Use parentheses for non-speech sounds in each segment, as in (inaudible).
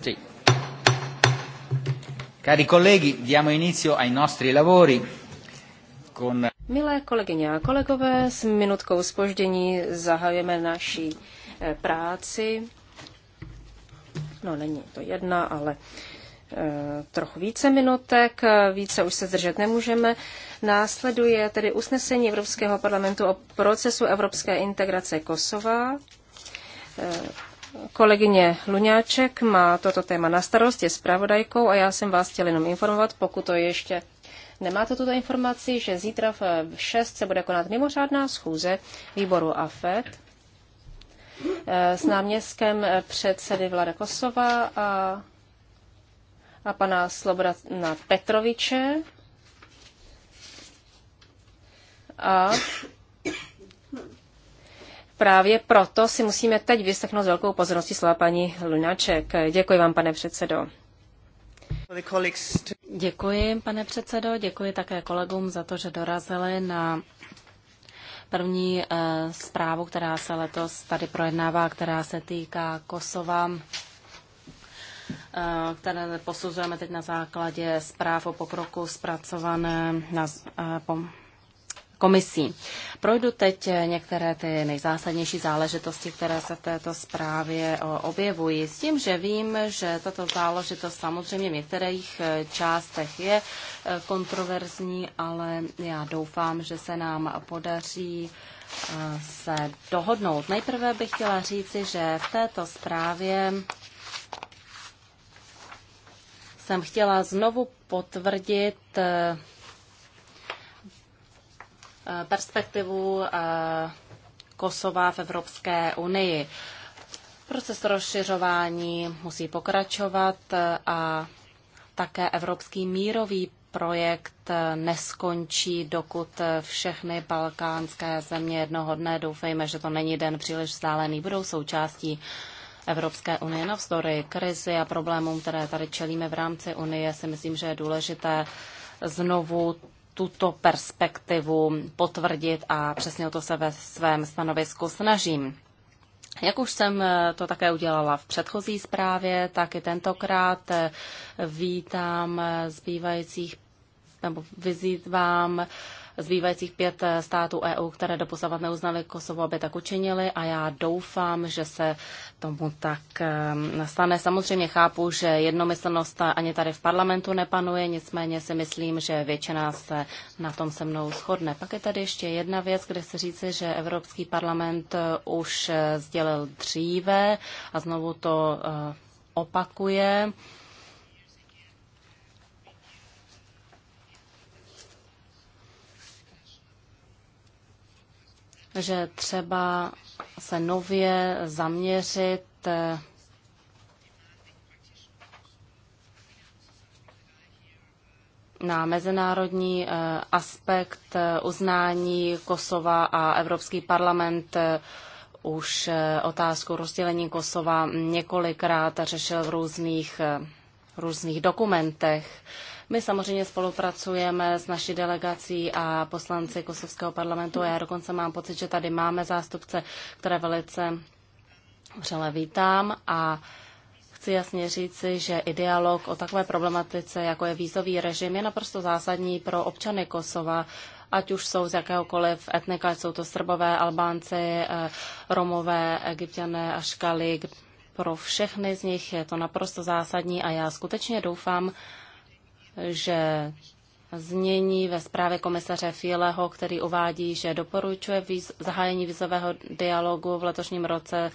Sì. Cari colleghi, diamo inizio ai nostri lavori con... Milé kolegyně a kolegové, s minutkou spoždění zahajujeme naší eh, práci. No, není to jedna, ale eh, trochu více minutek, více už se zdržet nemůžeme. Následuje tedy usnesení Evropského parlamentu o procesu evropské integrace Kosova. Eh, Kolegyně Luňáček má toto téma na starost, je zpravodajkou a já jsem vás chtěl jenom informovat, pokud to ještě nemáte tuto informaci, že zítra v 6 se bude konat mimořádná schůze výboru AFET eh, s náměstkem předsedy Vlada Kosova a, a pana Slobodana Petroviče a Právě proto si musíme teď vyslechnout s velkou pozorností slova paní Lunaček. Děkuji vám, pane předsedo. Děkuji, pane předsedo, děkuji také kolegům za to, že dorazili na první eh, zprávu, která se letos tady projednává, která se týká Kosova eh, které posuzujeme teď na základě zpráv o pokroku zpracované na, eh, po, komisí. Projdu teď některé ty nejzásadnější záležitosti, které se v této zprávě eh, objevují. S tím, že vím, že tato záležitost samozřejmě v některých eh, částech je eh, kontroverzní, ale já doufám, že se nám podaří se dohodnout. Nejprve bych chtěla říci, že v této zprávě jsem chtěla znovu potvrdit Eh, perspektivu eh, Kosova v Evropské unii. Proces rozšiřování musí pokračovat eh, a také evropský mírový projekt neskončí, dokud všechny balkánské země jednoho dne, doufejme, že to není den příliš vzdálený, budou součástí Evropské unie. Navzdory krizi a problémům, které tady čelíme v rámci unie, si myslím, že je důležité znovu tuto perspektivu potvrdit a přesně o to se ve svém stanovisku snažím. Jak už jsem eh, to také udělala v předchozí zprávě, tak i tentokrát eh, vítám eh, zbývajících nebo vyzývám zbývajících pět eh, států EU, které doposavat neuznali Kosovo, aby tak učinili a já doufám, že se tomu tak eh, stane. Samozřejmě chápu, že jednomyslnost ani tady v parlamentu nepanuje, nicméně si myslím, že většina se na tom se mnou shodne. Pak je tady ještě jedna věc, kde se říci, že Evropský parlament eh, už sdělil dříve a znovu to opakuje, že třeba se nově zaměřit eh, na mezinárodní eh, aspekt eh, uznání Kosova a Evropský parlament už otázku rozdělení Kosova několikrát řešil v různých, různých dokumentech. My samozřejmě spolupracujeme s naší delegací a poslanci Kosovského parlamentu a já dokonce mám pocit, že tady máme zástupce, které velice vřele vítám a chci jasně říci, že i dialog o takové problematice, jako je vízový režim, je naprosto zásadní pro občany Kosova, ať už jsou z jakéhokoliv etnika, jsou to Srbové, Albánci, eh, Romové, Egyptiané a Škali. Pro všechny z nich je to naprosto zásadní a já skutečně doufám, že znění ve zprávě komisaře Fieleho, který uvádí, že doporučuje víz, zahájení vizového dialogu v letošním roce,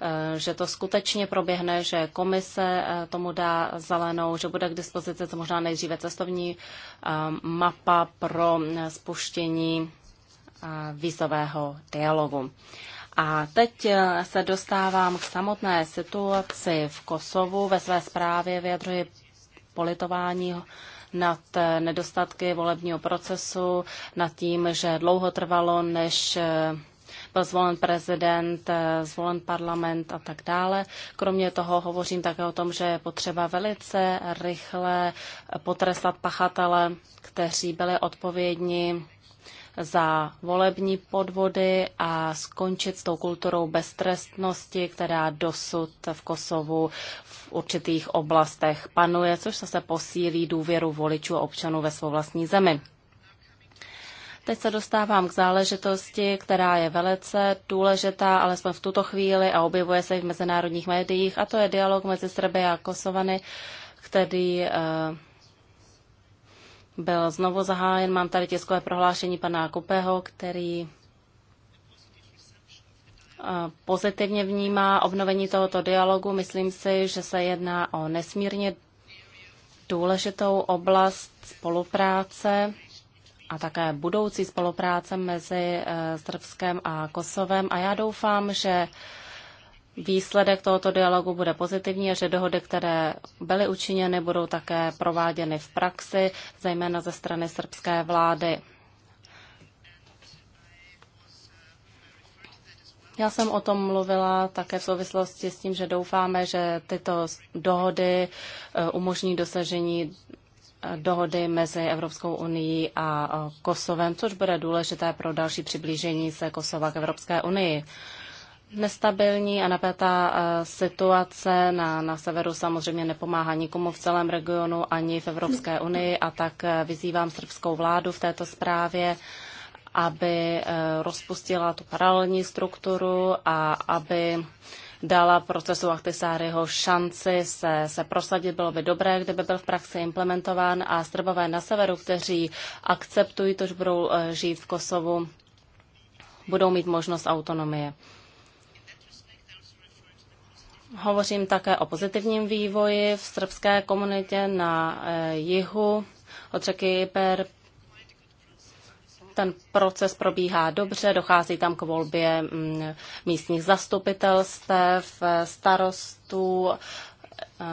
eh, že to skutečně proběhne, že komise eh, tomu dá zelenou, že bude k dispozici co možná nejdříve cestovní eh, mapa pro spuštění vízového dialogu. A teď se dostávám k samotné situaci v Kosovu. Ve své zprávě vyjadřuji politování nad nedostatky volebního procesu, nad tím, že dlouho trvalo, než byl zvolen prezident, zvolen parlament a tak dále. Kromě toho hovořím také o tom, že je potřeba velice rychle potrestat pachatele, kteří byli odpovědní za volební podvody a skončit s tou kulturou beztrestnosti, která dosud v Kosovu v určitých oblastech panuje, což se posílí důvěru voličů a občanů ve svou vlastní zemi. Teď se dostávám k záležitosti, která je velice důležitá, alespoň v tuto chvíli a objevuje se i v mezinárodních médiích, a to je dialog mezi Srby a Kosovany, který eh, byl znovu zahájen. Mám tady tiskové prohlášení pana Kupého, který eh, pozitivně vnímá obnovení tohoto dialogu. Myslím si, že se jedná o nesmírně důležitou oblast spolupráce a také budoucí spolupráce mezi eh, Srbskem a Kosovem. A já doufám, že výsledek tohoto dialogu bude pozitivní a že dohody, které byly učiněny, budou také prováděny v praxi, zejména ze strany srbské vlády. Já jsem o tom mluvila také v souvislosti s tím, že doufáme, že tyto dohody eh, umožní dosažení eh, dohody mezi Evropskou unii a eh, Kosovem, což bude důležité pro další přiblížení se Kosova k Evropské unii. Nestabilní a napětá eh, situace na, na severu samozřejmě nepomáhá nikomu v celém regionu ani v Evropské unii a tak eh, vyzývám srbskou vládu v této zprávě, aby eh, rozpustila tu paralelní strukturu a aby dala procesu Achtisáryho šanci se, se prosadit. Bylo by dobré, kdyby byl v praxi implementován a Srbové na severu, kteří akceptují to, že budou žít v Kosovu, budou mít možnost autonomie. Hovořím také o pozitivním vývoji v srbské komunitě na eh, jihu od řeky Iber. Ten proces probíhá dobře, dochází tam k volbě mm, místních zastupitelstev, starostů. Eh,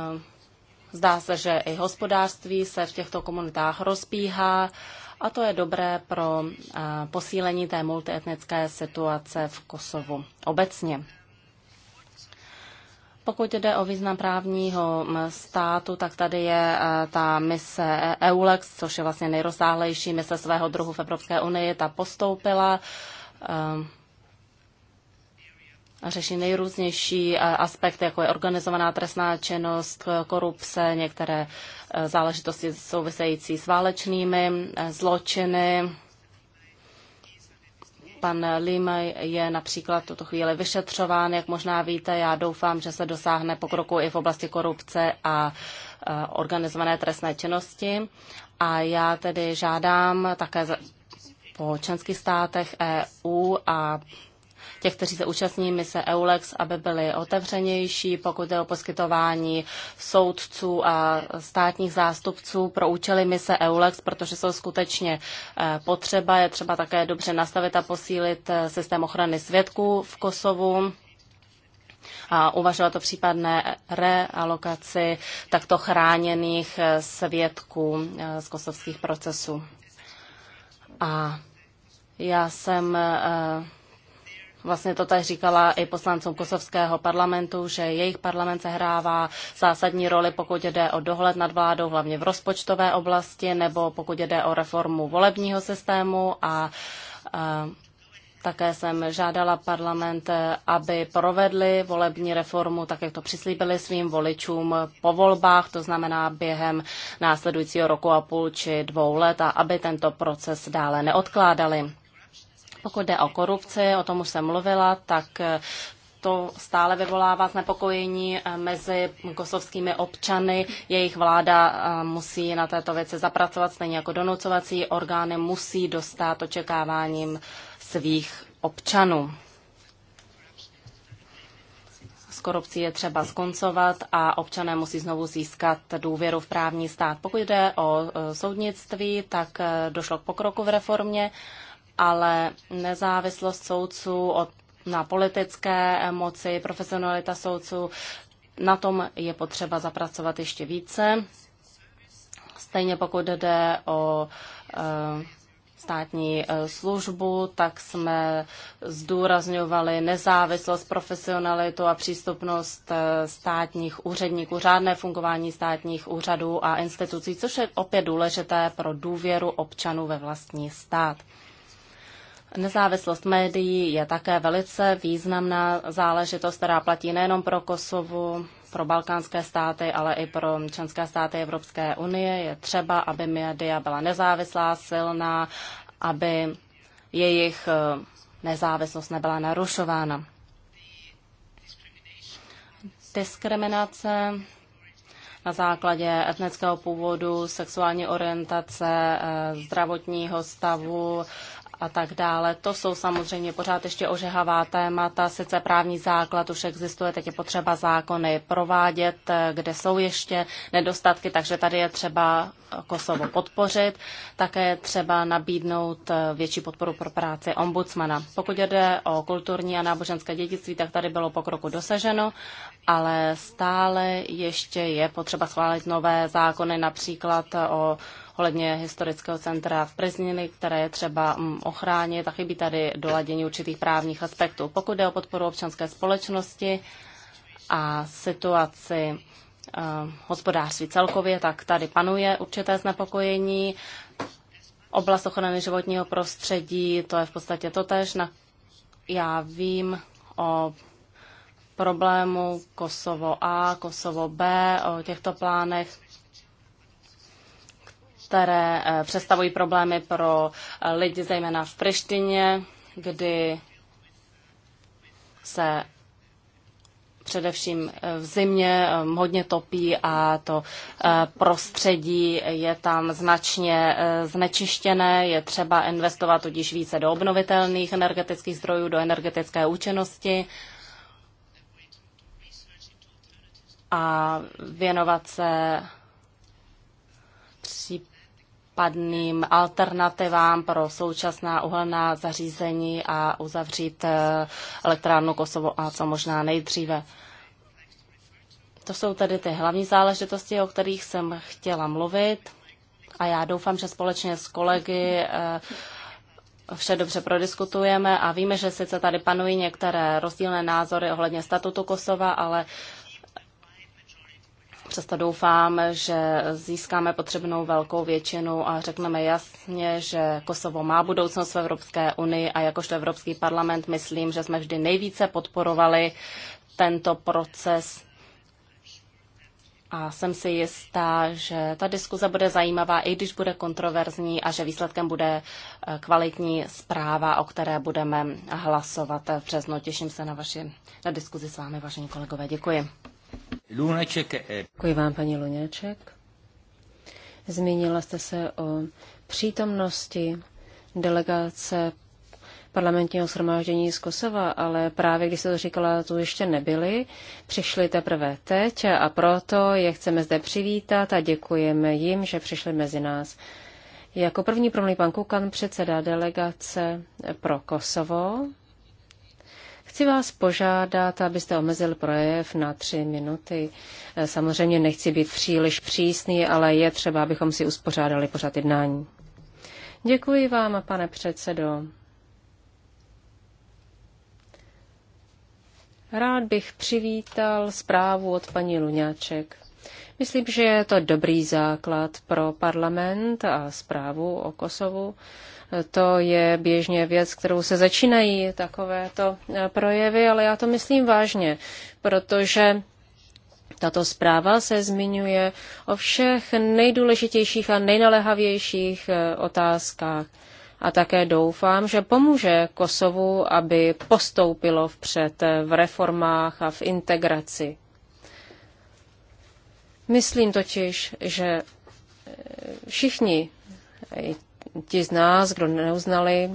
zdá se, že i hospodářství se v těchto komunitách rozpíhá a to je dobré pro eh, posílení té multietnické situace v Kosovu obecně. Pokud jde o význam právního státu, tak tady je e, ta mise EULEX, což je vlastně nejrozsáhlejší mise svého druhu v Evropské unii. Ta postoupila e, a řeší nejrůznější e, aspekty, jako je organizovaná trestná činnost, korupce, některé záležitosti související s válečnými zločiny, Pan Limaj je například v tuto chvíli vyšetřován, jak možná víte. Já doufám, že se dosáhne pokroku i v oblasti korupce a e, organizované trestné činnosti. A já tedy žádám také po členských státech EU a těch, kteří se účastní mise EULEX, aby byli otevřenější, pokud je o poskytování soudců a státních zástupců pro účely mise EULEX, protože jsou skutečně eh, potřeba. Je třeba také dobře nastavit a posílit eh, systém ochrany svědků v Kosovu a uvažovat o případné realokaci takto chráněných eh, svědků z kosovských procesů. A já jsem vlastně to tady říkala i poslancům kosovského parlamentu, že jejich parlament sehrává zásadní roli, pokud jde o dohled nad vládou, hlavně v rozpočtové oblasti, nebo pokud jde o reformu volebního systému a, a také jsem žádala parlament, aby provedli volební reformu, tak jak to přislíbili svým voličům po volbách, to znamená během následujícího roku a půl či dvou let, a aby tento proces dále neodkládali. Pokud jde o korupci, o tom už jsem mluvila, tak eh, to stále vyvolává znepokojení eh, mezi kosovskými občany. Jejich vláda eh, musí na této věci zapracovat, stejně jako donucovací orgány musí dostat očekáváním svých občanů. S korupcí je třeba skoncovat a občané musí znovu získat důvěru v právní stát. Pokud jde o soudnictví, tak došlo k pokroku v reformě ale nezávislost soudců od, na politické moci, profesionalita soudců, na tom je potřeba zapracovat ještě více. Stejně pokud jde o eh, státní eh, službu, tak jsme zdůrazňovali nezávislost, profesionalitu a přístupnost eh, státních úředníků, řádné fungování státních úřadů a institucí, což je opět důležité pro důvěru občanů ve vlastní stát. Nezávislost médií je také velice významná záležitost, která platí nejenom pro Kosovu, pro balkánské státy, ale i pro členské státy Evropské unie. Je třeba, aby média byla nezávislá, silná, aby jejich eh, nezávislost nebyla narušována. Diskriminace na základě etnického původu, sexuální orientace, eh, zdravotního stavu, a tak dále. To jsou samozřejmě pořád ještě ožehavá témata, sice právní základ už existuje, teď je potřeba zákony provádět, kde jsou ještě nedostatky, takže tady je třeba Kosovo podpořit, také třeba nabídnout větší podporu pro práci ombudsmana. Pokud jde o kulturní a náboženské dědictví, tak tady bylo pokroku dosaženo, ale stále ještě je potřeba schválit nové zákony, například o ohledně historického centra v Prezniny, které je třeba mm, ochránit a chybí tady doladění určitých právních aspektů. Pokud jde o podporu občanské společnosti a situaci eh, hospodářství celkově, tak tady panuje určité znepokojení. Oblast ochrany životního prostředí, to je v podstatě totež. Na, já vím o problému Kosovo A, Kosovo B, o těchto plánech které eh, představují problémy pro eh, lidi, zejména v Prištině, kdy se především eh, v zimě hodně topí a to prostředí je tam značně znečištěné. Je třeba investovat tudíž více do obnovitelných energetických zdrojů, do energetické účinnosti a věnovat se případným alternativám pro současná uhelná zařízení a uzavřít eh, elektrárnu Kosovo a co možná nejdříve. To jsou tedy ty hlavní záležitosti, o kterých jsem chtěla mluvit a já doufám, že společně s kolegy eh, vše dobře prodiskutujeme a víme, že sice tady panují některé rozdílné názory ohledně statutu Kosova, ale Přesto doufám, že získáme potřebnou velkou většinu a řekneme jasně, že Kosovo má budoucnost v Evropské unii a jakožto Evropský parlament myslím, že jsme vždy nejvíce podporovali tento proces a jsem si jistá, že ta diskuze bude zajímavá, i když bude kontroverzní a že výsledkem bude eh, kvalitní zpráva, o které budeme hlasovat v březnu. Těším se na vaši na diskuzi s vámi, vážení kolegové. Děkuji. Lunaček. Děkuji vám, paní Luněček? Zmínila jste se o přítomnosti delegace parlamentního shromáždění z Kosova, ale právě když jste to říkala, tu ještě nebyli, přišli teprve teď a proto je chceme zde přivítat a děkujeme jim, že přišli mezi nás. Jako první promluví pan Kukan, předseda delegace pro Kosovo Chci vás požádat, abyste omezil projev na tři minuty. Eh, samozřejmě nechci být příliš přísný, ale je třeba, abychom si uspořádali pořád jednání. Děkuji vám, pane předsedo. Rád bych přivítal zprávu od paní Luňáček. Myslím, že je to dobrý základ pro parlament a zprávu o Kosovu to je běžně věc, kterou se začínají takovéto eh, projevy, ale já to myslím vážně, protože tato zpráva se zmiňuje o všech nejdůležitějších a nejnalehavějších eh, otázkách. A také doufám, že pomůže Kosovu, aby postoupilo vpřed eh, v reformách a v integraci. Myslím totiž, že všichni, ti z nás, kdo neuznali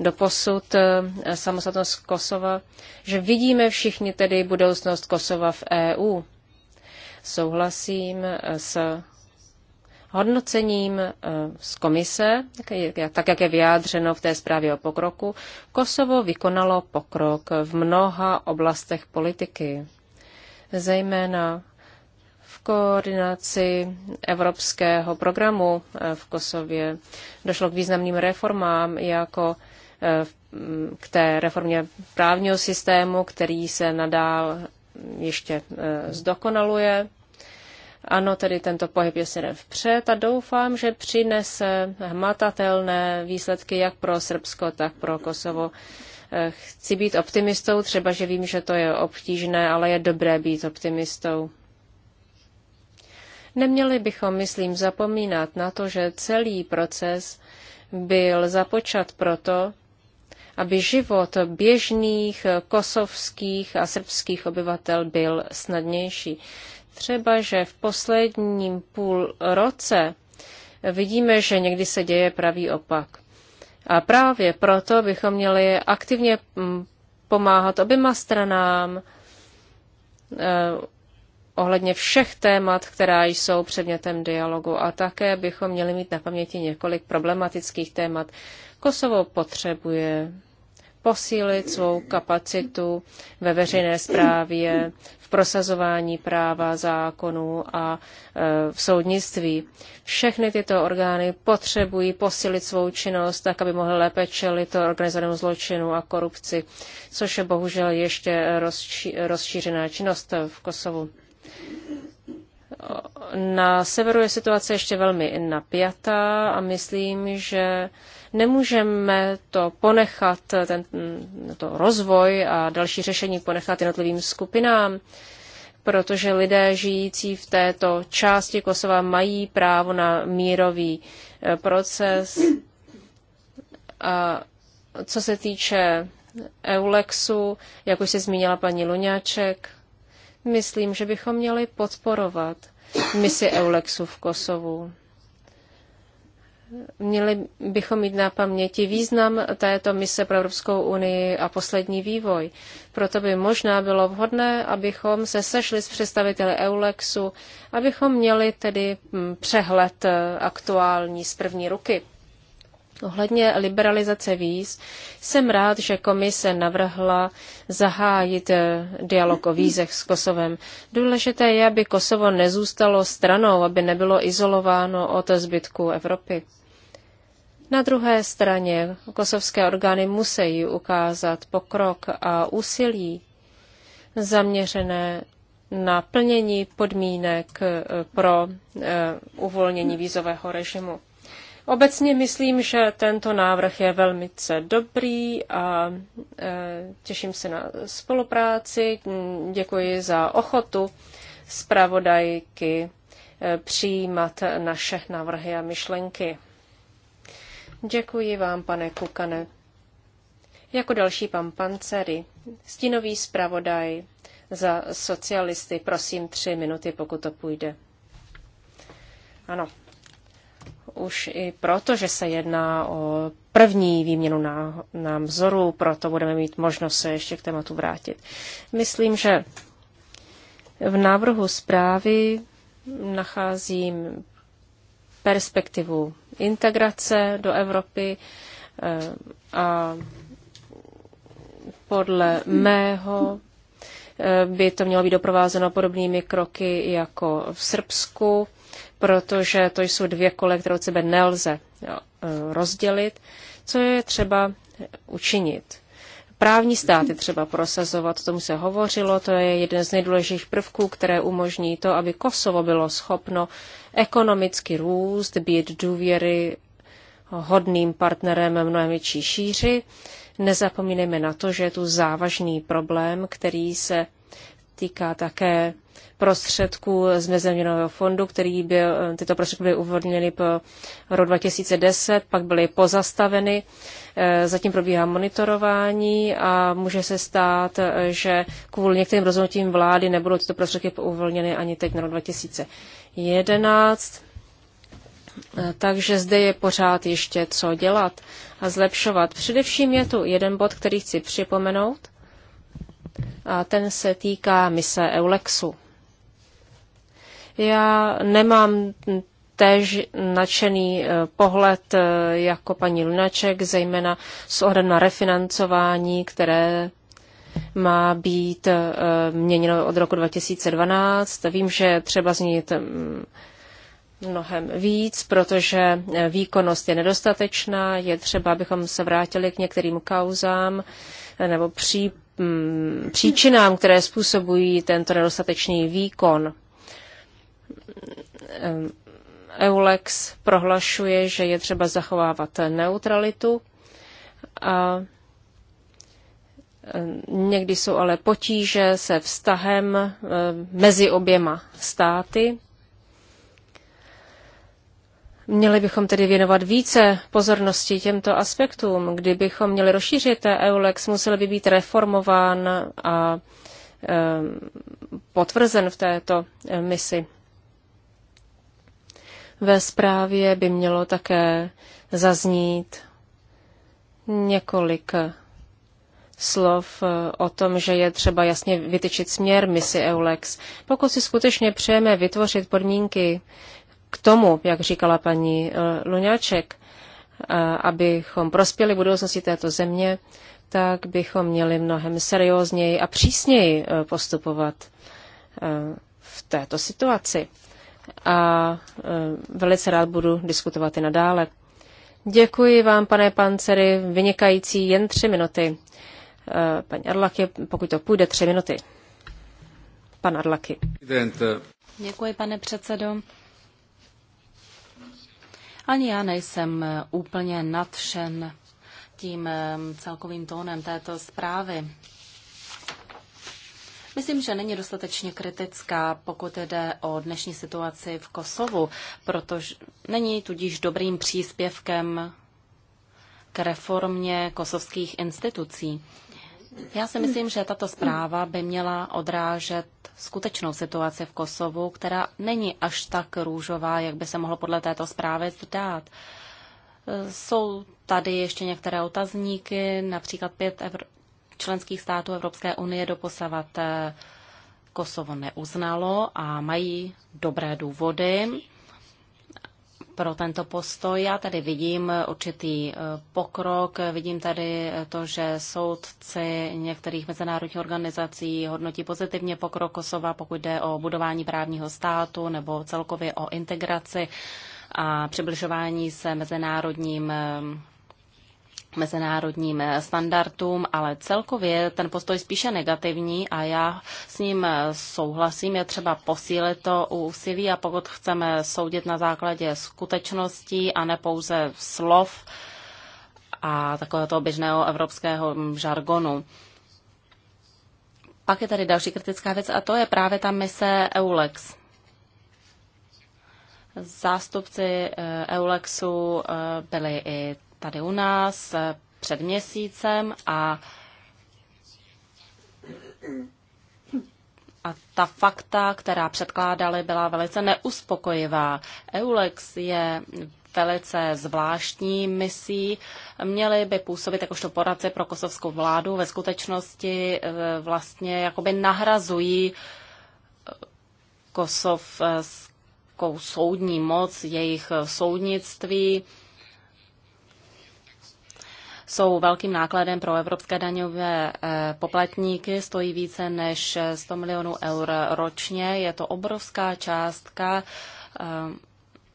do posud eh, samostatnost Kosova, že vidíme všichni tedy budoucnost Kosova v EU. Souhlasím eh, s hodnocením eh, z komise, tak jak je vyjádřeno v té zprávě o pokroku, Kosovo vykonalo pokrok v mnoha oblastech politiky, zejména koordinaci evropského programu eh, v Kosově. Došlo k významným reformám, jako eh, mm, k té reformě právního systému, který se nadál mm, ještě eh, zdokonaluje. Ano, tedy tento pohyb je směrem vpřed a doufám, že přinese hmatatelné výsledky jak pro Srbsko, tak pro Kosovo. Chci být optimistou, třeba že vím, že to je obtížné, ale je dobré být optimistou. Neměli bychom, myslím, zapomínat na to, že celý proces byl započat proto, aby život běžných kosovských a srbských obyvatel byl snadnější. Třeba, že v posledním půl roce vidíme, že někdy se děje pravý opak. A právě proto bychom měli aktivně mm, pomáhat oběma stranám eh, ohledně všech témat, která jsou předmětem dialogu. A také bychom měli mít na paměti několik problematických témat. Kosovo potřebuje posílit svou kapacitu ve veřejné správě, v prosazování práva, zákonů a e, v soudnictví. Všechny tyto orgány potřebují posílit svou činnost tak, aby mohly lépe čelit organizovanému zločinu a korupci, což je bohužel ještě rozšířená činnost v Kosovu. Na severu je situace ještě velmi napjatá a myslím, že nemůžeme to ponechat, ten, to rozvoj a další řešení ponechat jednotlivým skupinám, protože lidé žijící v této části Kosova mají právo na mírový eh, proces. A co se týče Eulexu, jak už se zmínila paní Luňáček, Myslím, že bychom měli podporovat misi Eulexu v Kosovu. Měli bychom mít na paměti význam této mise pro Evropskou unii a poslední vývoj. Proto by možná bylo vhodné, abychom se sešli s představiteli Eulexu, abychom měli tedy mm, přehled eh, aktuální z první ruky. Ohledně liberalizace víz jsem rád, že komise navrhla zahájit eh, dialog o vízech s Kosovem. Důležité je, aby Kosovo nezůstalo stranou, aby nebylo izolováno od zbytku Evropy. Na druhé straně kosovské orgány musí ukázat pokrok a úsilí zaměřené na plnění podmínek eh, pro eh, uvolnění vízového režimu. Obecně myslím, že tento návrh je velmi dobrý a e, těším se na spolupráci. Děkuji za ochotu zpravodajky e, přijímat naše návrhy a myšlenky. Děkuji vám, pane Kukane. Jako další pan Pancery, stínový zpravodaj za socialisty, prosím tři minuty, pokud to půjde. Ano, už i proto, že se jedná o první výměnu na, na vzoru, proto budeme mít možnost se ještě k tématu vrátit. Myslím, že v návrhu zprávy nacházím perspektivu integrace do Evropy eh, a podle mého eh, by to mělo být doprovázeno podobnými kroky jako v Srbsku protože to jsou dvě kole, které od sebe nelze e, rozdělit. Co je třeba učinit? Právní státy třeba prosazovat, o tom se hovořilo, to je jeden z nejdůležitějších prvků, které umožní to, aby Kosovo bylo schopno ekonomicky růst, být důvěry hodným partnerem mnohem větší šíři. Nezapomínejme na to, že je tu závažný problém, který se týká také prostředků z Mezeměnového fondu, který byl, tyto prostředky byly uvolněny po rok 2010, pak byly pozastaveny. Eh, zatím probíhá monitorování a může se stát, eh, že kvůli některým rozhodnutím vlády nebudou tyto prostředky uvolněny ani teď na rok 2011. Eh, takže zde je pořád ještě co dělat a zlepšovat. Především je tu jeden bod, který chci připomenout, a ten se týká mise Eulexu. Já nemám tež nadšený eh, pohled eh, jako paní Lunaček, zejména s ohledem na refinancování, které má být eh, měněno od roku 2012. Vím, že třeba změnit mm, mnohem víc, protože výkonnost je nedostatečná, je třeba, abychom se vrátili k některým kauzám nebo pří, mm, příčinám, které způsobují tento nedostatečný výkon. EULEX prohlašuje, že je třeba zachovávat neutralitu a někdy jsou ale potíže se vztahem mezi oběma státy. Měli bychom tedy věnovat více pozornosti těmto aspektům. Kdybychom měli rozšířit EULEX, musel by být reformován a potvrzen v této misi. Ve zprávě by mělo také zaznít několik slov eh, o tom, že je třeba jasně vytyčit směr misi EULEX. Pokud si skutečně přejeme vytvořit podmínky k tomu, jak říkala paní eh, Luňáček, eh, abychom prospěli budoucnosti této země, tak bychom měli mnohem seriózněji a přísněji postupovat v této situaci a e, velice rád budu diskutovat i nadále. Děkuji vám, pane Pancery, vynikající jen tři minuty. E, paní Arlaky, pokud to půjde, tři minuty. Pan Arlaky. Děkuji, pane předsedo. Ani já nejsem úplně nadšen tím e, celkovým tónem této zprávy. Myslím, že není dostatečně kritická, pokud jde o dnešní situaci v Kosovu, protože není tudíž dobrým příspěvkem k reformě kosovských institucí. Já si myslím, že tato zpráva by měla odrážet skutečnou situaci v Kosovu, která není až tak růžová, jak by se mohlo podle této zprávy zdát. Jsou tady ještě některé otazníky, například pět členských států Evropské unie doposavat eh, Kosovo neuznalo a mají dobré důvody pro tento postoj. Já tady vidím určitý eh, pokrok, vidím tady eh, to, že soudci některých mezinárodních organizací hodnotí pozitivně pokrok Kosova, pokud jde o budování právního státu nebo celkově o integraci a přibližování se mezinárodním mezinárodním eh, standardům, ale celkově ten postoj spíše negativní a já s ním eh, souhlasím. Je třeba posílit to úsilí a pokud chceme soudit na základě skutečností a ne pouze slov a takového toho běžného evropského mm, žargonu. Pak je tady další kritická věc a to je právě ta mise EULEX. Zástupci eh, EULEXu byli i tady u nás eh, před měsícem a a ta fakta, která předkládali, byla velice neuspokojivá. EULEX je velice zvláštní misí. Měli by působit jakožto poradce pro kosovskou vládu. Ve skutečnosti eh, vlastně jakoby nahrazují eh, kosovskou soudní moc, jejich soudnictví jsou velkým nákladem pro evropské daňové eh, poplatníky, stojí více než 100 eh, milionů eur ročně. Je to obrovská částka. Eh,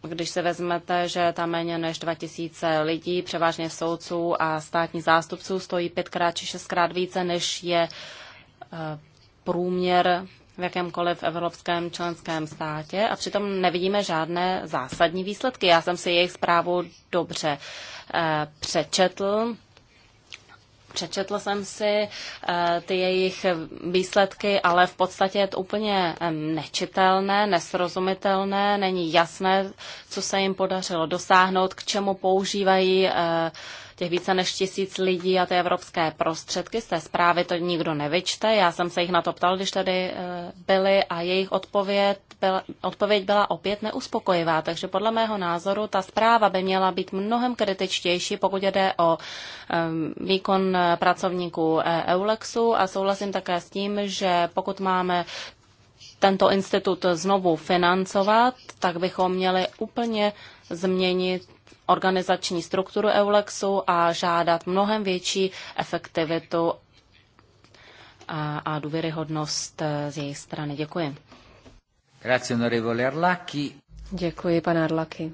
když se vezmete, že tam méně než 2000 lidí, převážně soudců a státních zástupců, stojí pětkrát či šestkrát více, než je průměr v jakémkoliv evropském členském státě a přitom nevidíme žádné zásadní výsledky. Já jsem si jejich zprávu dobře eh, přečetl. Přečetl jsem si eh, ty jejich výsledky, ale v podstatě je to úplně nečitelné, nesrozumitelné, není jasné, co se jim podařilo dosáhnout, k čemu používají eh, těch více než tisíc lidí a ty evropské prostředky. Z té zprávy to nikdo nevyčte. Já jsem se jich na to ptal, když tady eh, byli a jejich odpověď byla, odpověď byla opět neuspokojivá. Takže podle mého názoru ta zpráva by měla být mnohem kritičtější, pokud jde o eh, výkon eh, pracovníků EULEXu a souhlasím také s tím, že pokud máme tento institut znovu financovat, tak bychom měli úplně změnit organizační strukturu Eulexu a žádat mnohem větší efektivitu a, a důvěryhodnost eh, z jejich strany. Děkuji. Děkuji, pane Arlaki.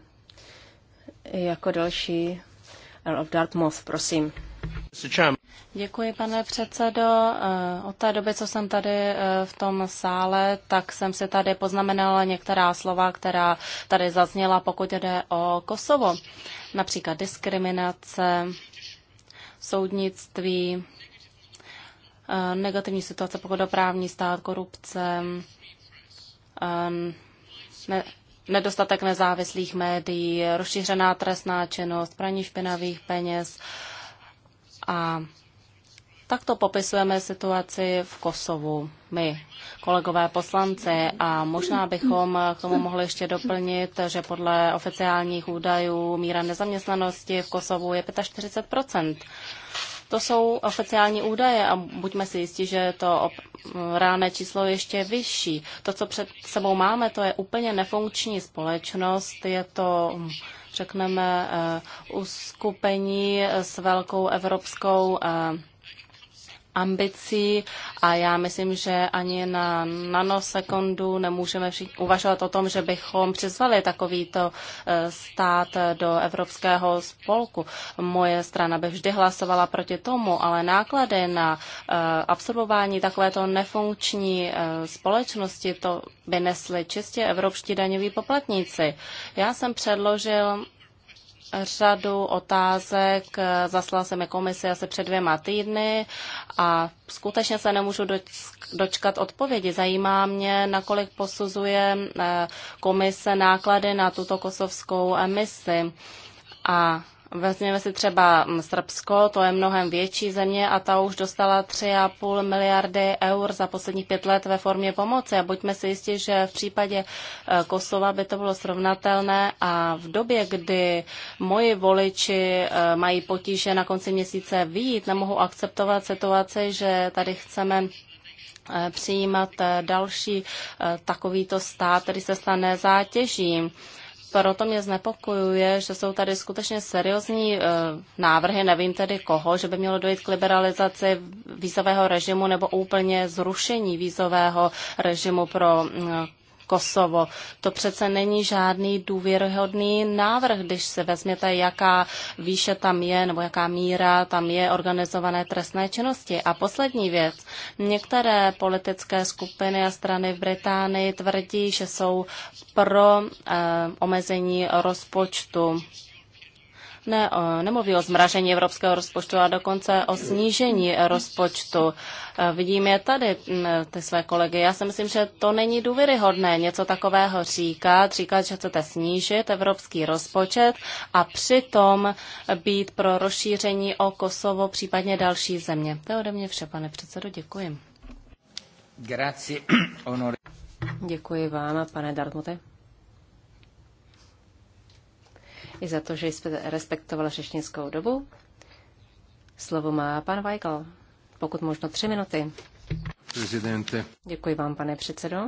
Jako další Earl of Dartmouth, prosím. Děkuji, pane předsedo. Eh, od té doby, co jsem tady eh, v tom sále, tak jsem si tady poznamenala některá slova, která tady zazněla, pokud jde o Kosovo. Například diskriminace, soudnictví, eh, negativní situace, pokud o právní stát, korupce, ne, nedostatek nezávislých médií, rozšířená trestná činnost, praní špinavých peněz a Takto popisujeme situaci v Kosovu my, kolegové poslanci, a možná bychom k tomu mohli ještě doplnit, že podle oficiálních údajů míra nezaměstnanosti v Kosovu je 45 to jsou oficiální údaje a buďme si jistí, že to reálné číslo je ještě vyšší. To, co před sebou máme, to je úplně nefunkční společnost, je to řekneme, eh, uskupení s velkou evropskou eh, ambicí a já myslím, že ani na nanosekundu nemůžeme všichni uvažovat o tom, že bychom přizvali takovýto e, stát do Evropského spolku. Moje strana by vždy hlasovala proti tomu, ale náklady na e, absorbování takovéto nefunkční e, společnosti to by nesli čistě evropští daňoví poplatníci. Já jsem předložil řadu otázek, zaslal jsem je komisi asi před dvěma týdny a skutečně se nemůžu dočkat odpovědi. Zajímá mě, nakolik posuzuje eh, komise náklady na tuto kosovskou emisi A Vezměme si třeba mm, Srbsko, to je mnohem větší země a ta už dostala 3,5 miliardy eur za posledních pět let ve formě pomoci. A buďme si jistí, že v případě eh, Kosova by to bylo srovnatelné a v době, kdy moji voliči eh, mají potíže na konci měsíce výjít, nemohu akceptovat situaci, že tady chceme eh, přijímat další takovýto stát, který se stane zátěží proto mě znepokojuje, že jsou tady skutečně seriózní eh, návrhy, nevím tedy koho, že by mělo dojít k liberalizaci vízového režimu nebo úplně zrušení vízového režimu pro eh, Kosovo. To přece není žádný důvěryhodný návrh, když se vezměte, jaká výše tam je nebo jaká míra tam je organizované trestné činnosti. A poslední věc. Některé politické skupiny a strany v Británii tvrdí, že jsou pro eh, omezení rozpočtu ne, nemluví o zmražení evropského rozpočtu a dokonce o snížení rozpočtu. E, vidím je tady, ty své kolegy. Já si myslím, že to není důvěryhodné něco takového říkat, říkat, že chcete snížit evropský rozpočet a přitom být pro rozšíření o Kosovo, případně další země. To je ode mě vše, pane předsedo, děkuji. Děkuji vám, pane Dartmute. i za to, že jste respektoval řečnickou dobu. Slovo má pan Weigl, pokud možno tři minuty. Prezidente. Děkuji vám, pane předsedo.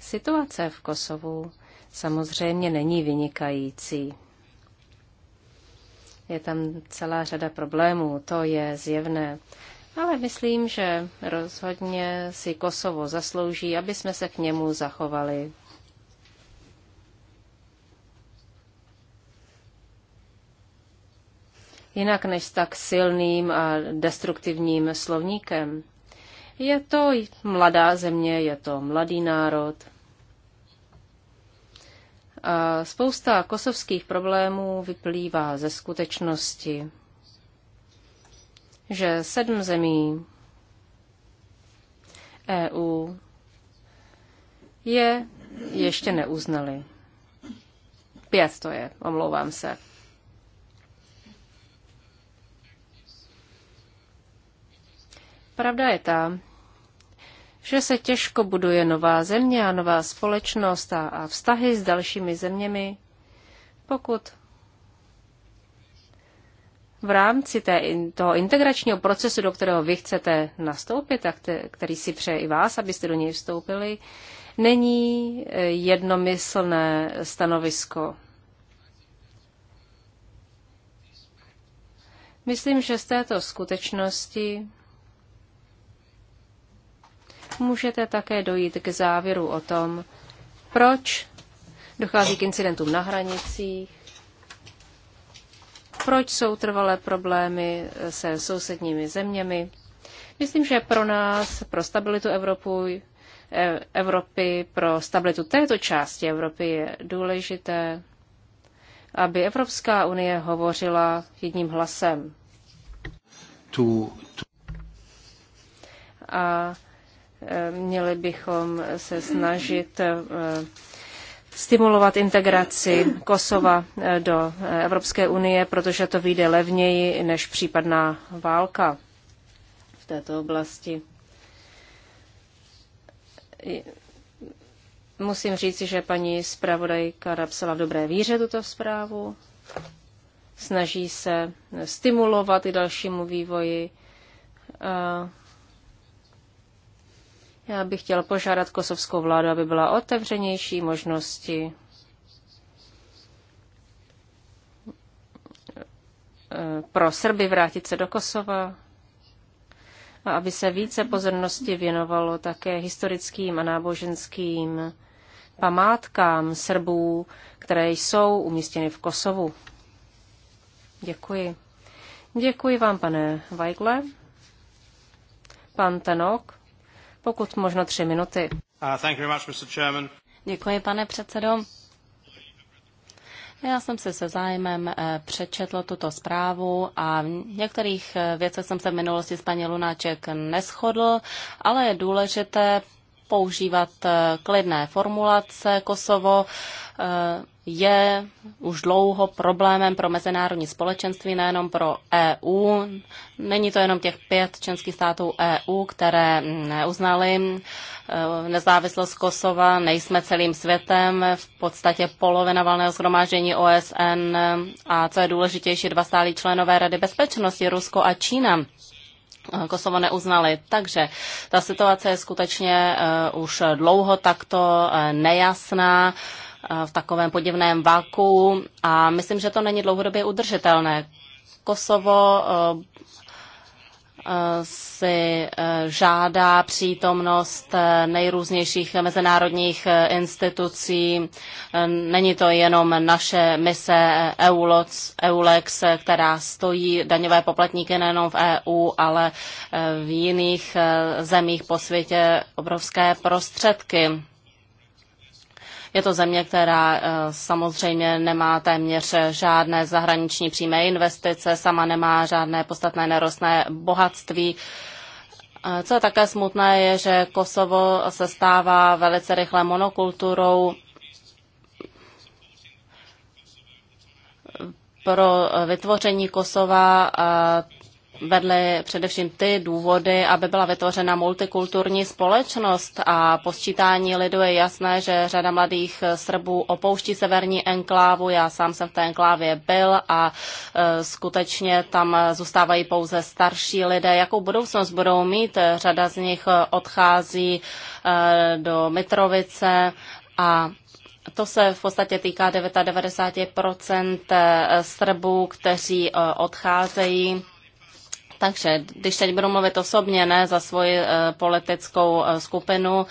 Situace v Kosovu samozřejmě není vynikající. Je tam celá řada problémů, to je zjevné. Ale myslím, že rozhodně si Kosovo zaslouží, aby jsme se k němu zachovali jinak než s tak silným a destruktivním slovníkem. Je to mladá země, je to mladý národ. A spousta kosovských problémů vyplývá ze skutečnosti, že sedm zemí EU je ještě neuznali. Pět to je, omlouvám se. Pravda je ta, že se těžko buduje nová země a nová společnost a, a vztahy s dalšími zeměmi, pokud v rámci té, toho integračního procesu, do kterého vy chcete nastoupit a který si přeje i vás, abyste do něj vstoupili, není e, jednomyslné stanovisko. Myslím, že z této skutečnosti můžete také dojít k závěru o tom, proč dochází k incidentům na hranicích, proč jsou trvalé problémy se sousedními zeměmi. Myslím, že pro nás, pro stabilitu Evropu, e, Evropy, pro stabilitu této části Evropy je důležité, aby Evropská unie hovořila jedním hlasem. Tu, tu. A Měli bychom se snažit eh, stimulovat integraci Kosova eh, do eh, Evropské unie, protože to vyjde levněji než případná válka v této oblasti. Musím říct, že paní zpravodajka napsala v dobré víře tuto zprávu. Snaží se stimulovat i dalšímu vývoji. Já bych chtěl požádat kosovskou vládu, aby byla otevřenější možnosti eh, pro Srby vrátit se do Kosova a aby se více pozornosti věnovalo také historickým a náboženským památkám Srbů, které jsou umístěny v Kosovu. Děkuji. Děkuji vám, pane Weigle. Pan Tenok. Pokud možno tři minuty. Uh, Děkuji, pane předsedo. Já jsem si se zájmem eh, přečetl tuto zprávu a v některých eh, věcech jsem se v minulosti s paní Lunáček neschodl, ale je důležité používat eh, klidné formulace. Kosovo eh, je už dlouho problémem pro mezinárodní společenství, nejenom pro EU. Není to jenom těch pět členských států EU, které mm, neuznali eh, nezávislost Kosova. Nejsme celým světem, v podstatě polovina valného zhromáždění OSN a co je důležitější, dva stálí členové Rady bezpečnosti, Rusko a Čína. Kosovo neuznali. Takže ta situace je skutečně eh, už dlouho takto eh, nejasná eh, v takovém podivném váku a myslím, že to není dlouhodobě udržitelné. Kosovo Eh, si eh, žádá přítomnost eh, nejrůznějších mezinárodních institucí. Není to jenom naše mise EULEX, která stojí daňové poplatníky nejenom v EU, ale v jiných zemích po světě obrovské prostředky. Je to země, která eh, samozřejmě nemá téměř žádné zahraniční přímé investice, sama nemá žádné podstatné nerostné bohatství. Eh, co je také smutné, je, že Kosovo se stává velice rychle monokulturou. Pro eh, vytvoření Kosova vedly především ty důvody, aby byla vytvořena multikulturní společnost a po sčítání lidu je jasné, že řada mladých Srbů opouští severní enklávu. Já sám jsem v té enklávě byl a e, skutečně tam zůstávají pouze starší lidé. Jakou budoucnost budou mít? Řada z nich odchází e, do Mitrovice a to se v podstatě týká 99% e, Srbů, kteří odcházejí takže když teď budu mluvit osobně, ne za svoji eh, politickou eh, skupinu,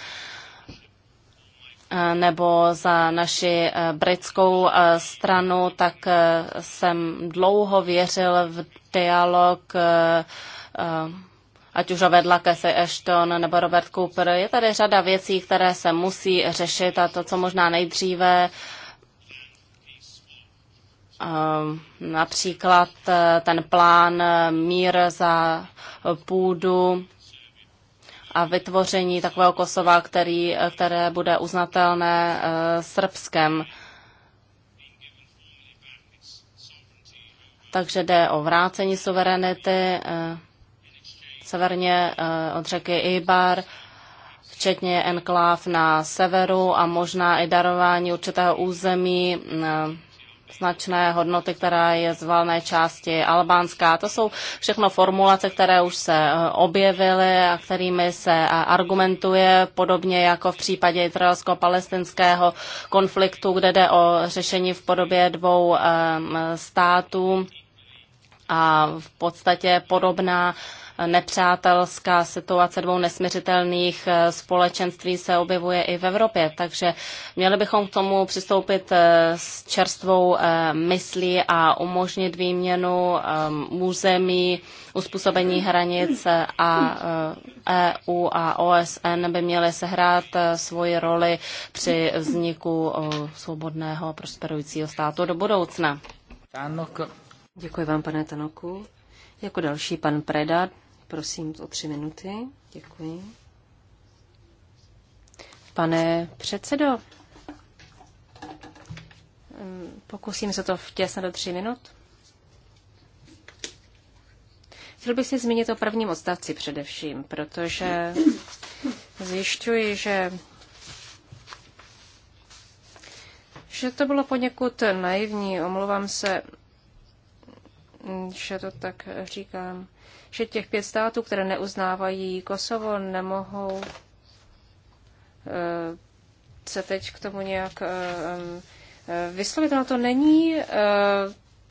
eh, nebo za naši britskou stranu, tak jsem dlouho věřil v dialog ať už ho vedla Cathy Ashton nebo Robert Cooper. Je tady řada věcí, které se musí řešit a to, co možná nejdříve, Ehm, například eh, ten plán eh, mír za půdu a vytvoření takového Kosova, který, eh, které bude uznatelné Srbskem. Takže jde o vrácení suverenity severně od řeky Ibar, včetně enkláv na severu a možná i darování určitého území značné hodnoty, která je z valné části albánská. To jsou všechno formulace, které už se eh, objevily a kterými se eh, argumentuje, podobně jako v případě izraelsko-palestinského konfliktu, kde jde o řešení v podobě dvou eh, států a v podstatě podobná nepřátelská situace dvou nesměřitelných eh, společenství se objevuje i v Evropě. Takže měli bychom k tomu přistoupit eh, s čerstvou eh, myslí a umožnit výměnu území, uspůsobení hranic a EU e a OSN by měly sehrát svoji roli při vzniku svobodného prosperujícího státu do budoucna. Děkuji vám, pane Tanoku. Jako další pan Preda, Prosím o tři minuty. Děkuji. Pane předsedo, pokusím se to vtěsnat do tři minut. Chtěl bych si zmínit o prvním odstavci především, protože zjišťuji, že že to bylo poněkud naivní, omlouvám se, že to tak říkám že těch pět států, které neuznávají Kosovo, nemohou eh, se teď k tomu nějak eh, eh, vyslovit. Ono to není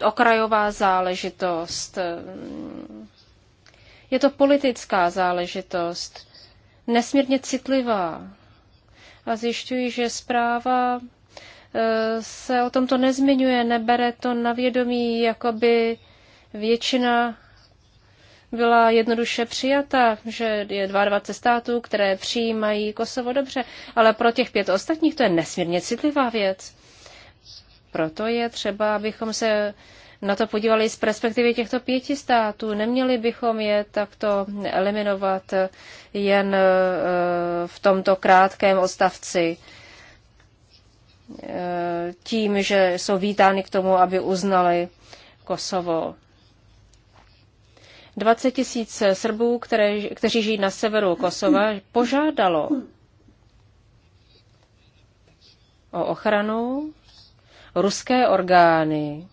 okrajová záležitost. Je to politická záležitost, nesmírně citlivá. A zjišťuji, že zpráva se o tomto nezmiňuje, nebere to na vědomí, jakoby většina byla jednoduše přijata, že je 22 států, které přijímají Kosovo dobře, ale pro těch pět ostatních to je nesmírně citlivá věc. Proto je třeba, abychom se na to podívali z perspektivy těchto pěti států. Neměli bychom je takto eliminovat jen eh, v tomto krátkém odstavci eh, tím, že jsou vítány k tomu, aby uznali Kosovo. 20 tisíc Srbů, které, kteří žijí na severu Kosova, požádalo o ochranu ruské orgány.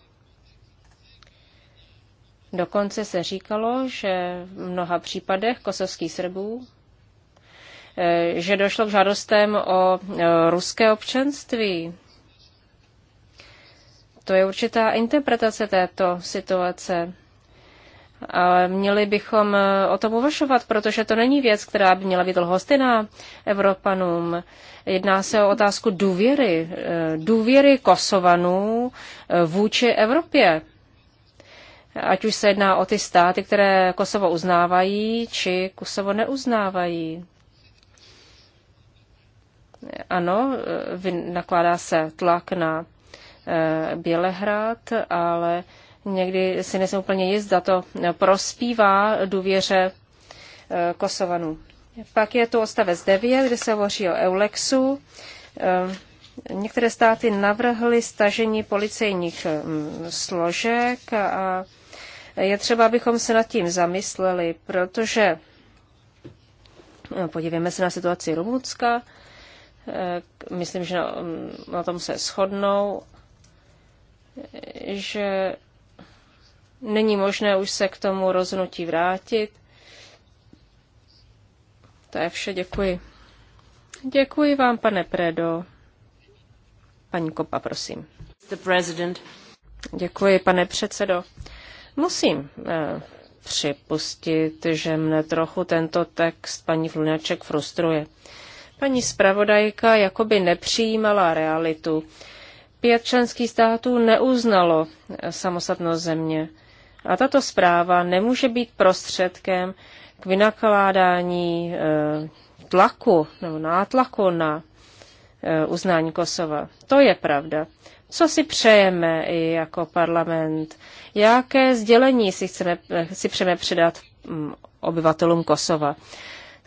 Dokonce se říkalo, že v mnoha případech kosovských Srbů eh, že došlo k žádostem o eh, ruské občanství. To je určitá interpretace této situace. Ale měli bychom eh, o tom uvažovat, protože to není věc, která by měla být lhostina Evropanům. Jedná se o otázku důvěry, eh, důvěry Kosovanů eh, vůči Evropě. Ať už se jedná o ty státy, které Kosovo uznávají, či Kosovo neuznávají. Ano, nakládá se tlak na Bělehrad, ale Někdy si nejsem úplně jistá, to prospívá důvěře eh, Kosovanů. Pak je tu odstavec 9, kde se hovoří o Eulexu. Eh, některé státy navrhly stažení policejních hm, složek a je třeba, abychom se nad tím zamysleli, protože eh, podívejme se na situaci Rumunska. Myslím, že hm, na tom se shodnou, že Není možné už se k tomu rozhodnutí vrátit. To je vše, děkuji. Děkuji vám, pane Predo. Paní Kopa, prosím. Děkuji, pane předsedo. Musím eh, připustit, že mne trochu tento text paní Flunaček frustruje. Paní zpravodajka jakoby nepřijímala realitu. Pět členských států neuznalo eh, samostatnost země. A tato zpráva nemůže být prostředkem k vynakládání eh, tlaku nebo nátlaku na eh, uznání Kosova. To je pravda. Co si přejeme i jako parlament? Jaké sdělení si, chceme, eh, si přejeme předat mm, obyvatelům Kosova?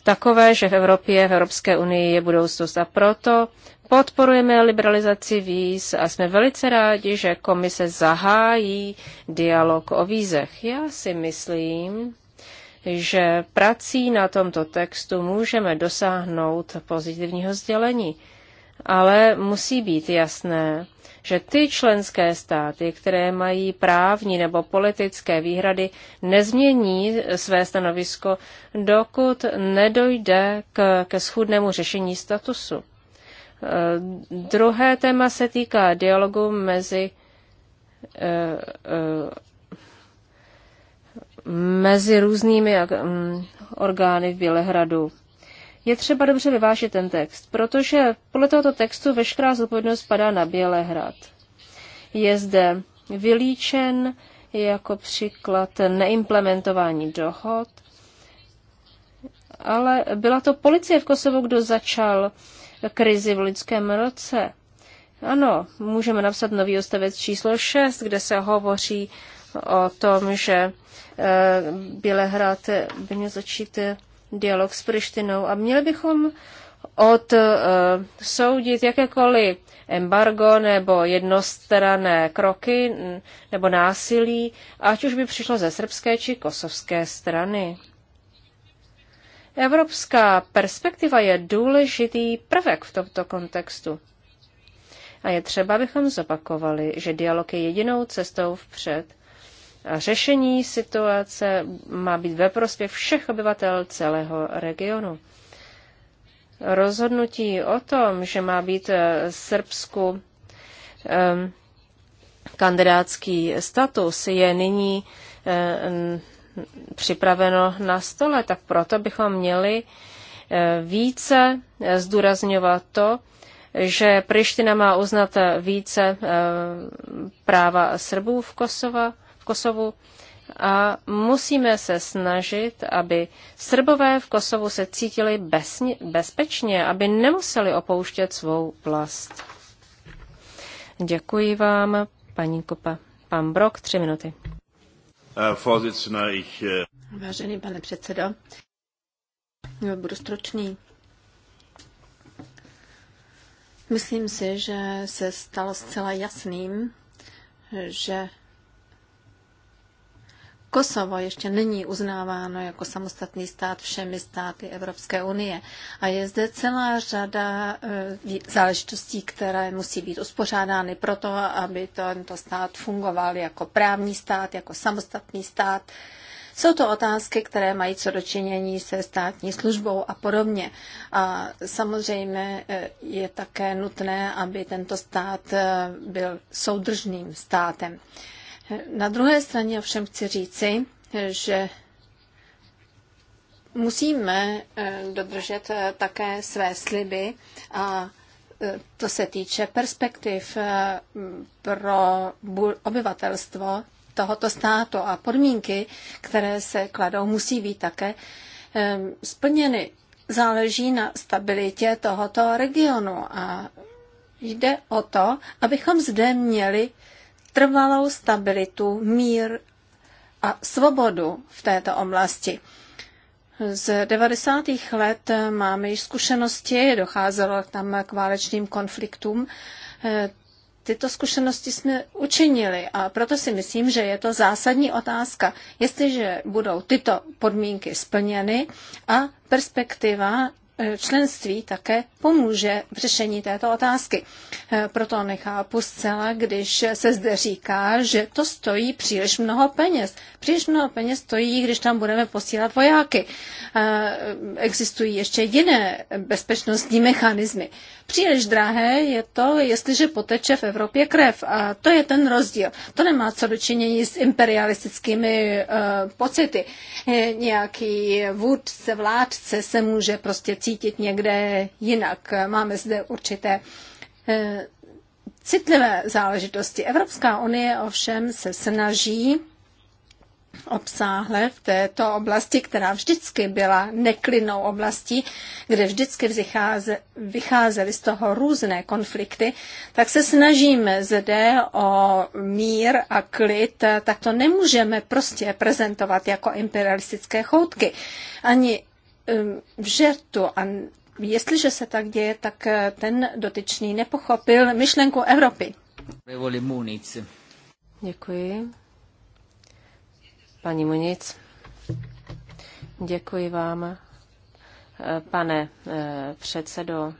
takové, že v Evropě, v Evropské unii je budoucnost. A proto podporujeme liberalizaci víz a jsme velice rádi, že komise zahájí dialog o vízech. Já si myslím, že prací na tomto textu můžeme dosáhnout pozitivního sdělení ale musí být jasné, že ty členské státy, které mají právní nebo politické výhrady, nezmění své stanovisko, dokud nedojde k, ke schůdnému řešení statusu. Eh, druhé téma se týká dialogu mezi eh, eh, mezi různými mm, orgány v Bělehradu. Je třeba dobře vyvážit ten text, protože podle tohoto textu veškerá zodpovědnost padá na Bělehrad. Je zde vylíčen jako příklad neimplementování dohod, ale byla to policie v Kosovu, kdo začal krizi v lidském roce. Ano, můžeme napsat nový ostavec číslo 6, kde se hovoří o tom, že eh, Bělehrad by měl začít eh, dialog s Prištinou a měli bychom od uh, soudit jakékoliv embargo nebo jednostrané kroky nebo násilí, ať už by přišlo ze srbské či kosovské strany. Evropská perspektiva je důležitý prvek v tomto kontextu. A je třeba, abychom zopakovali, že dialog je jedinou cestou vpřed – řešení situace má být ve prospěch všech obyvatel celého regionu. Rozhodnutí o tom, že má být eh, Srbsku ehm, kandidátský status, je nyní ehm, připraveno na stole, tak proto bychom měli eh, více eh, zdůrazňovat to, že Priština má uznat více práva Srbů v Kosova, Kosovu a musíme se snažit, aby Srbové v Kosovu se cítili besni, bezpečně, aby nemuseli opouštět svou vlast. Děkuji vám, paní Kopa. Pan Brok, tři minuty. Äh, Vážený pane předsedo, budu stručný. Myslím si, že se stalo zcela jasným, že Kosovo ještě není uznáváno jako samostatný stát všemi státy Evropské unie a je zde celá řada eh, záležitostí, které musí být uspořádány proto, aby tento stát fungoval jako právní stát, jako samostatný stát. Jsou to otázky, které mají co dočinění se státní službou a podobně. A samozřejmě eh, je také nutné, aby tento stát eh, byl soudržným státem. Na druhé straně ovšem chci říci, že musíme eh, dodržet eh, také své sliby a eh, to se týče perspektiv pro obyvatelstvo tohoto státu a podmínky, které se kladou, musí být také splněny. Záleží na stabilitě tohoto regionu a jde o to, abychom zde měli trvalou stabilitu, mír a svobodu v této oblasti. Z 90. let máme již zkušenosti, docházelo tam k válečným konfliktům. Tyto zkušenosti jsme učinili a proto si myslím, že je to zásadní otázka, jestliže budou tyto podmínky splněny a perspektiva E, členství také pomůže v řešení této otázky. E, proto nechápu zcela, když se zde říká, že to stojí příliš mnoho peněz. Příliš mnoho peněz stojí, když tam budeme posílat vojáky. E, existují ještě jiné bezpečnostní mechanismy. Příliš drahé je to, jestliže poteče v Evropě krev. A to je ten rozdíl. To nemá co dočinění s imperialistickými uh, pocity. Eh, nějaký vůdce, vládce se může prostě cítit někde jinak. Máme zde určité uh, citlivé záležitosti. Evropská unie ovšem se snaží obsáhle v této oblasti, která vždycky byla neklidnou oblastí, kde vždycky vycházely z toho různé konflikty, tak se snažíme zde o mír a klid, tak to nemůžeme prostě prezentovat jako imperialistické choutky. Ani um, v žertu a jestliže se tak děje, tak eh, ten dotyčný nepochopil myšlenku Evropy. Děkuji. Paní Munic, děkuji vám. Eh, pane eh, předsedo,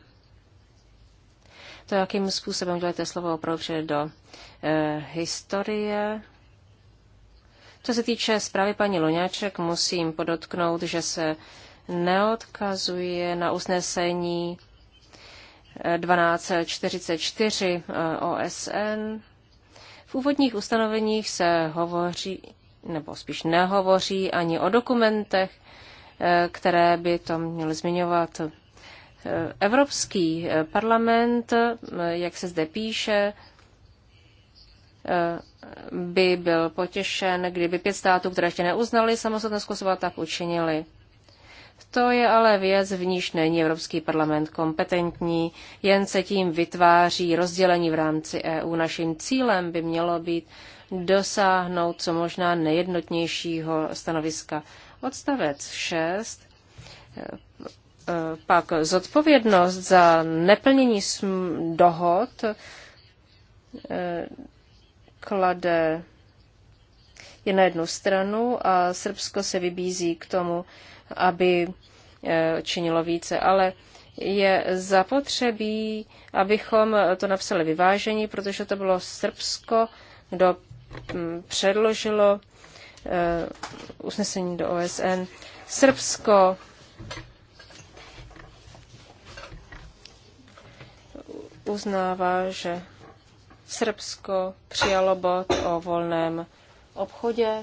to, jakým způsobem děláte slovo opravdu do eh, historie, co se týče zprávy paní Loňáček, musím podotknout, že se neodkazuje na usnesení 1244 OSN. V úvodních ustanoveních se hovoří nebo spíš nehovoří ani o dokumentech, eh, které by to měly zmiňovat. Eh, Evropský eh, parlament, jak se zde píše, by byl potěšen, kdyby pět států, které ještě neuznali samozřejmě Kosova, tak učinili. To je ale věc, v níž není Evropský parlament kompetentní, jen se tím vytváří rozdělení v rámci EU. Naším cílem by mělo být dosáhnout co možná nejednotnějšího stanoviska. Odstavec 6 eh, pak zodpovědnost za neplnění dohod eh, klade je na jednu stranu a Srbsko se vybízí k tomu, aby eh, činilo více, ale je zapotřebí, abychom to napsali vyvážení, protože to bylo Srbsko, kdo Mm, předložilo eh, usnesení do OSN. Srbsko uznává, že Srbsko přijalo bod o volném obchodě.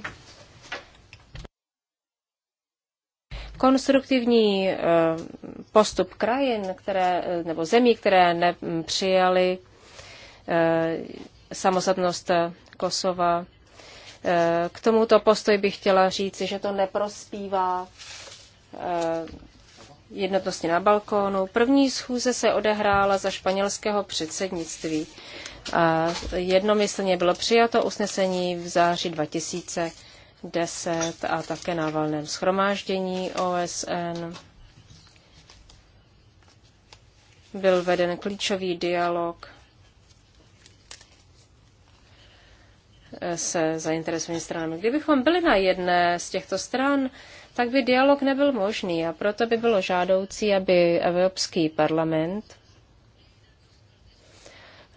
Konstruktivní eh, postup krajin, které, eh, nebo zemí, které nepřijali samostatnost Kosova. Eh, k tomuto postoji bych chtěla říci, že to neprospívá eh, jednotnosti na balkónu. První schůze se odehrála za španělského předsednictví. A jednomyslně bylo přijato usnesení v září 2010 a také na valném schromáždění OSN. Byl veden klíčový dialog se zainteresovanými stranami. Kdybychom byli na jedné z těchto stran, tak by dialog nebyl možný a proto by bylo žádoucí, aby Evropský parlament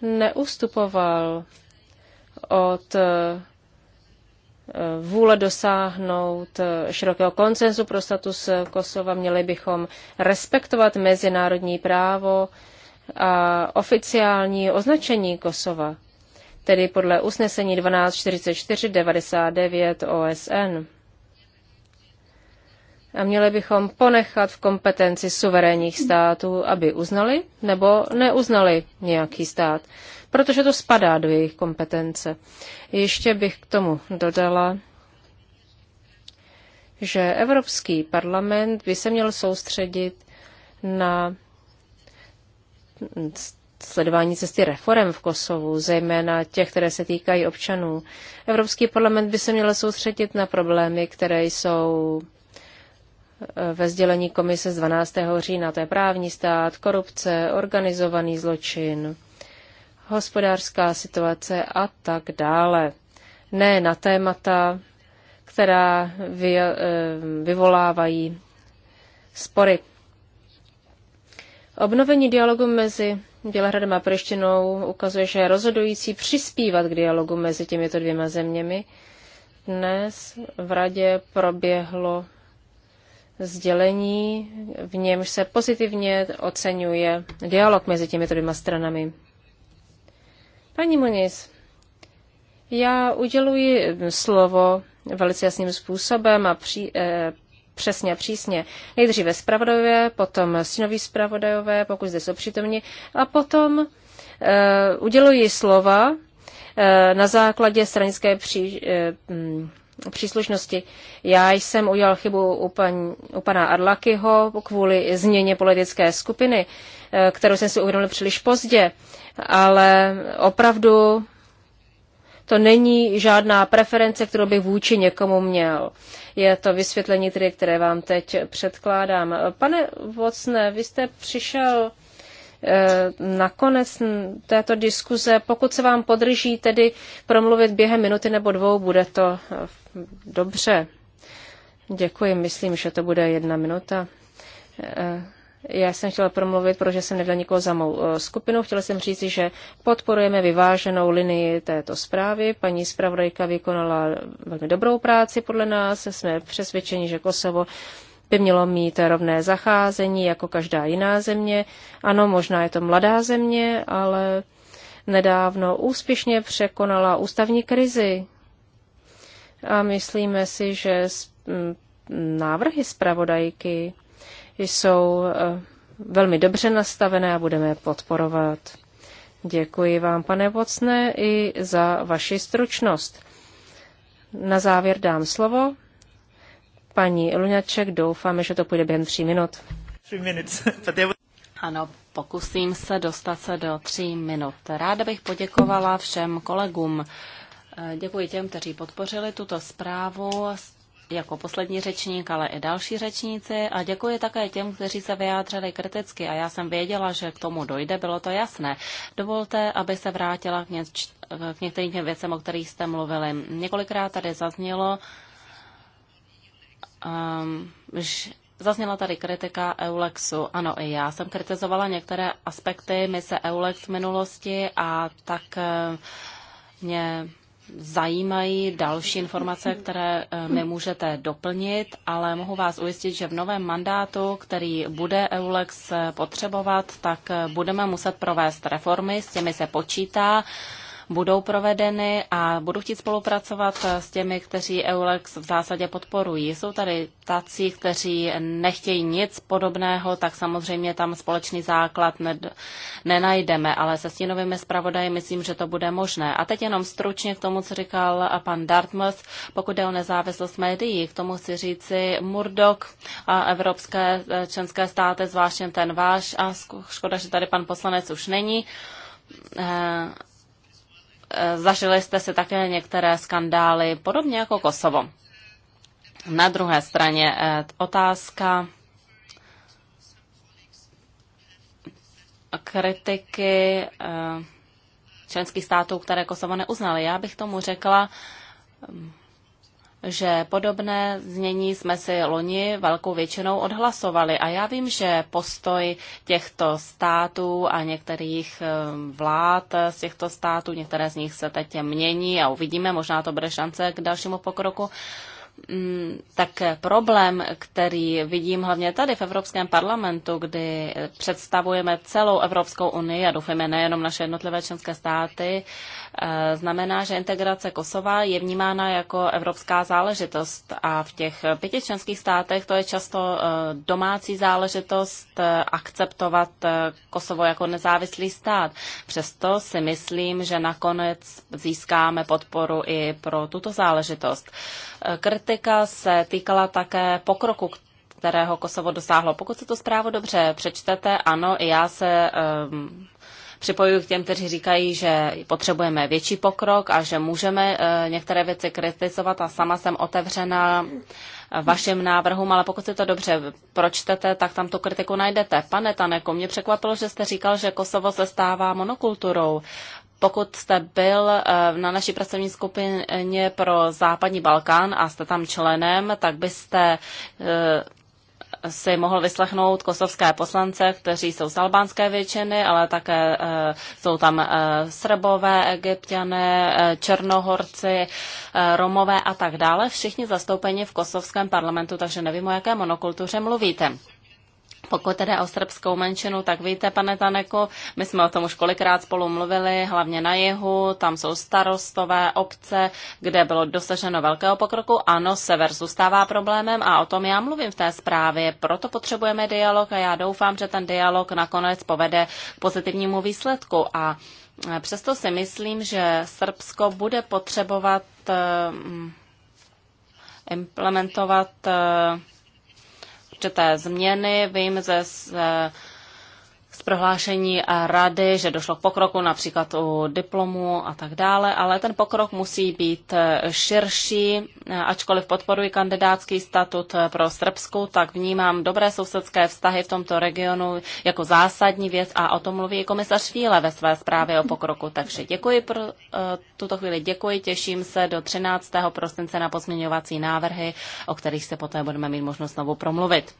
neustupoval od eh, vůle dosáhnout širokého koncenzu pro status Kosova. Měli bychom respektovat mezinárodní právo a oficiální označení Kosova tedy podle usnesení 1244-99 OSN. A měli bychom ponechat v kompetenci suverénních států, aby uznali nebo neuznali nějaký stát, protože to spadá do jejich kompetence. Ještě bych k tomu dodala, že Evropský parlament by se měl soustředit na sledování cesty reform v Kosovu, zejména těch, které se týkají občanů. Evropský parlament by se měl soustředit na problémy, které jsou eh, ve sdělení komise z 12. října. To je právní stát, korupce, organizovaný zločin, hospodářská situace a tak dále. Ne na témata, která eh, vyvolávají spory. Obnovení dialogu mezi Bělehradem a Prištinou ukazuje, že je rozhodující přispívat k dialogu mezi těmito dvěma zeměmi. Dnes v radě proběhlo sdělení, v němž se pozitivně oceňuje dialog mezi těmito dvěma stranami. Paní Moniz, já uděluji slovo velice jasným způsobem a při, eh, přesně přísně. Nejdříve zpravodajové, potom synoví zpravodajové, pokud zde jsou přítomní, a potom e, eh, udělují slova e, na základě stranické pří, e, eh, m, mm, příslušnosti. Já jsem udělal chybu u, paní, u pana Arlakyho kvůli změně politické skupiny, e, kterou jsem si uvědomil příliš pozdě, ale opravdu to není žádná preference, kterou bych vůči někomu měl. Je to vysvětlení, tedy, které vám teď předkládám. Pane Vocne, vy jste přišel eh, nakonec této diskuze, pokud se vám podrží tedy promluvit během minuty nebo dvou, bude to eh, dobře. Děkuji, myslím, že to bude jedna minuta. Eh, já jsem chtěla promluvit, protože jsem nevěděla nikoho za mou eh, skupinu. Chtěla jsem říct, že podporujeme vyváženou linii této zprávy. Paní zpravodajka vykonala velmi dobrou práci podle nás. Jsme přesvědčeni, že Kosovo by mělo mít rovné zacházení jako každá jiná země. Ano, možná je to mladá země, ale nedávno úspěšně překonala ústavní krizi. A myslíme si, že návrhy zpravodajky jsou eh, velmi dobře nastavené a budeme je podporovat. Děkuji vám, pane Vocne, i za vaši stručnost. Na závěr dám slovo. Paní Luňaček, doufáme, že to půjde během tří minut. (laughs) Ano, pokusím se dostat se do tří minut. Ráda bych poděkovala všem kolegům. Eh, děkuji těm, kteří podpořili tuto zprávu jako poslední řečník, ale i další řečníci a děkuji také těm, kteří se vyjádřili kriticky a já jsem věděla, že k tomu dojde, bylo to jasné. Dovolte, aby se vrátila k, něč- k některým těm věcem, o kterých jste mluvili. Několikrát tady zaznělo, um, že Zazněla tady kritika Eulexu. Ano, i já jsem kritizovala některé aspekty mise Eulex v minulosti a tak eh, mě zajímají další informace, které eh, nemůžete můžete doplnit, ale mohu vás ujistit, že v novém mandátu, který bude EULEX eh, potřebovat, tak eh, budeme muset provést reformy, s těmi se počítá budou provedeny a budu chtít spolupracovat eh, s těmi, kteří EULEX v zásadě podporují. Jsou tady tací, kteří nechtějí nic podobného, tak samozřejmě tam společný základ ned- nenajdeme, ale se stínovými zpravodaji myslím, že to bude možné. A teď jenom stručně k tomu, co říkal pan Dartmouth, pokud jde o nezávislost médií, k tomu si říci Murdoch a evropské eh, členské státy, zvláště ten váš, a škoda, že tady pan poslanec už není, eh, Eh, zažili jste si také některé skandály, podobně jako Kosovo. Na druhé straně eh, otázka kritiky eh, členských států, které Kosovo neuznali. Já bych tomu řekla, že podobné znění jsme si loni velkou většinou odhlasovali. A já vím, že postoj těchto států a některých eh, vlád z těchto států, některé z nich se teď mění a uvidíme, možná to bude šance k dalšímu pokroku, mm, tak problém, který vidím hlavně tady v Evropském parlamentu, kdy představujeme celou Evropskou unii a doufáme nejenom naše jednotlivé členské státy, Eh, znamená, že integrace Kosova je vnímána jako evropská záležitost a v těch pěti členských státech to je často eh, domácí záležitost eh, akceptovat Kosovo jako nezávislý stát. Přesto si myslím, že nakonec získáme podporu i pro tuto záležitost. Kritika se týkala také pokroku, kterého Kosovo dosáhlo. Pokud se tu zprávu dobře přečtete, ano, i já se um, připojuji k těm, kteří říkají, že potřebujeme větší pokrok a že můžeme eh, některé věci kritizovat a sama jsem otevřena vašim návrhům, ale pokud si to dobře pročtete, tak tam tu kritiku najdete. Pane Taneko, mě překvapilo, že jste říkal, že Kosovo se stává monokulturou. Pokud jste byl eh, na naší pracovní skupině pro západní Balkán a jste tam členem, tak byste eh, si mohl vyslechnout kosovské poslance, kteří jsou z albánské většiny, ale také e, jsou tam e, srbové, egyptiané, e, černohorci, romové a tak dále. Všichni zastoupeni v kosovském parlamentu, takže nevím, o jaké monokultuře mluvíte. Pokud tedy o srbskou menšinu, tak víte, pane Taneko, my jsme o tom už kolikrát spolu mluvili, hlavně na jihu, tam jsou starostové obce, kde bylo dosaženo velkého pokroku. Ano, sever zůstává problémem a o tom já mluvím v té zprávě, proto potřebujeme dialog a já doufám, že ten dialog nakonec povede k pozitivnímu výsledku a e, Přesto si myslím, že Srbsko bude potřebovat e, implementovat e, určité změny. Vím ze z prohlášení rady, že došlo k pokroku například u diplomu a tak dále, ale ten pokrok musí být širší, ačkoliv podporuji kandidátský statut pro Srbsku, tak vnímám dobré sousedské vztahy v tomto regionu jako zásadní věc a o tom mluví i komisař Fíle ve své zprávě o pokroku. Takže děkuji pro eh, tuto chvíli, děkuji, těším se do 13. prosince na pozměňovací návrhy, o kterých se poté budeme mít možnost znovu promluvit.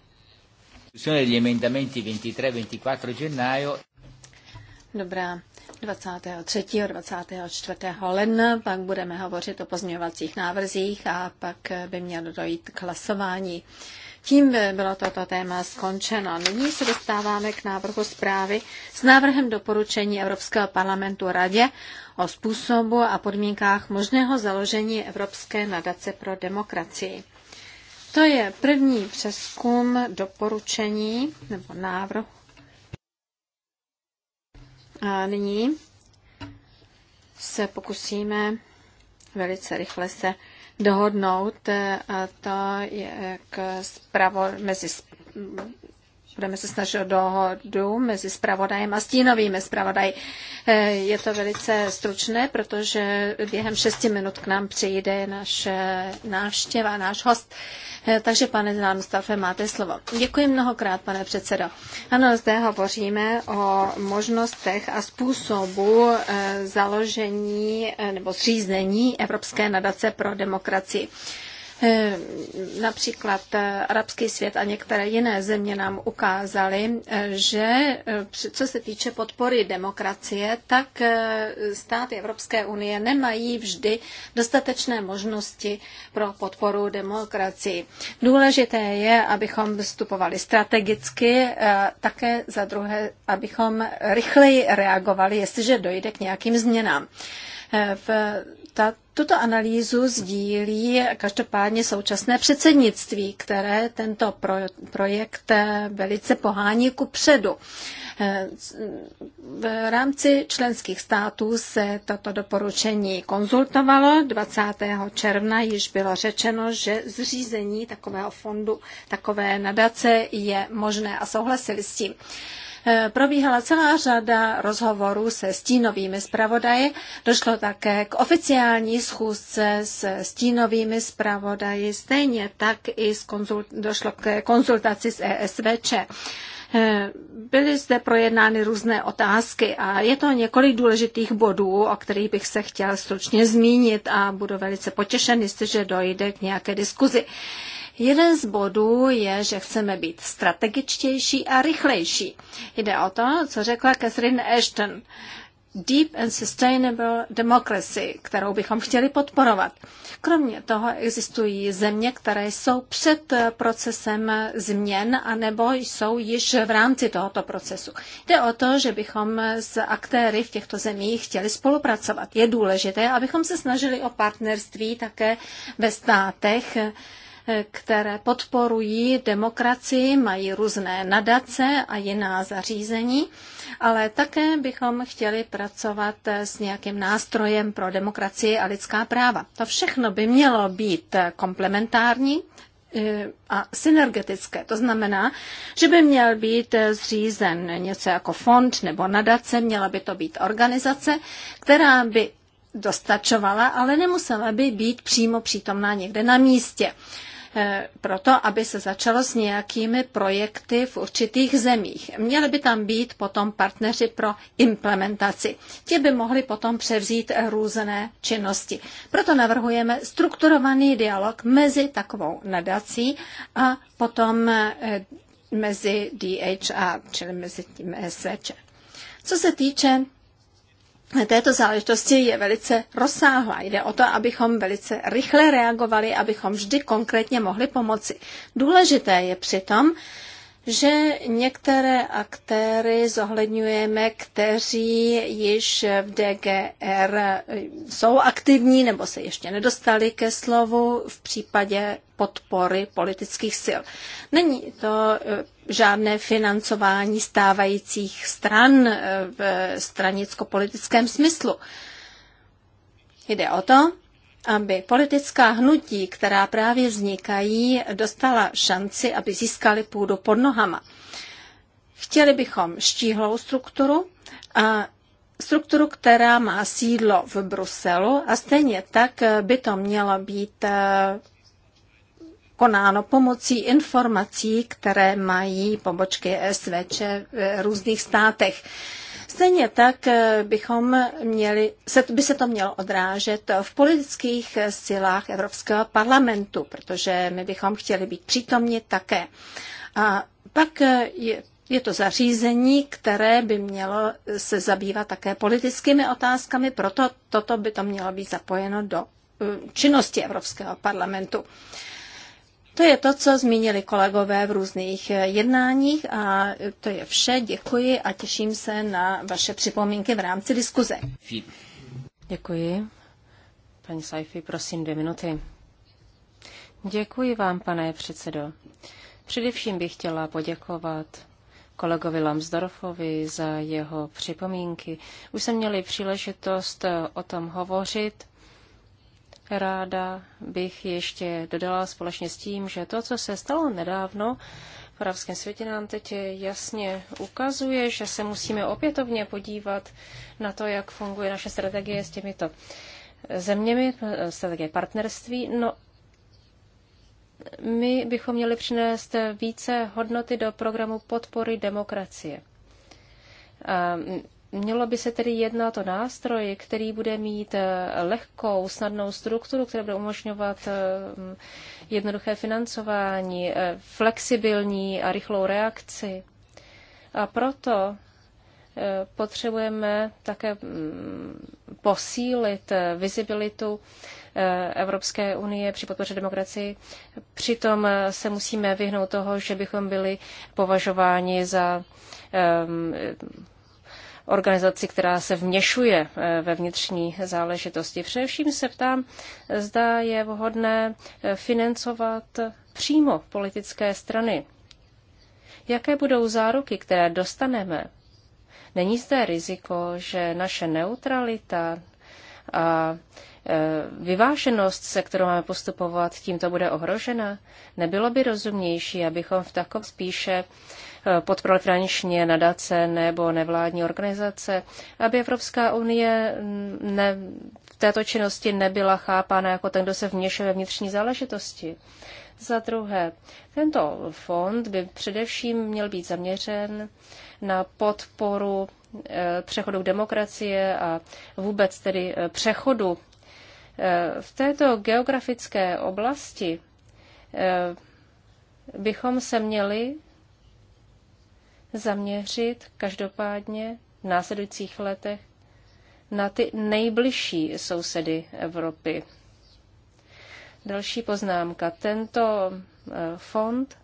Dobrá. 23. 24. ledna, pak budeme hovořit o pozměňovacích návrzích a pak by mělo dojít k hlasování. Tím by bylo toto téma skončeno. Nyní se dostáváme k návrhu zprávy s návrhem doporučení Evropského parlamentu Radě o způsobu a podmínkách možného založení Evropské nadace pro demokracii. To je první přeskum doporučení nebo návrhu. A nyní se pokusíme velice rychle se dohodnout. A to je k zpravo, mezi Budeme se snažit o dohodu mezi spravodajem a stínovými spravodaji. Eh, je to velice stručné, protože během šesti minut k nám přijde naše návštěva, náš host. Eh, takže, pane Nánustafe, máte slovo. Děkuji mnohokrát, pane předsedo. Ano, zde hovoříme o možnostech a způsobu eh, založení nebo zřízení Evropské nadace pro demokracii. Eh, například eh, arabský svět a některé jiné země nám ukázaly, eh, že co se týče podpory demokracie, tak státy Evropské unie nemají vždy dostatečné možnosti pro podporu demokracii. Důležité je, abychom vystupovali strategicky, také za druhé, abychom rychleji reagovali, jestliže dojde k nějakým změnám. V ta, tuto analýzu sdílí každopádně současné předsednictví, které tento projekt eh, velice pohání ku předu. Eh, v rámci členských států se toto doporučení konzultovalo. 20. června již bylo řečeno, že zřízení takového fondu, takové nadace je možné a souhlasili s tím probíhala celá řada rozhovorů se stínovými zpravodaji. Došlo také k oficiální schůzce s stínovými zpravodaji, stejně tak i došlo k konzultaci s ESVČ eh, byly zde projednány různé otázky a je to několik důležitých bodů, o kterých bych se chtěl stručně zmínit a budu velice potěšen, jestliže dojde k nějaké diskuzi. Jeden z bodů je, že chceme být strategičtější a rychlejší. Jde o to, co řekla Catherine Ashton. Deep and Sustainable Democracy, kterou bychom chtěli podporovat. Kromě toho existují země, které jsou před procesem změn anebo jsou již v rámci tohoto procesu. Jde o to, že bychom s aktéry v těchto zemích chtěli spolupracovat. Je důležité, abychom se snažili o partnerství také ve státech, které podporují demokracii, mají různé nadace a jiná zařízení, ale také bychom chtěli pracovat s nějakým nástrojem pro demokracii a lidská práva. To všechno by mělo být komplementární, eh, a synergetické. To znamená, že by měl být zřízen něco jako fond nebo nadace, měla by to být organizace, která by dostačovala, ale nemusela by být přímo přítomná někde na místě. Eh, proto, aby se začalo s nějakými projekty v určitých zemích. Měli by tam být potom partneři pro implementaci. Ti by mohli potom převzít různé činnosti. Proto navrhujeme strukturovaný dialog mezi takovou nadací a potom eh, mezi DHR, čili mezi tím SVČ. Co se týče této záležitosti je velice rozsáhlá. Jde o to, abychom velice rychle reagovali, abychom vždy konkrétně mohli pomoci. Důležité je přitom, že některé aktéry zohledňujeme, kteří již v DGR eh, jsou aktivní nebo se ještě nedostali ke slovu v případě podpory politických sil. Není to eh, žádné financování stávajících stran eh, v stranicko-politickém smyslu. Jde o to, aby politická hnutí, která právě vznikají, dostala šanci, aby získali půdu pod nohama. Chtěli bychom štíhlou strukturu a strukturu, která má sídlo v Bruselu a stejně tak by to mělo být eh, konáno pomocí informací, které mají pobočky SVČ v různých státech. Stejně tak eh, bychom měli, se, by se to mělo odrážet v politických silách Evropského parlamentu, protože my bychom chtěli být přítomni také. A pak eh, je je to zařízení, které by mělo se zabývat také politickými otázkami, proto toto by to mělo být zapojeno do eh, činnosti Evropského parlamentu. To je to, co zmínili kolegové v různých eh, jednáních a to je vše. Děkuji a těším se na vaše připomínky v rámci diskuze. Děkuji. Paní Saifi, prosím dvě minuty. Děkuji vám, pane předsedo. Především bych chtěla poděkovat kolegovi Lamsdorfovi za jeho připomínky. Už jsem měli příležitost o tom hovořit Ráda bych ještě dodala společně s tím, že to, co se stalo nedávno v arabském světě, nám teď jasně ukazuje, že se musíme opětovně podívat na to, jak funguje naše strategie s těmito zeměmi, strategie partnerství. No, my bychom měli přinést více hodnoty do programu podpory demokracie. Mělo by se tedy jednat o nástroj, který bude mít eh, lehkou, snadnou strukturu, která bude umožňovat eh, jednoduché financování, eh, flexibilní a rychlou reakci. A proto potřebujeme také posílit vizibilitu Evropské unie při podpoře demokracii. Přitom se musíme vyhnout toho, že bychom byli považováni za organizaci, která se vměšuje eh, ve vnitřní záležitosti. Především se ptám, zda je vhodné eh, financovat přímo politické strany. Jaké budou záruky, které dostaneme? Není zde riziko, že naše neutralita a Eh, vyváženost, se kterou máme postupovat, tímto bude ohrožena? Nebylo by rozumnější, abychom v takovém spíše eh, podporovali nadace nebo nevládní organizace, aby Evropská unie ne, v této činnosti nebyla chápána jako ten, kdo se vměšuje ve vnitřní záležitosti. Za druhé, tento fond by především měl být zaměřen na podporu eh, přechodu k demokracie a vůbec tedy přechodu Eh, v této geografické oblasti eh, bychom se měli zaměřit každopádně v následujících letech na ty nejbližší sousedy Evropy. Další poznámka. Tento eh, fond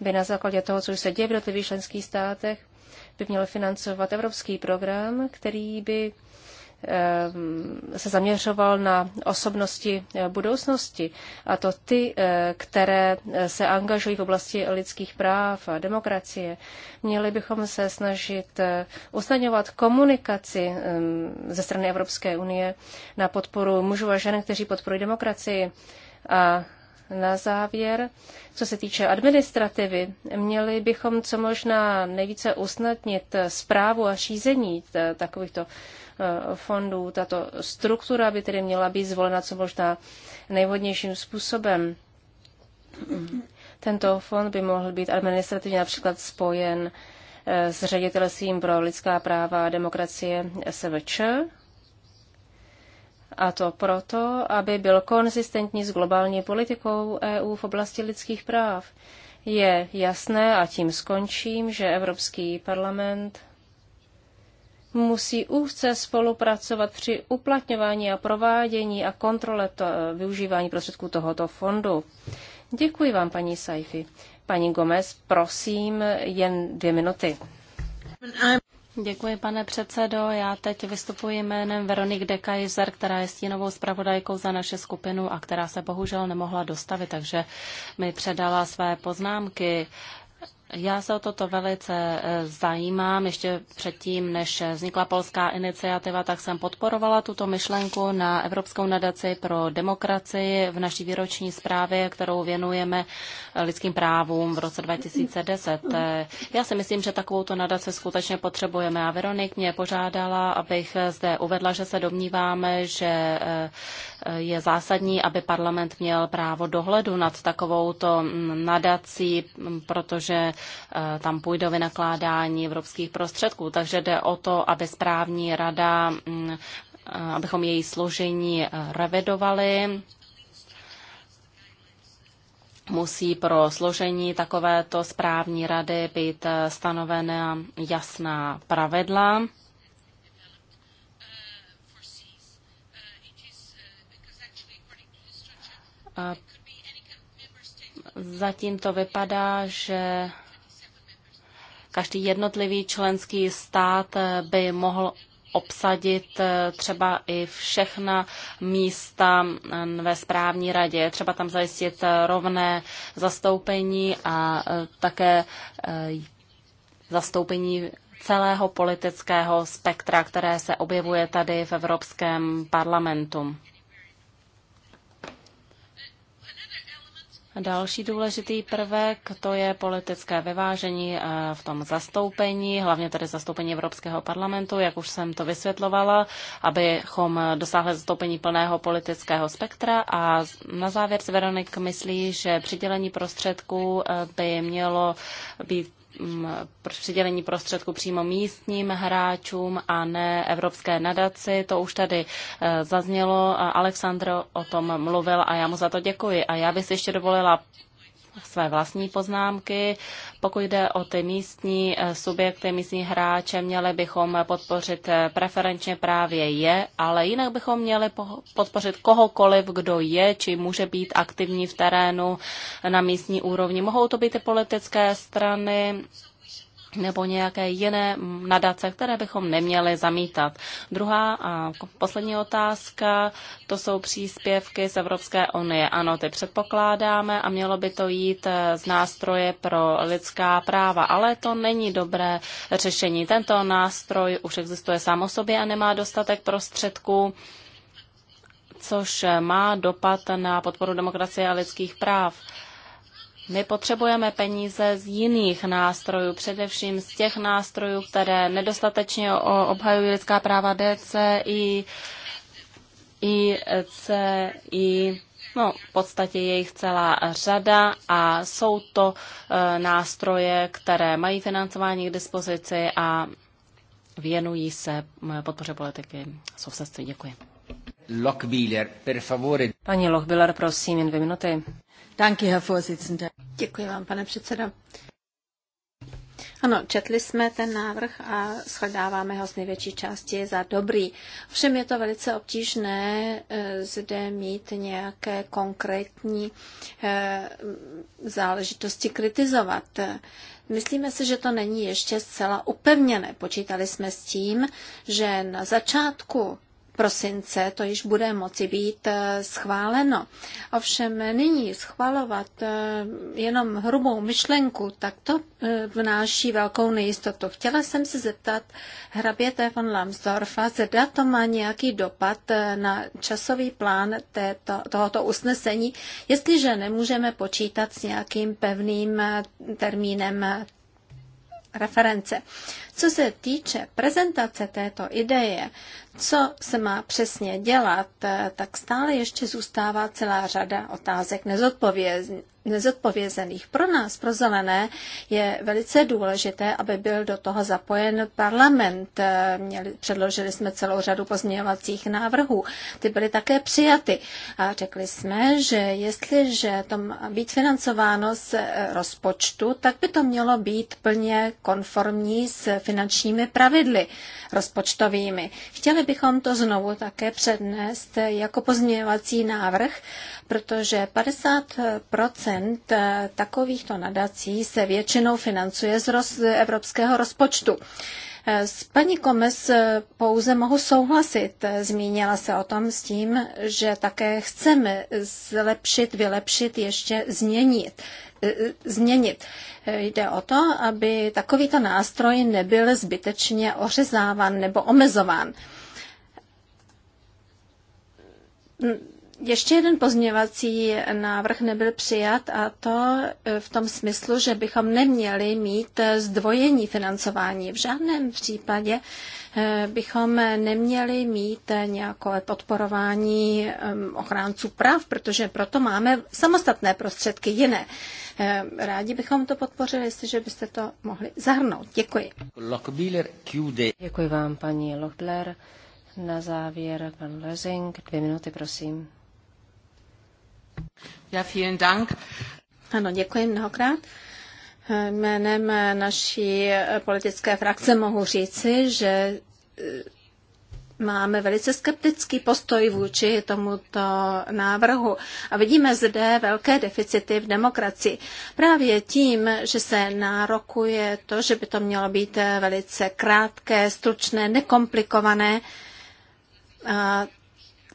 by na základě toho, co se děje v jednotlivých členských státech, by měl financovat evropský program, který by Eh, se zaměřoval na osobnosti eh, budoucnosti, a to ty, eh, které se angažují v oblasti lidských práv a demokracie. Měli bychom se snažit usnadňovat komunikaci ze strany Evropské unie na podporu mužů a žen, kteří podporují demokracii. A na závěr, co se týče administrativy, měli bychom co možná nejvíce usnadnit zprávu a řízení takovýchto Eh, fondů. Tato struktura by tedy měla být zvolena co možná nejvhodnějším způsobem. Tento fond by mohl být administrativně například spojen eh, s ředitelstvím pro lidská práva a demokracie SVČ, a to proto, aby byl konzistentní s globální politikou EU v oblasti lidských práv. Je jasné, a tím skončím, že Evropský parlament musí úzce spolupracovat při uplatňování a provádění a kontrole to, využívání prostředků tohoto fondu. Děkuji vám, paní Saifi. Paní Gomez, prosím, jen dvě minuty. Děkuji, pane předsedo. Já teď vystupuji jménem Veronik de Kaiser, která je stínovou zpravodajkou za naše skupinu a která se bohužel nemohla dostavit, takže mi předala své poznámky. Já se o toto velice eh, zajímám. Ještě předtím, než vznikla polská iniciativa, tak jsem podporovala tuto myšlenku na Evropskou nadaci pro demokracii v naší výroční zprávě, kterou věnujeme eh, lidským právům v roce 2010. Eh, já si myslím, že takovouto nadaci skutečně potřebujeme. A Veronik mě požádala, abych zde uvedla, že se domníváme, že je zásadní, aby parlament měl právo dohledu nad takovouto nadací, protože eh, tam půjde o vynakládání evropských prostředků. Takže jde o to, aby správní rada, mm, eh, abychom její složení eh, revidovali, musí pro složení takovéto správní rady být stanovena jasná pravidla. Zatím to vypadá, že každý jednotlivý členský stát by mohl obsadit eh, třeba i všechna místa mm, ve správní radě, třeba tam zajistit eh, rovné zastoupení a eh, také zastoupení celého politického spektra, které se objevuje tady v Evropském parlamentu. Další důležitý prvek to je politické vyvážení eh, v tom zastoupení, hlavně tedy zastoupení Evropského parlamentu, jak už jsem to vysvětlovala, abychom dosáhli zastoupení plného politického spektra. A na závěr si Veronik myslí, že přidělení prostředků eh, by mělo být mm, přidělení prostředků přímo místním hráčům a ne evropské nadaci. To už tady eh, zaznělo, Alexandr o tom mluvil a já mu za to děkuji. A já bych si ještě dovolila sdělila své vlastní poznámky. Pokud jde o ty místní eh, subjekty, místní hráče, měli bychom podpořit eh, preferenčně právě je, ale jinak bychom měli podpořit kohokoliv, kdo je, či může být aktivní v terénu na místní úrovni. Mohou to být i politické strany, nebo nějaké jiné nadace, které bychom neměli zamítat. Druhá a poslední otázka, to jsou příspěvky z Evropské unie. Ano, ty předpokládáme a mělo by to jít eh, z nástroje pro lidská práva, ale to není dobré řešení. Tento nástroj už existuje sám o sobě a nemá dostatek prostředků což má dopad na podporu demokracie a lidských práv. My potřebujeme peníze z jiných nástrojů, především z těch nástrojů, které nedostatečně obhajují lidská práva DCI, i no v podstatě je jich celá řada a jsou to e, nástroje, které mají financování k dispozici a věnují se e, podpoře politiky sousedství. Děkuji. Lockbiller, per favore. Paní Lochbiller, prosím, jen dvě minuty. Děkuji vám, pane předsedo. Ano, četli jsme ten návrh a shledáváme ho z největší části za dobrý. Všem je to velice obtížné eh, zde mít nějaké konkrétní eh, záležitosti kritizovat. Myslíme si, že to není ještě zcela upevněné. Počítali jsme s tím, že na začátku prosince to již bude moci být eh, schváleno. Ovšem nyní schvalovat eh, jenom hrubou myšlenku, tak to eh, vnáší velkou nejistotu. Chtěla jsem se zeptat hraběte von Lambsdorfa, zda to má nějaký dopad na časový plán této, tohoto usnesení, jestliže nemůžeme počítat s nějakým pevným termínem reference. Co se týče prezentace této ideje, co se má přesně dělat, eh, tak stále ještě zůstává celá řada otázek nezodpovězených. Pro nás, pro zelené, je velice důležité, aby byl do toho zapojen parlament. Eh, měli, předložili jsme celou řadu pozměňovacích návrhů. Ty byly také přijaty. A řekli jsme, že jestliže to má být financováno z eh, rozpočtu, tak by to mělo být plně konformní s financováním finančními pravidly rozpočtovými. Chtěli bychom to znovu také přednést jako pozměňovací návrh, protože 50 takovýchto nadací se většinou financuje z evropského rozpočtu. S paní Komes eh, pouze mohu souhlasit. Zmínila se o tom s tím, že také chceme zlepšit, vylepšit, ještě změnit. Eh, změnit. Jde o to, aby takovýto nástroj nebyl zbytečně ořezáván nebo omezován ještě jeden pozměvací návrh nebyl přijat a to e, v tom smyslu, že bychom neměli mít e, zdvojení financování. V žádném případě e, bychom neměli mít nějaké podporování ochránců práv, protože proto máme samostatné prostředky jiné. Rádi bychom to podpořili, jestliže byste to mohli zahrnout. Děkuji. Děkuji vám, paní Lochbler. Na závěr pan Lezing, dvě minuty, prosím. Ja, vielen Dank. Ano, děkuji mnohokrát. Jménem naší politické frakce mohu říci, že eh, máme velice skeptický postoj vůči tomuto návrhu a vidíme zde velké deficity v demokracii. Právě tím, že se nárokuje to, že by to mělo být velice krátké, stručné, nekomplikované, a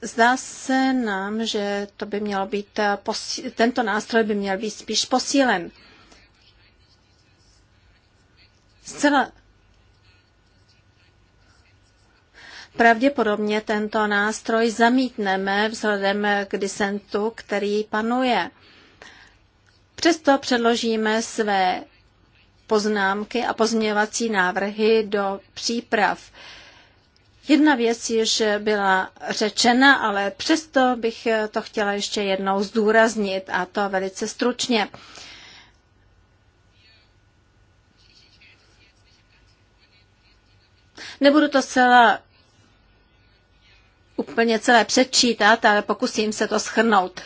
Zdá se nám, že to by mělo být, eh, tento nástroj by měl být spíš posílen. Zcela pravděpodobně tento nástroj zamítneme vzhledem k disentu, který panuje. Přesto předložíme své poznámky a pozměňovací návrhy do příprav. Jedna věc již byla řečena, ale přesto bych to chtěla ještě jednou zdůraznit a to velice stručně. Nebudu to celá úplně celé předčítat, ale pokusím se to schrnout.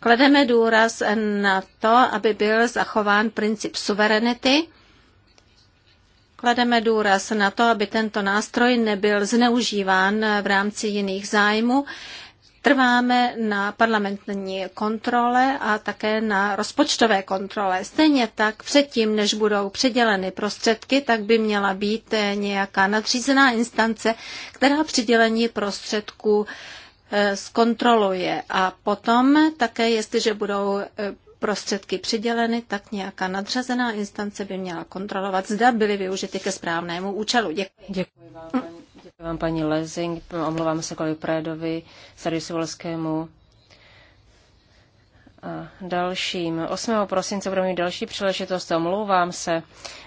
Klademe důraz na to, aby byl zachován princip suverenity, Klademe důraz na to, aby tento nástroj nebyl zneužíván v rámci jiných zájmů. Trváme na parlamentní kontrole a také na rozpočtové kontrole. Stejně tak předtím, než budou předěleny prostředky, tak by měla být nějaká nadřízená instance, která přidělení prostředků eh, zkontroluje. A potom také, jestliže budou eh, prostředky přiděleny, tak nějaká nadřazená instance by měla kontrolovat, zda byly využity ke správnému účelu. Děkuji. Děkuji vám, paní, děkuji vám, paní Lezing. Omlouvám se kolegu Prédovi, Sarisovolskému a dalším. 8. prosince budeme mít další příležitost. Omlouvám se,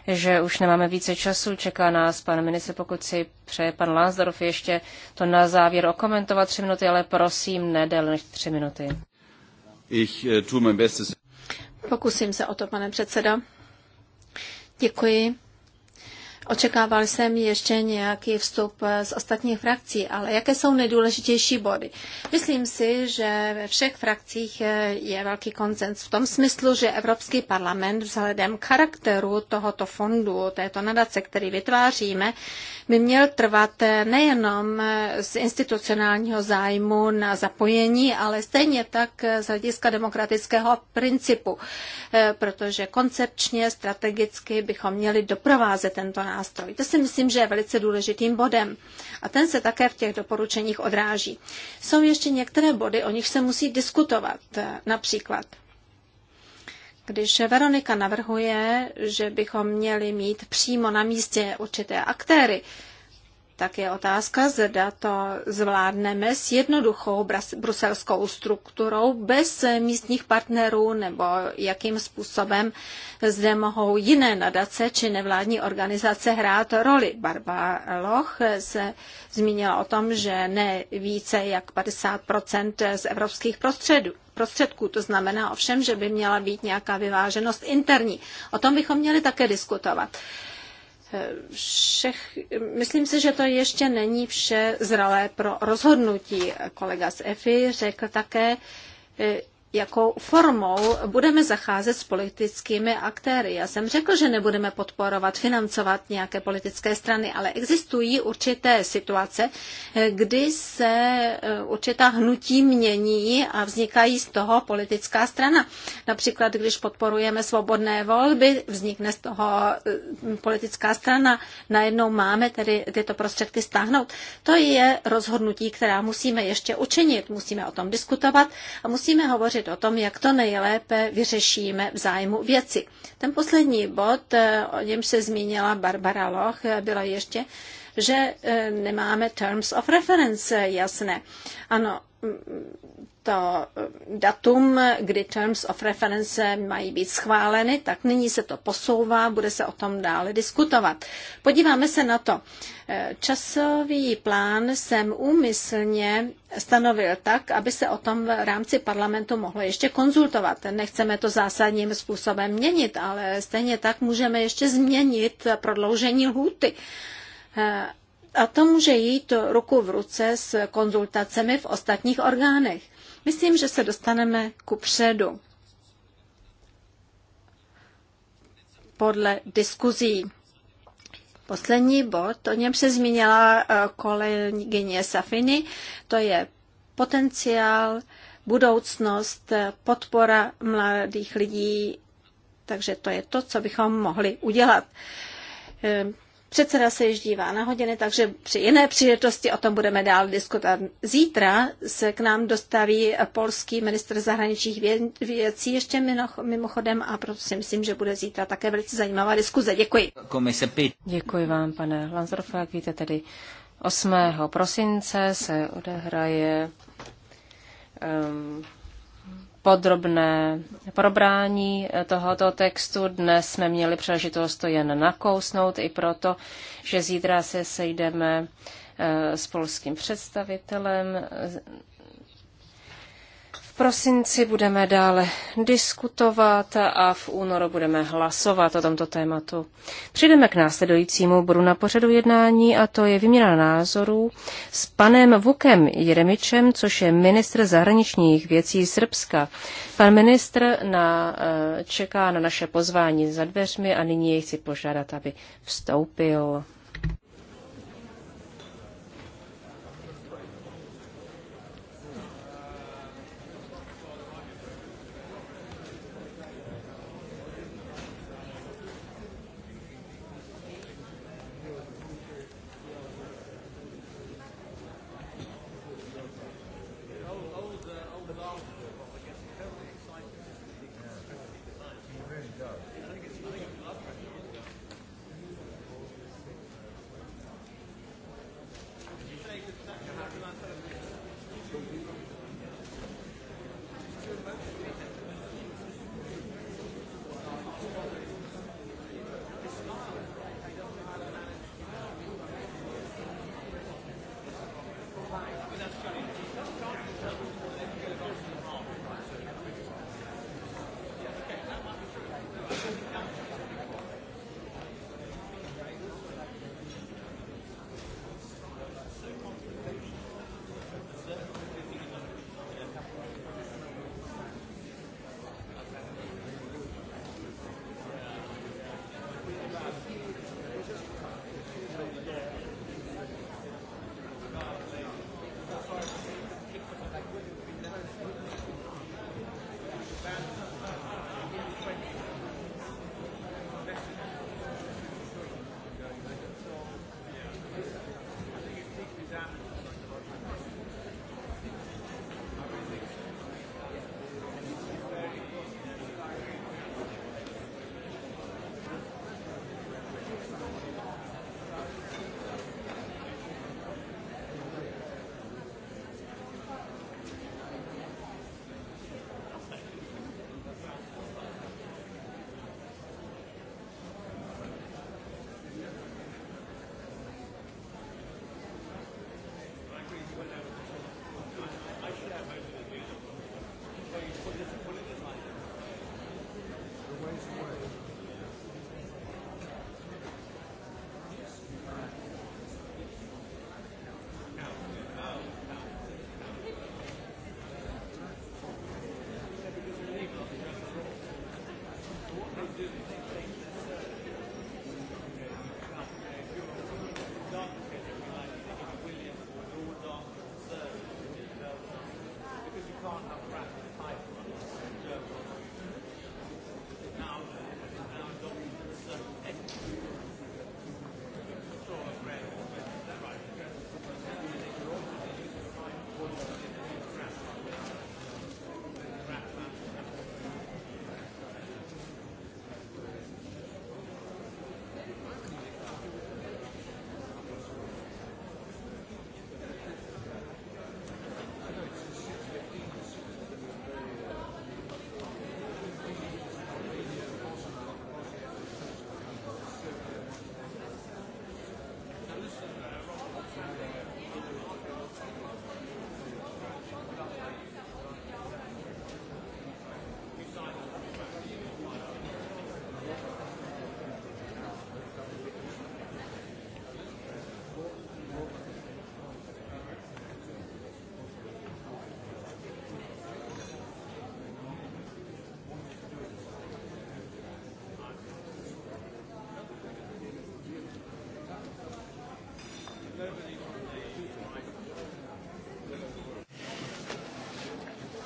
že už nemáme více času. Čeká nás pan minister, pokud si přeje pan Lansdorf ještě to na závěr okomentovat tři minuty, ale prosím, nedel než tři minuty. Ich, uh, tu mein bestes. Pokusím se o to, pane předsedo. Děkuji. Očekával jsem ještě nějaký vstup z ostatních frakcí, ale jaké jsou nejdůležitější body? Myslím si, že ve všech frakcích je velký koncens v tom smyslu, že Evropský parlament vzhledem k charakteru tohoto fondu, této nadace, který vytváříme, by měl trvat nejenom z institucionálního zájmu na zapojení, ale stejně tak z hlediska demokratického principu, protože koncepčně, strategicky bychom měli doprovázet tento nástroj. To si myslím, že je velice důležitým bodem a ten se také v těch doporučeních odráží. Jsou ještě některé body, o nich se musí diskutovat. Například, když Veronika navrhuje, že bychom měli mít přímo na místě určité aktéry, tak je otázka, zda to zvládneme s jednoduchou bruselskou strukturou bez místních partnerů nebo jakým způsobem zde mohou jiné nadace či nevládní organizace hrát roli. Barba Loch se zmínila o tom, že ne více jak 50 z evropských prostředů prostředků. To znamená ovšem, že by měla být nějaká vyváženost interní. O tom bychom měli také diskutovat. Uh, Všech, myslím si, že to ještě není vše zralé pro rozhodnutí. Kolega z EFI řekl také, jakou formou budeme zacházet s politickými aktéry. Já jsem řekl, že nebudeme podporovat, financovat nějaké politické strany, ale existují určité situace, eh, kdy se eh, určitá hnutí mění a vznikají z toho politická strana. Například, když podporujeme svobodné volby, vznikne z toho eh, politická strana, najednou máme tedy tyto prostředky stáhnout. To je rozhodnutí, která musíme ještě učinit. Musíme o tom diskutovat a musíme hovořit hovořit o tom, jak to nejlépe vyřešíme v zájmu věci. Ten poslední bod, eh, o něm se zmínila Barbara Loch, eh, byla ještě, že eh, nemáme terms of reference jasné. Ano, mm, to eh, datum, kdy terms of reference mají být schváleny, tak nyní se to posouvá, bude se o tom dále diskutovat. Podíváme se na to. Eh, časový plán jsem úmyslně stanovil tak, aby se o tom v rámci parlamentu mohlo ještě konzultovat. Nechceme to zásadním způsobem měnit, ale stejně tak můžeme ještě změnit prodloužení lhůty. Eh, a to může jít ruku v ruce s konzultacemi v ostatních orgánech. Myslím, že se dostaneme ku předu podle diskuzí. Poslední bod, o něm se zmínila eh, kolegyně Safiny, to je potenciál, budoucnost, eh, podpora mladých lidí, takže to je to, co bychom mohli udělat. Eh, Předseda se již dívá na hodiny, takže při jiné příležitosti o tom budeme dál diskutovat. Zítra se k nám dostaví polský minister zahraničních věcí ještě mimochodem a proto si myslím, že bude zítra také velice zajímavá diskuze. Děkuji. Komise PIT. Děkuji vám, pane Lansdorfe. Jak víte, tedy 8. prosince se odehraje um, podrobné probrání eh, tohoto textu. Dnes jsme měli příležitost to jen nakousnout i proto, že zítra se sejdeme eh, s polským představitelem prosinci budeme dále diskutovat a v únoru budeme hlasovat o tomto tématu. Přijdeme k následujícímu bodu na pořadu jednání a to je výměna názorů s panem Vukem Jeremičem, což je ministr zahraničních věcí Srbska. Pan ministr na, eh, čeká na naše pozvání za dveřmi a nyní jej chci požádat, aby vstoupil.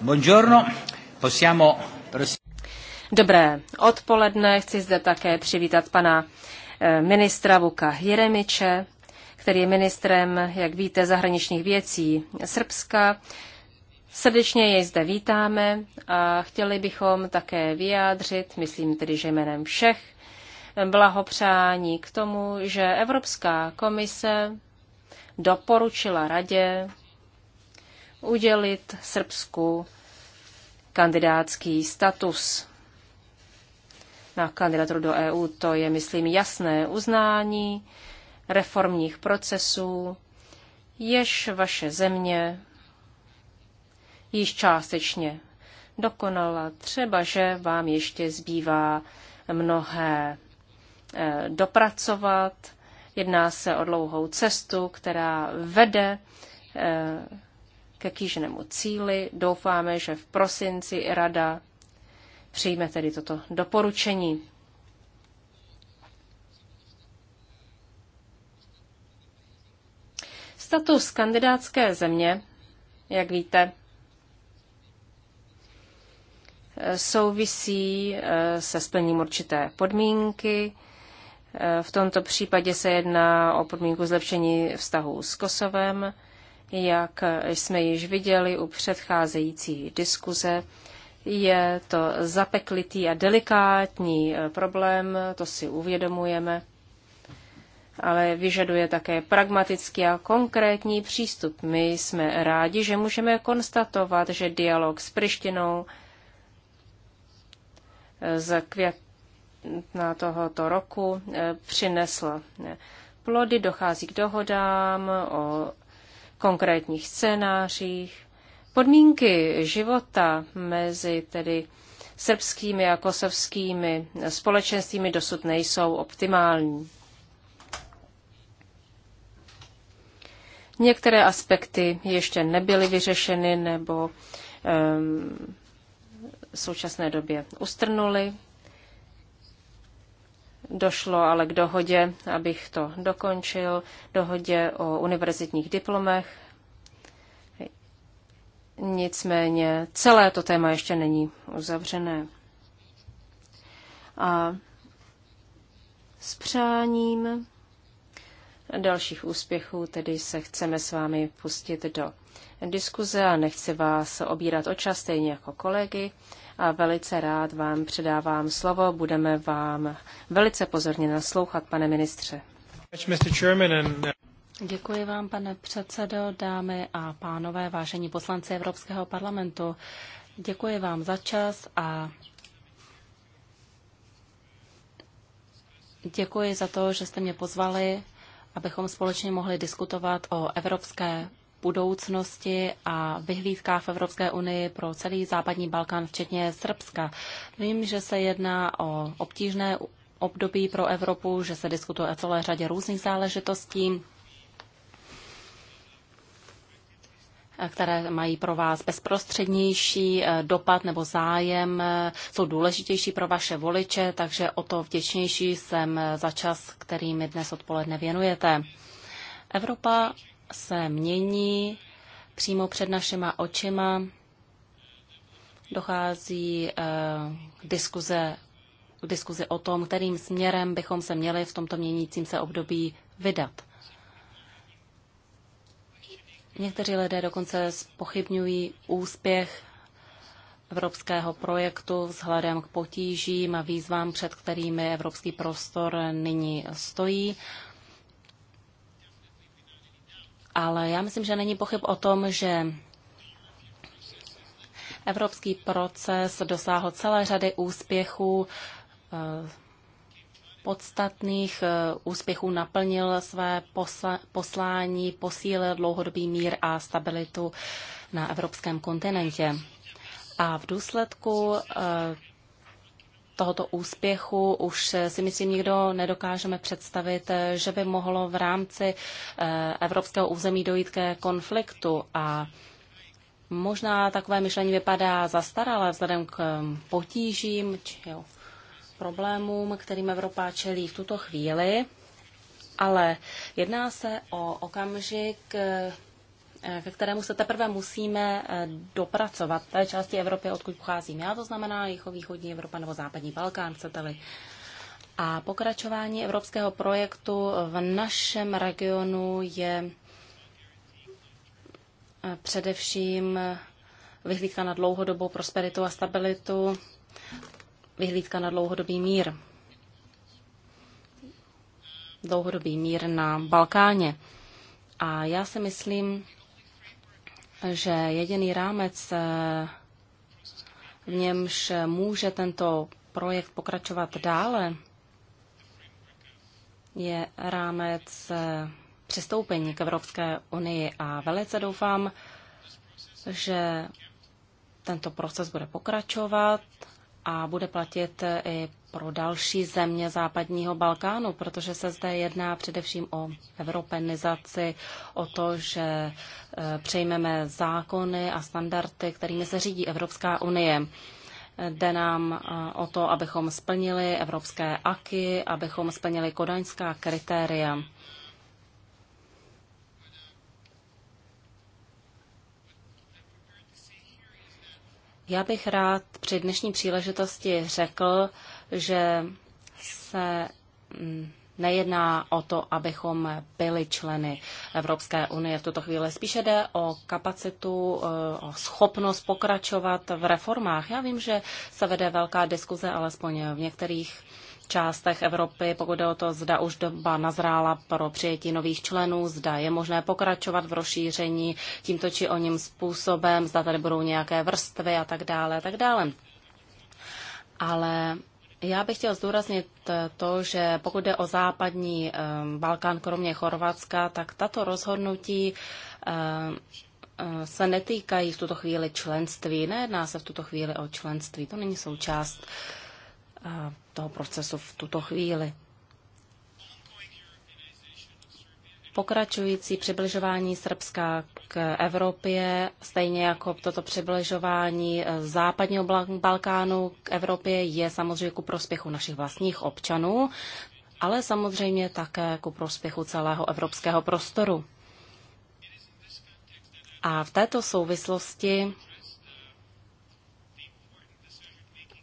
Buongiorno. Possiamo... Dobré odpoledne. Chci zde také přivítat pana eh, ministra Vuka Jeremiče, který je ministrem, jak víte, zahraničních věcí Srbska. Srdečně jej zde vítáme a chtěli bychom také vyjádřit, myslím tedy, že jménem všech, blahopřání k tomu, že Evropská komise doporučila radě udělit Srbsku kandidátský status na kandidaturu do EU. To je, myslím, jasné uznání reformních procesů, jež vaše země již částečně dokonala. Třeba, že vám ještě zbývá mnohé eh, dopracovat. Jedná se o dlouhou cestu, která vede eh, ke kýženému cíli. Doufáme, že v prosinci Rada přijme tedy toto doporučení. Status kandidátské země, jak víte, souvisí eh, se splním určité podmínky. Eh, v tomto případě se jedná o podmínku zlepšení vztahů s Kosovem jak jsme již viděli u předcházející diskuze. Je to zapeklitý a delikátní eh, problém, to si uvědomujeme, ale vyžaduje také pragmatický a konkrétní přístup. My jsme rádi, že můžeme konstatovat, že dialog s Prištinou eh, z května tohoto roku eh, přinesl plody, dochází k dohodám o konkrétních scénářích. Podmínky života mezi tedy srbskými a kosovskými společenstvími dosud nejsou optimální. Některé aspekty ještě nebyly vyřešeny nebo um, v současné době ustrnuly. Došlo ale k dohodě, abych to dokončil, dohodě o univerzitních diplomech. Nicméně celé to téma ještě není uzavřené. A s přáním dalších úspěchů tedy se chceme s vámi pustit do diskuze a nechci vás obírat o čas, stejně jako kolegy a velice rád vám předávám slovo. Budeme vám velice pozorně naslouchat, pane ministře. Uh, děkuji vám, pane předsedo, dámy a pánové, vážení poslanci Evropského parlamentu. Děkuji vám za čas a děkuji za to, že jste mě pozvali, abychom společně mohli diskutovat o evropské budoucnosti a vyhlídká v Evropské unii pro celý západní Balkán, včetně Srbska. Vím, že se jedná o obtížné období pro Evropu, že se diskutuje o celé řadě různých záležitostí, které mají pro vás bezprostřednější eh, dopad nebo zájem, eh, jsou důležitější pro vaše voliče, takže o to vděčnější jsem eh, za čas, který mi dnes odpoledne věnujete. Evropa se mění přímo před našima očima. Dochází k eh, diskuze, k diskuze o tom, kterým směrem bychom se měli v tomto měnícím se období vydat. Někteří lidé dokonce spochybňují úspěch evropského projektu vzhledem k potížím a výzvám, před kterými evropský prostor nyní stojí ale já myslím, že není pochyb o tom, že evropský proces dosáhl celé řady úspěchů, eh, podstatných eh, úspěchů naplnil své poslání, posílil dlouhodobý mír a stabilitu na evropském kontinentě. A v důsledku eh, tohoto úspěchu už eh, si myslím nikdo nedokážeme představit, eh, že by mohlo v rámci eh, evropského území dojít ke konfliktu a Možná takové myšlení vypadá zastaralé vzhledem k potížím či jo, problémům, kterým Evropa čelí v tuto chvíli, ale jedná se o okamžik, Eh, ke kterému se teprve musíme eh, dopracovat v té části Evropy, odkud pocházím já, to znamená jihovýchodní Evropa nebo západní Balkán, chcete-li. A pokračování evropského projektu v našem regionu je eh, především vyhlídka na dlouhodobou prosperitu a stabilitu, vyhlídka na dlouhodobý mír. Dlouhodobý mír na Balkáně. A já si myslím, že jediný rámec, eh, v němž může tento projekt pokračovat dále, je rámec eh, přistoupení k Evropské unii a velice doufám, že tento proces bude pokračovat a bude platit i pro další země západního Balkánu, protože se zde jedná především o evropenizaci, o to, že e, přejmeme zákony a standardy, kterými se řídí Evropská unie. Jde nám e, o to, abychom splnili evropské aky, abychom splnili kodaňská kritéria. Já bych rád při dnešní příležitosti řekl, že se mm, nejedná o to, abychom byli členy Evropské unie v tuto chvíli. Spíše jde o kapacitu, eh, o schopnost pokračovat v reformách. Já vím, že se vede velká diskuze, alespoň v některých částech Evropy, pokud je o to, zda už doba nazrála pro přijetí nových členů, zda je možné pokračovat v rozšíření tímto či ním způsobem, zda tady budou nějaké vrstvy a tak dále, a tak dále. Ale já bych chtěl zdůraznit to, že pokud jde o západní ehm, Balkán, kromě Chorvatska, tak tato rozhodnutí ehm, e, se netýkají v tuto chvíli členství. Nejedná se v tuto chvíli o členství. To není součást uh, Eh, toho procesu v tuto chvíli. Pokračující přibližování Srbska k Evropě, stejně jako toto přibližování eh, západního Balkánu k Evropě, je samozřejmě ku prospěchu našich vlastních občanů, ale samozřejmě také ku prospěchu celého evropského prostoru. A v této souvislosti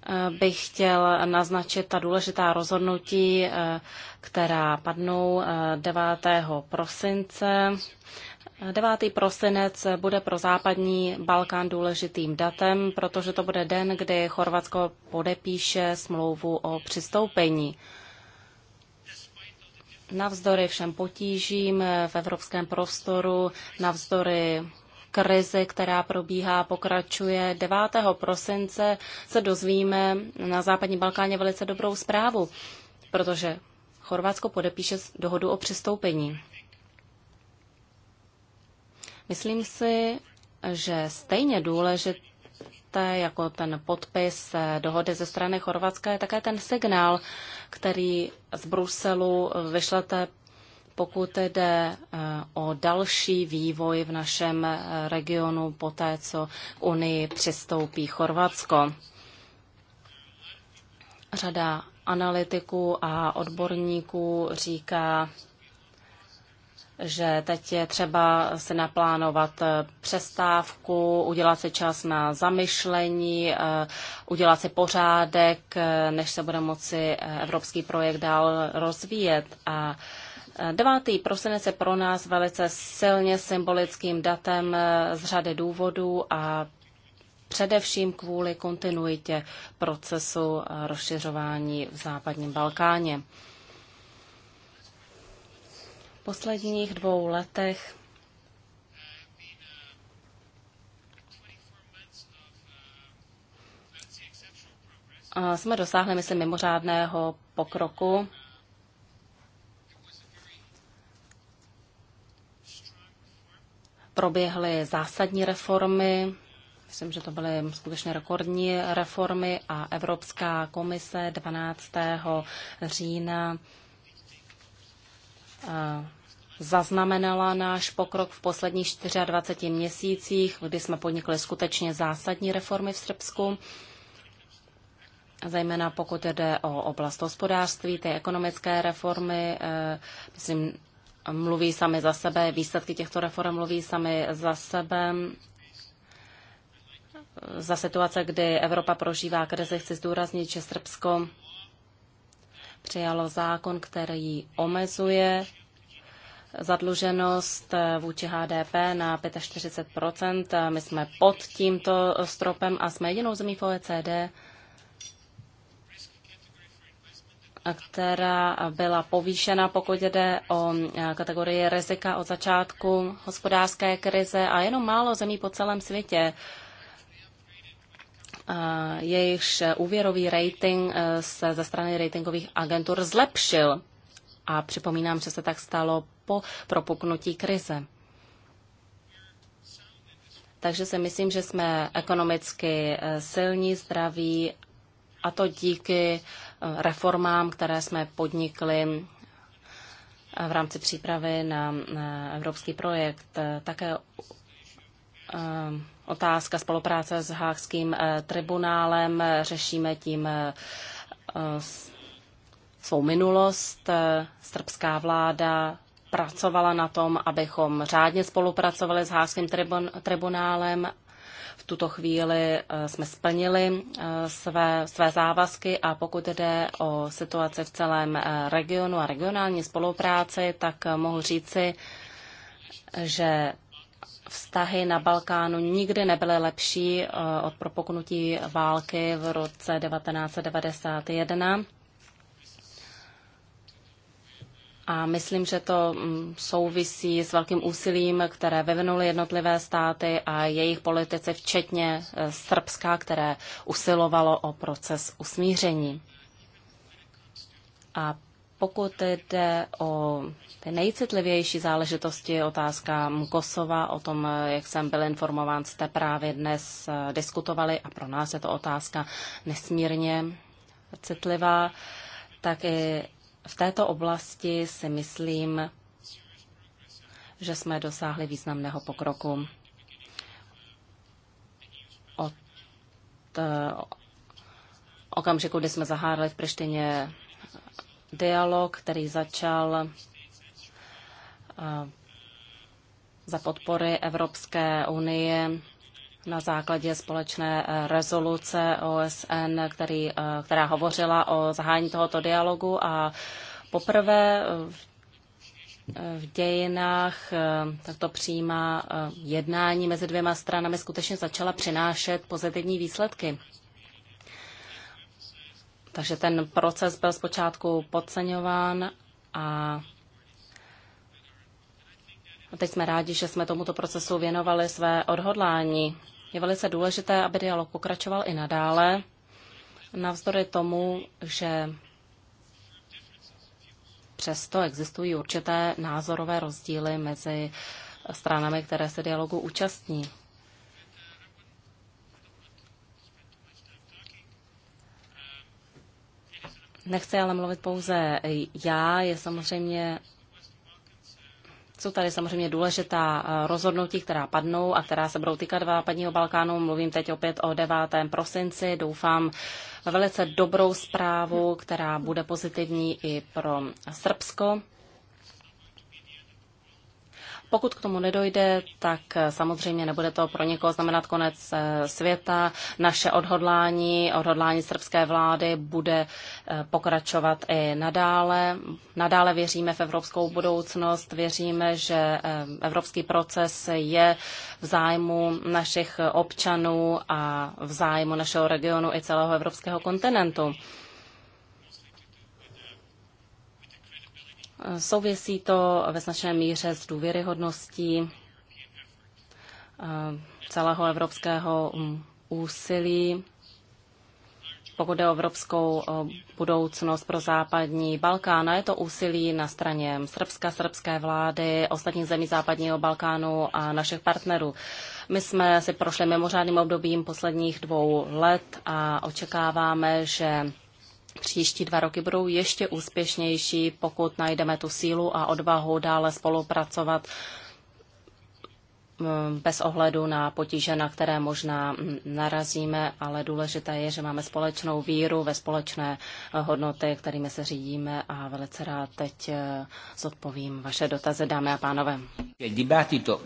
Eh, bych chtěl naznačit ta důležitá rozhodnutí, eh, která padnou 9. Eh, prosince. 9. prosinec bude pro západní Balkán důležitým datem, protože to bude den, kdy Chorvatsko podepíše smlouvu o přistoupení. Navzdory všem potížím v evropském prostoru, navzdory krizi, která probíhá, pokračuje. 9. prosince se dozvíme na západní Balkáně velice dobrou zprávu, protože Chorvatsko podepíše dohodu o přistoupení. Myslím si, že stejně důležité jako ten podpis dohody ze strany Chorvatska je také ten signál, který z Bruselu vyšlete pokud jde eh, o další vývoj v našem eh, regionu poté, co k Unii přistoupí Chorvatsko. Řada analytiků a odborníků říká, že teď je třeba si naplánovat eh, přestávku, udělat si čas na zamyšlení, udělat si pořádek, než se bude moci evropský projekt dál rozvíjet. A 9. prosinec je pro nás velice silně symbolickým datem eh, z řady důvodů a především kvůli kontinuitě procesu eh, rozšiřování v západním Balkáně. V posledních dvou letech jsme dosáhli, myslím, mimořádného pokroku proběhly zásadní reformy, myslím, že to byly skutečně rekordní reformy a Evropská komise 12. října eh, zaznamenala náš pokrok v posledních 24 měsících, kdy jsme podnikli skutečně zásadní reformy v Srbsku zejména pokud jde o oblast hospodářství, ty ekonomické reformy, eh, myslím, mluví sami za sebe, výsledky těchto reform mluví sami za sebe. Za situace, kdy Evropa prožívá krizi, chci zdůraznit, že Srbsko přijalo zákon, který omezuje zadluženost vůči HDP na 45 My jsme pod tímto stropem a jsme jedinou zemí v OECD, která byla povýšena, pokud jde o eh, kategorii rizika od začátku hospodářské krize a jenom málo zemí po celém světě eh, jejichž eh, úvěrový rating se ze strany ratingových agentur zlepšil. A připomínám, že se tak stalo po propuknutí krize. Takže si myslím, že jsme ekonomicky silní, zdraví a to díky reformám, které jsme podnikli v rámci přípravy na evropský projekt. Také eh, otázka spolupráce s Hákským eh, tribunálem. Řešíme tím eh, svou minulost. Srbská vláda pracovala na tom, abychom řádně spolupracovali s Hákským tribunálem v tuto chvíli eh, jsme splnili eh, své, své závazky a pokud jde o situaci v celém eh, regionu a regionální spolupráci, tak mohu říci, že vztahy na Balkánu nikdy nebyly lepší od propuknutí války v roce 1991. A myslím, že to mm, souvisí s velkým úsilím, které vyvinuly jednotlivé státy a jejich politici, včetně e, Srbska, které usilovalo o proces usmíření. A pokud jde o ty nejcitlivější záležitosti, otázka Kosova, o tom, e, jak jsem byl informován, jste právě dnes e, diskutovali a pro nás je to otázka nesmírně citlivá, tak i v této oblasti si myslím, že jsme dosáhli významného pokroku. Od eh, okamžiku, kdy jsme zahárali v Prištině dialog, který začal eh, za podpory Evropské unie na základě společné eh, rezoluce OSN, který, eh, která hovořila o zahájení tohoto dialogu a poprvé eh, v v dějinách takto přijímá jednání mezi dvěma stranami skutečně začala přinášet pozitivní výsledky. Takže ten proces byl zpočátku podceňován a teď jsme rádi, že jsme tomuto procesu věnovali své odhodlání. Je velice důležité, aby dialog pokračoval i nadále, navzdory tomu, že přesto existují určité názorové rozdíly mezi stranami, které se dialogu účastní. Nechci ale mluvit pouze já, je samozřejmě jsou tady samozřejmě důležitá eh, rozhodnutí, která padnou a která se budou týkat západního Balkánu. Mluvím teď opět o 9. prosinci. Doufám velice dobrou zprávu, která bude pozitivní i pro Srbsko. Pokud k tomu nedojde, tak eh, samozřejmě nebude to pro někoho znamenat konec eh, světa. Naše odhodlání, odhodlání srbské vlády bude eh, pokračovat i nadále. Nadále věříme v evropskou budoucnost, věříme, že evropský proces je v zájmu našich občanů a v zájmu našeho regionu i celého evropského kontinentu. Souvisí to ve značné míře s důvěryhodností eh, celého evropského mm, úsilí, pokud jde o evropskou eh, budoucnost pro západní Balkán. A je to úsilí na straně Srbska, srbské vlády, ostatních zemí západního Balkánu a našich partnerů. My jsme si prošli mimořádným obdobím posledních dvou let a očekáváme, že Příští dva roky budou ještě úspěšnější, pokud najdeme tu sílu a odvahu dále spolupracovat mm, bez ohledu na potíže, na které možná mm, narazíme, ale důležité je, že máme společnou víru ve společné eh, hodnoty, kterými se řídíme a velice rád teď eh, zodpovím vaše dotazy, dámy a pánové.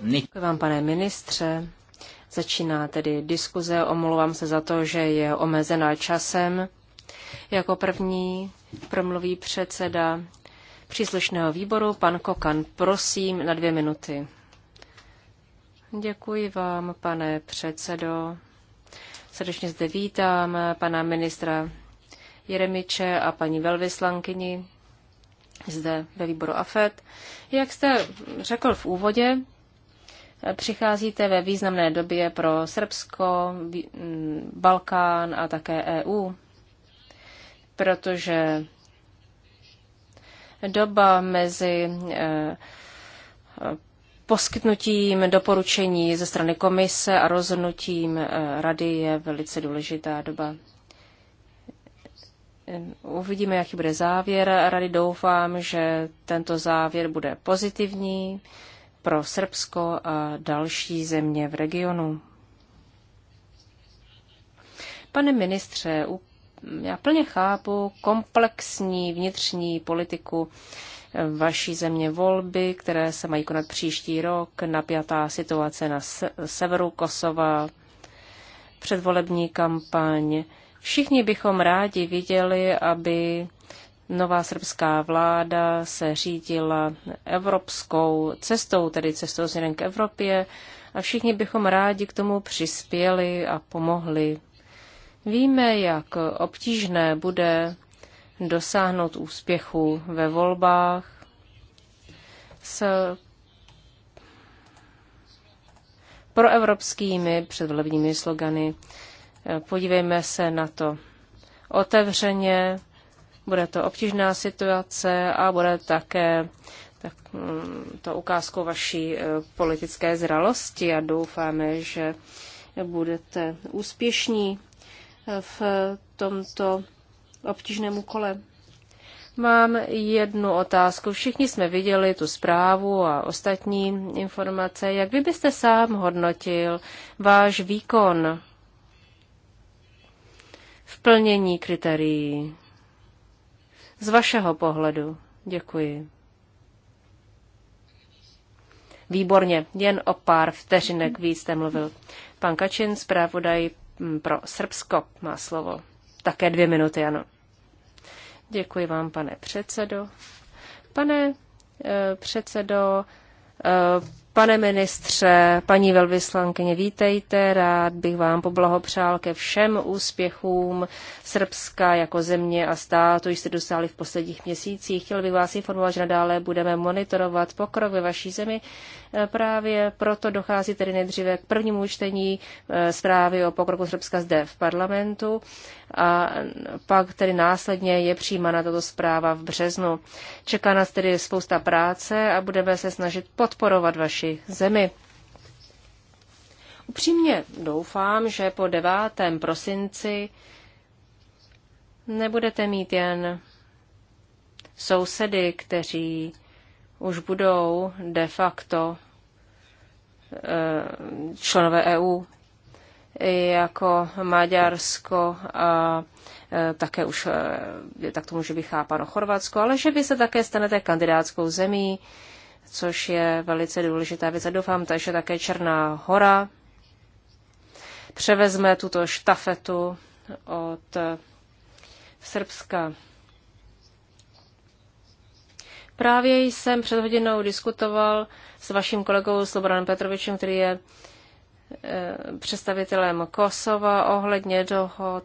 Děkuji vám, pane ministře. Začíná tedy diskuze. Omlouvám se za to, že je omezená časem. Jako první promluví předseda příslušného výboru, pan Kokan. Prosím na dvě minuty. Děkuji vám, pane předsedo. Srdečně zde vítám pana ministra Jeremiče a paní velvyslankyni zde ve výboru AFET. Jak jste řekl v úvodě, přicházíte ve významné době pro Srbsko, Balkán a také EU protože doba mezi eh, poskytnutím doporučení ze strany komise a rozhodnutím eh, rady je velice důležitá doba. Uvidíme, jaký bude závěr rady. Doufám, že tento závěr bude pozitivní pro Srbsko a další země v regionu. Pane ministře, já plně chápu komplexní vnitřní politiku eh, vaší země volby, které se mají konat příští rok, napjatá situace na severu Kosova, předvolební kampaň. Všichni bychom rádi viděli, aby nová srbská vláda se řídila evropskou cestou, tedy cestou směrem k Evropě, a všichni bychom rádi k tomu přispěli a pomohli. Víme, jak obtížné bude dosáhnout úspěchu ve volbách s proevropskými předvolebními slogany. Podívejme se na to otevřeně, bude to obtížná situace a bude také tak, mm, to ukázkou vaší e, politické zralosti a doufáme, že budete úspěšní v tomto obtížnému kole. Mám jednu otázku. Všichni jsme viděli tu zprávu a ostatní informace. Jak vy byste sám hodnotil váš výkon v plnění kritérií? Z vašeho pohledu. Děkuji. Výborně, jen o pár vteřinek víc jste mluvil. Pan Kačin, zprávodaj Mm, pro Srbsko má slovo. Také dvě minuty, ano. Děkuji vám, pane předsedo. Pane eh, předsedo, eh, Pane ministře, paní velvyslankyně, vítejte, rád bych vám poblahopřál ke všem úspěchům Srbska jako země a státu, jste dosáhli v posledních měsících. Chtěl bych vás informovat, že nadále budeme monitorovat pokrok ve vaší zemi. E, právě proto dochází tedy nejdříve k prvnímu čtení e, zprávy o pokroku Srbska zde v parlamentu a pak tedy následně je přijímána tato zpráva v březnu. Čeká nás tedy spousta práce a budeme se snažit podporovat vaši naši zemi. Upřímně doufám, že po 9. prosinci nebudete mít jen sousedy, kteří už budou de facto eh, členové EU, jako Maďarsko a eh, také už, eh, tak to může být chápano Chorvatsko, ale že vy se také stanete kandidátskou zemí, což je velice důležitá věc. A doufám, že také Černá hora převezme tuto štafetu od Srbska. Právě jsem před hodinou diskutoval s vaším kolegou Slobodanem Petrovičem, který je e, představitelem Kosova ohledně dohod,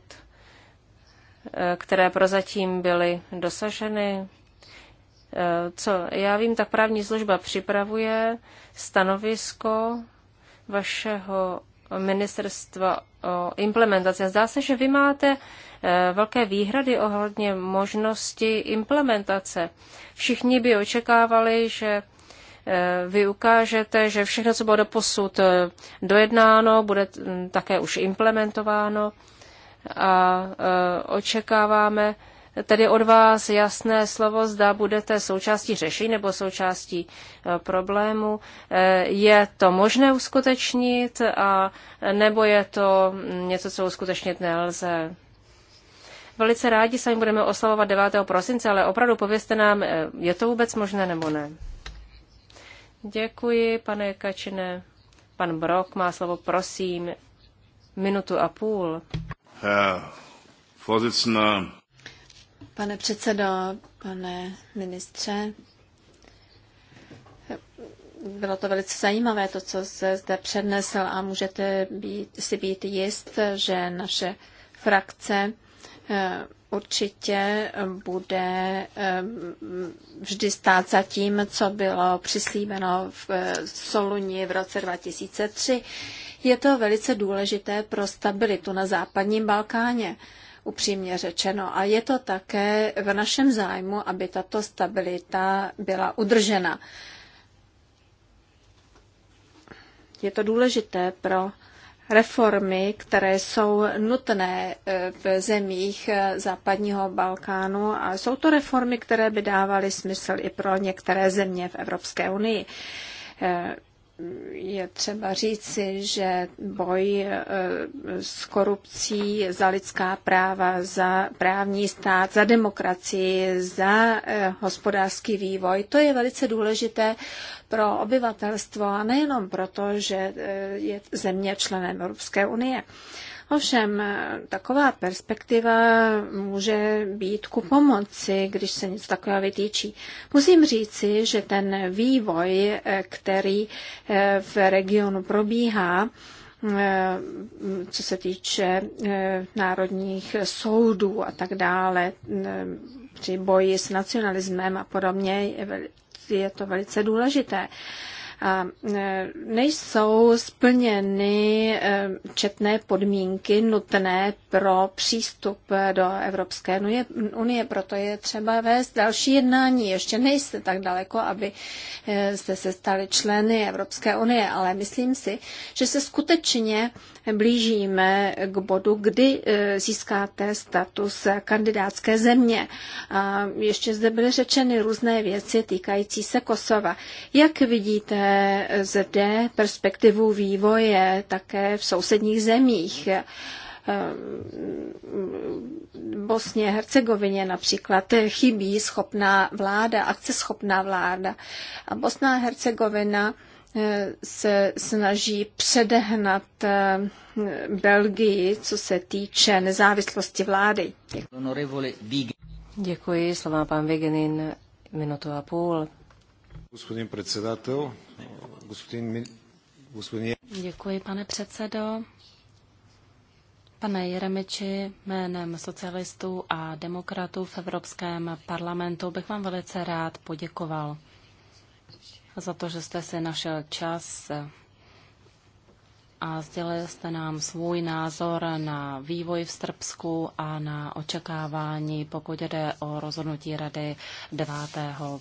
e, které prozatím byly dosaženy. Eh, co já vím, tak právní služba připravuje stanovisko vašeho ministerstva o implementaci. Zdá se, že vy máte eh, velké výhrady ohledně možnosti implementace. Všichni by očekávali, že eh, vy ukážete, že všechno, co bylo posud dojednáno, bude hm, také už implementováno a očekáváme, tedy od vás jasné slovo, zda budete součástí řešení nebo součástí e, problému. E, je to možné uskutečnit a nebo je to mm, něco, co uskutečnit nelze? Velice rádi sami budeme oslavovat 9. prosince, ale opravdu povězte nám, e, je to vůbec možné nebo ne? Děkuji, pane Kačine. Pan Brok má slovo, prosím, minutu a půl. Herr Pane předsedo, pane ministře, bylo to velice zajímavé, to, co se zde přednesl a můžete být, si být jist, že naše frakce eh, určitě bude eh, vždy stát za tím, co bylo přislíbeno v eh, Soluni v roce 2003. Je to velice důležité pro stabilitu na západním Balkáně upřímně řečeno. A je to také v našem zájmu, aby tato stabilita byla udržena. Je to důležité pro reformy, které jsou nutné eh, v zemích eh, západního Balkánu a jsou to reformy, které by dávaly smysl i pro některé země v Evropské unii. Eh, je třeba říci, že boj e, s korupcí za lidská práva, za právní stát, za demokracii, za e, hospodářský vývoj, to je velice důležité pro obyvatelstvo a nejenom proto, že e, je země členem Evropské unie. Ovšem, taková perspektiva může být ku pomoci, když se nic takového vytýčí. Musím říci, že ten vývoj, který eh, v regionu probíhá, eh, co se týče eh, národních soudů a tak dále, při boji s nacionalismem a podobně, je to velice důležité. E, nejsou splněny e, četné podmínky nutné pro přístup e, do Evropské unie. Proto je třeba vést další jednání. Ještě nejste tak daleko, aby jste se stali členy Evropské unie, ale myslím si, že se skutečně blížíme k bodu, kdy získáte status kandidátské země. A ještě zde byly řečeny různé věci týkající se Kosova. Jak vidíte zde perspektivu vývoje také v sousedních zemích. Ehm, Bosně Hercegovině například chybí schopná vláda, akceschopná vláda. A Bosna a Hercegovina eh, se snaží předehnat eh, Belgii, co se týče nezávislosti vlády. Děkuji, slova pan Vigenin, minutu a půl. Děkuji, pane předsedo. Pane Jeremiči, jménem socialistů a demokratů v Evropském parlamentu bych vám velice rád poděkoval za to, že jste si našel čas a sdělil jste nám svůj názor na vývoj v Srbsku a na očekávání, pokud jde o rozhodnutí Rady 9.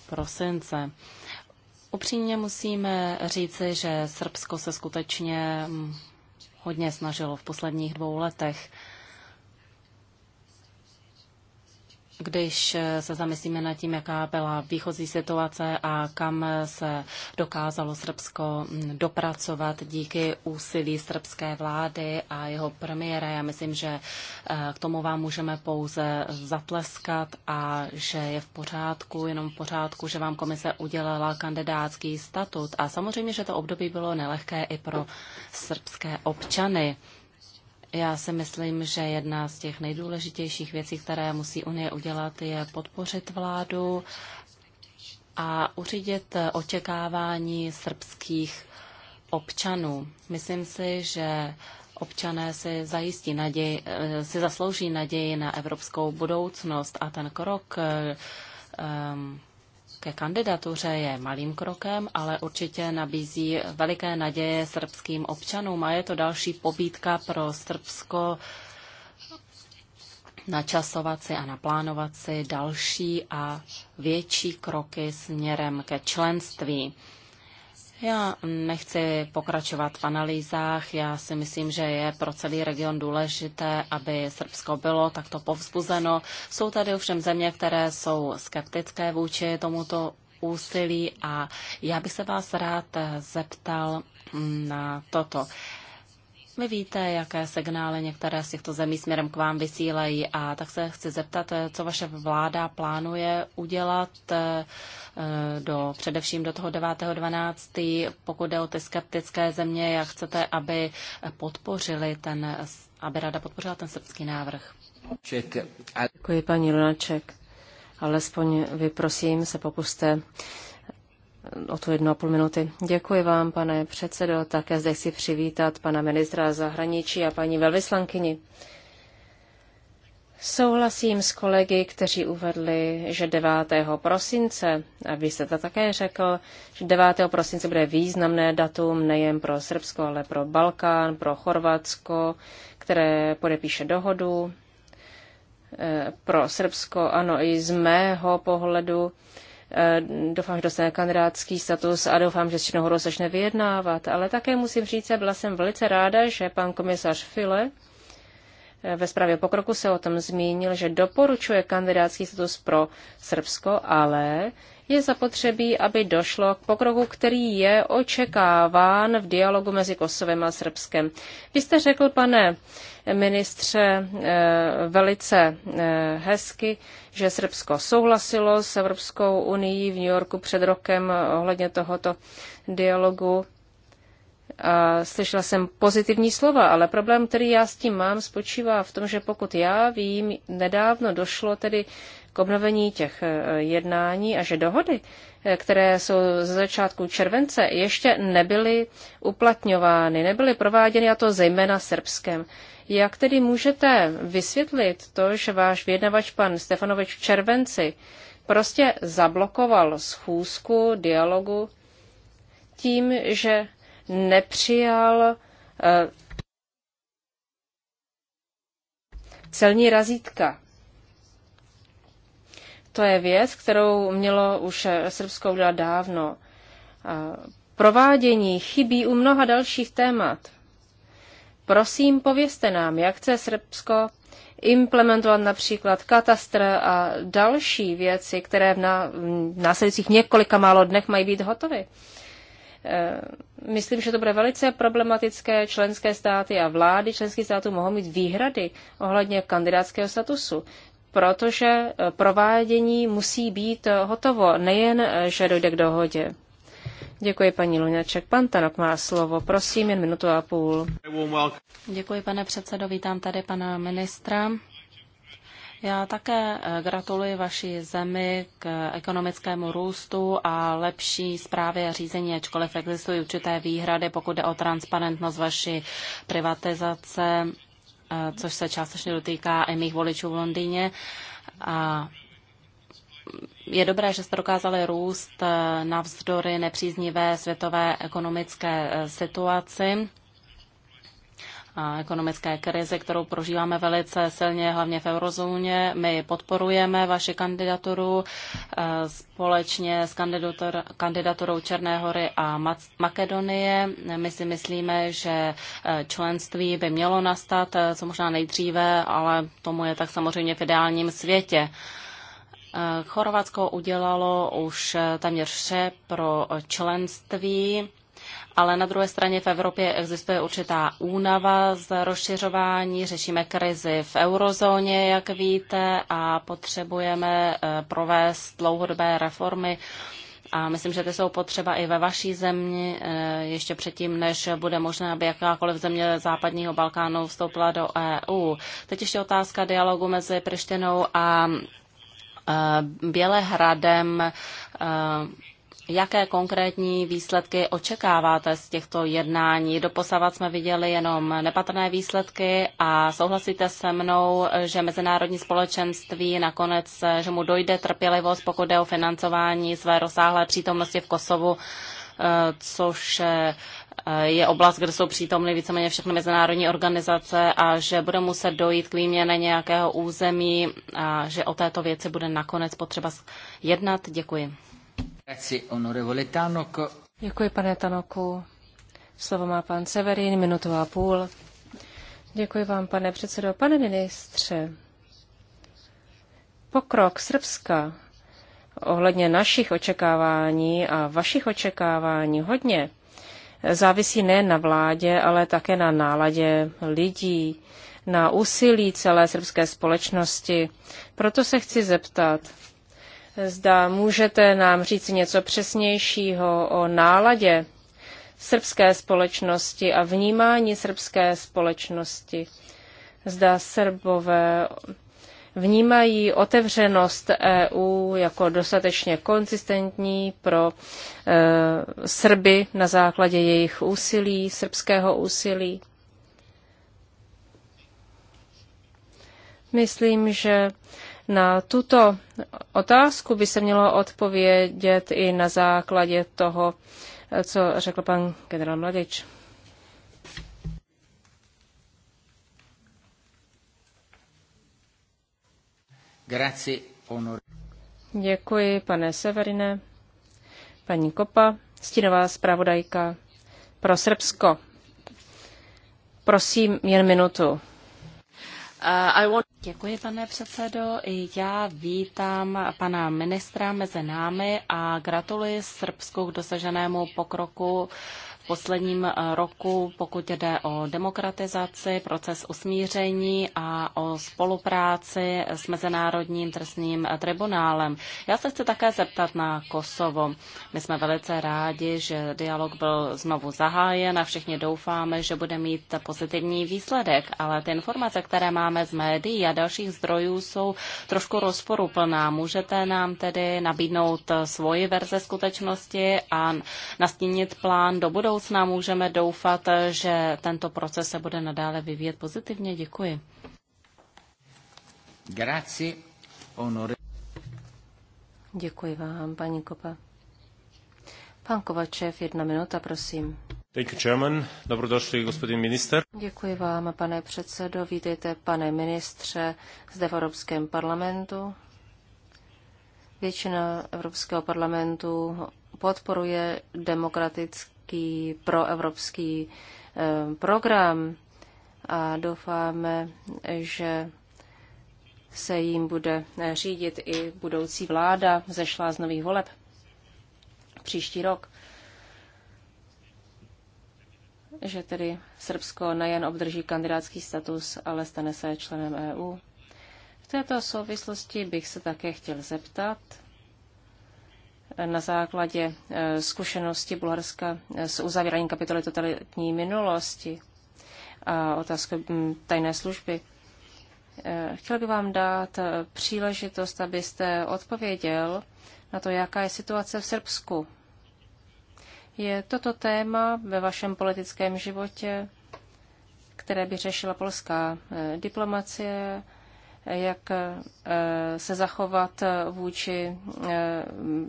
prosince. Upřímně musíme říci, že Srbsko se skutečně mm, hodně snažilo v posledních dvou letech. když eh, se zamyslíme nad tím, jaká byla výchozí situace a kam se dokázalo Srbsko hm, dopracovat díky úsilí srbské vlády a jeho premiéra. Já myslím, že eh, k tomu vám můžeme pouze zatleskat a že je v pořádku, jenom v pořádku, že vám komise udělala kandidátský statut. A samozřejmě, že to období bylo nelehké i pro srbské občany. Já si myslím, že jedna z těch nejdůležitějších věcí, které musí Unie udělat, je podpořit vládu a uřídit očekávání srbských občanů. Myslím si, že občané si zajistí naději, eh, si zaslouží naději na evropskou budoucnost a ten krok, eh, ke kandidatuře je malým krokem, ale určitě nabízí veliké naděje srbským občanům a je to další pobídka pro Srbsko načasovat si a naplánovat si další a větší kroky směrem ke členství. Já nechci pokračovat v analýzách. Já si myslím, že je pro celý region důležité, aby Srbsko bylo takto povzbuzeno. Jsou tady ovšem země, které jsou skeptické vůči tomuto úsilí a já bych se vás rád zeptal mm, na toto. Vy víte, jaké signály některé z těchto zemí směrem k vám vysílají a tak se chci zeptat, co vaše vláda plánuje udělat eh, do, především do toho 9.12., pokud jde o ty skeptické země, jak chcete, aby podpořili ten, aby rada podpořila ten srbský návrh. Děkuji, paní Lunaček. Alespoň vy, prosím, se pokuste o tu jednu a půl minuty. Děkuji vám, pane předsedo. Také zde chci přivítat pana ministra zahraničí a paní velvyslankyni. Souhlasím s kolegy, kteří uvedli, že 9. prosince, a vy jste to také řekl, že 9. prosince bude významné datum nejen pro Srbsko, ale pro Balkán, pro Chorvatsko, které podepíše dohodu. E, pro Srbsko, ano, i z mého pohledu Eh, doufám, že dostane kandidátský status a doufám, že s Černou horou začne vyjednávat. Ale také musím říct, že byla jsem velice ráda, že pan komisař File eh, ve zprávě pokroku se o tom zmínil, že doporučuje kandidátský status pro Srbsko, ale je zapotřebí, aby došlo k pokroku, který je očekáván v dialogu mezi Kosovem a Srbskem. Vy jste řekl, pane ministře, eh, velice eh, hezky, že Srbsko souhlasilo s Evropskou unii v New Yorku před rokem ohledně tohoto dialogu. A slyšela jsem pozitivní slova, ale problém, který já s tím mám, spočívá v tom, že pokud já vím, nedávno došlo tedy k obnovení těch eh, jednání a že dohody, eh, které jsou ze začátku července, ještě nebyly uplatňovány, nebyly prováděny, a to zejména Srbskem. Jak tedy můžete vysvětlit to, že váš vyjednavač pan Stefanovič v červenci prostě zablokoval schůzku dialogu tím, že nepřijal eh, celní razítka to je věc, kterou mělo už eh, Srbsko udělat dávno. provádění chybí u mnoha dalších témat. Prosím, povězte nám, jak chce Srbsko implementovat například katastr a další věci, které v, na, v následujících několika málo dnech mají být hotovy. Eh, myslím, že to bude velice problematické. Členské státy a vlády členských států mohou mít výhrady ohledně kandidátského statusu protože provádění musí být hotovo, nejen, že dojde k dohodě. Děkuji, paní Luňaček. Pan Tanok má slovo. Prosím, jen minutu a půl. Děkuji, pane předsedo. Vítám tady pana ministra. Já také eh, gratuluji vaší zemi k eh, ekonomickému růstu a lepší zprávě a řízení, ačkoliv existují určité výhrady, pokud jde o transparentnost vaší privatizace což se částečně dotýká i mých voličů v Londýně. A je dobré, že jste dokázali růst navzdory nepříznivé světové ekonomické eh, situaci a ekonomické krizi, kterou prožíváme velice silně, hlavně v eurozóně. My podporujeme vaši kandidaturu eh, společně s kandidatur, kandidaturou Černé hory a Makedonie. My si myslíme, že eh, členství by mělo nastat eh, co možná nejdříve, ale tomu je tak samozřejmě v ideálním světě. Chorvatsko udělalo už téměř vše pro členství ale na druhé straně v Evropě existuje určitá únava z rozšiřování, řešíme krizi v eurozóně, jak víte, a potřebujeme eh, provést dlouhodobé reformy. A myslím, že ty jsou potřeba i ve vaší zemi, eh, ještě předtím, než bude možné, aby jakákoliv země západního Balkánu vstoupila do EU. Teď ještě otázka dialogu mezi Prištinou a eh, Bělehradem Jaké konkrétní výsledky očekáváte z těchto jednání? Doposavat jsme viděli jenom nepatrné výsledky a souhlasíte se mnou, že mezinárodní společenství nakonec, že mu dojde trpělivost, pokud jde o financování své rozsáhlé přítomnosti v Kosovu, eh, což eh, je oblast, kde jsou přítomny víceméně všechny mezinárodní organizace a že bude muset dojít k výměně nějakého území a že o této věci bude nakonec potřeba jednat. Děkuji. Děkuji, pane Tanoku. Slovo má pan Severin, minutu a půl. Děkuji vám, pane předsedo. Pane ministře, pokrok Srbska ohledně našich očekávání a vašich očekávání hodně závisí nejen na vládě, ale také na náladě lidí, na úsilí celé srbské společnosti. Proto se chci zeptat, Zda můžete nám říct něco přesnějšího o náladě srbské společnosti a vnímání srbské společnosti. Zda Srbové vnímají otevřenost EU jako dostatečně konzistentní pro e, Srby na základě jejich úsilí, srbského úsilí. Myslím, že na tuto otázku by se mělo odpovědět i na základě toho, co řekl pan generál Mladič. Děkuji, pane Severine. Paní Kopa, stínová zpravodajka pro Srbsko. Prosím, jen minutu. Uh, Děkuji, pane předsedo. Já vítám pana ministra mezi námi a gratuluji Srbsku k dosaženému pokroku uh, posledním eh, roku, pokud jde o demokratizaci, proces usmíření a o spolupráci s Mezinárodním trestním eh, tribunálem. Já se chci také zeptat na Kosovo. My jsme velice rádi, že dialog byl znovu zahájen a všichni doufáme, že bude mít pozitivní výsledek, ale ty informace, které máme z médií a dalších zdrojů, jsou trošku rozporuplná. Můžete nám tedy nabídnout eh, svoji verze skutečnosti a nastínit plán do budoucna? budoucna můžeme doufat, že tento proces se bude nadále vyvíjet pozitivně. Děkuji. Grazie, onore. Děkuji vám, paní Kopa. Pan Kovačev, jedna minuta, prosím. Thank you, Chairman. Dobrodošli, gospodin minister. Děkuji vám, pane předsedo. Vítejte, pane ministře, zde v Evropském parlamentu. Většina Evropského parlamentu podporuje demokratický nějaký proevropský eh, program a doufáme, že se jim bude eh, řídit i budoucí vláda zešla z nových voleb příští rok. Že tedy Srbsko nejen obdrží kandidátský status, ale stane se členem EU. V této souvislosti bych se také chtěl zeptat, na základě eh, zkušenosti Bulharska eh, s uzavíráním kapitoly totalitní minulosti a otázky hm, tajné služby. Eh, chtěl bych vám dát příležitost, abyste odpověděl na to, jaká je situace v Srbsku. Je toto téma ve vašem politickém životě, které by řešila polská diplomacie, jak eh, se zachovat eh, vůči eh,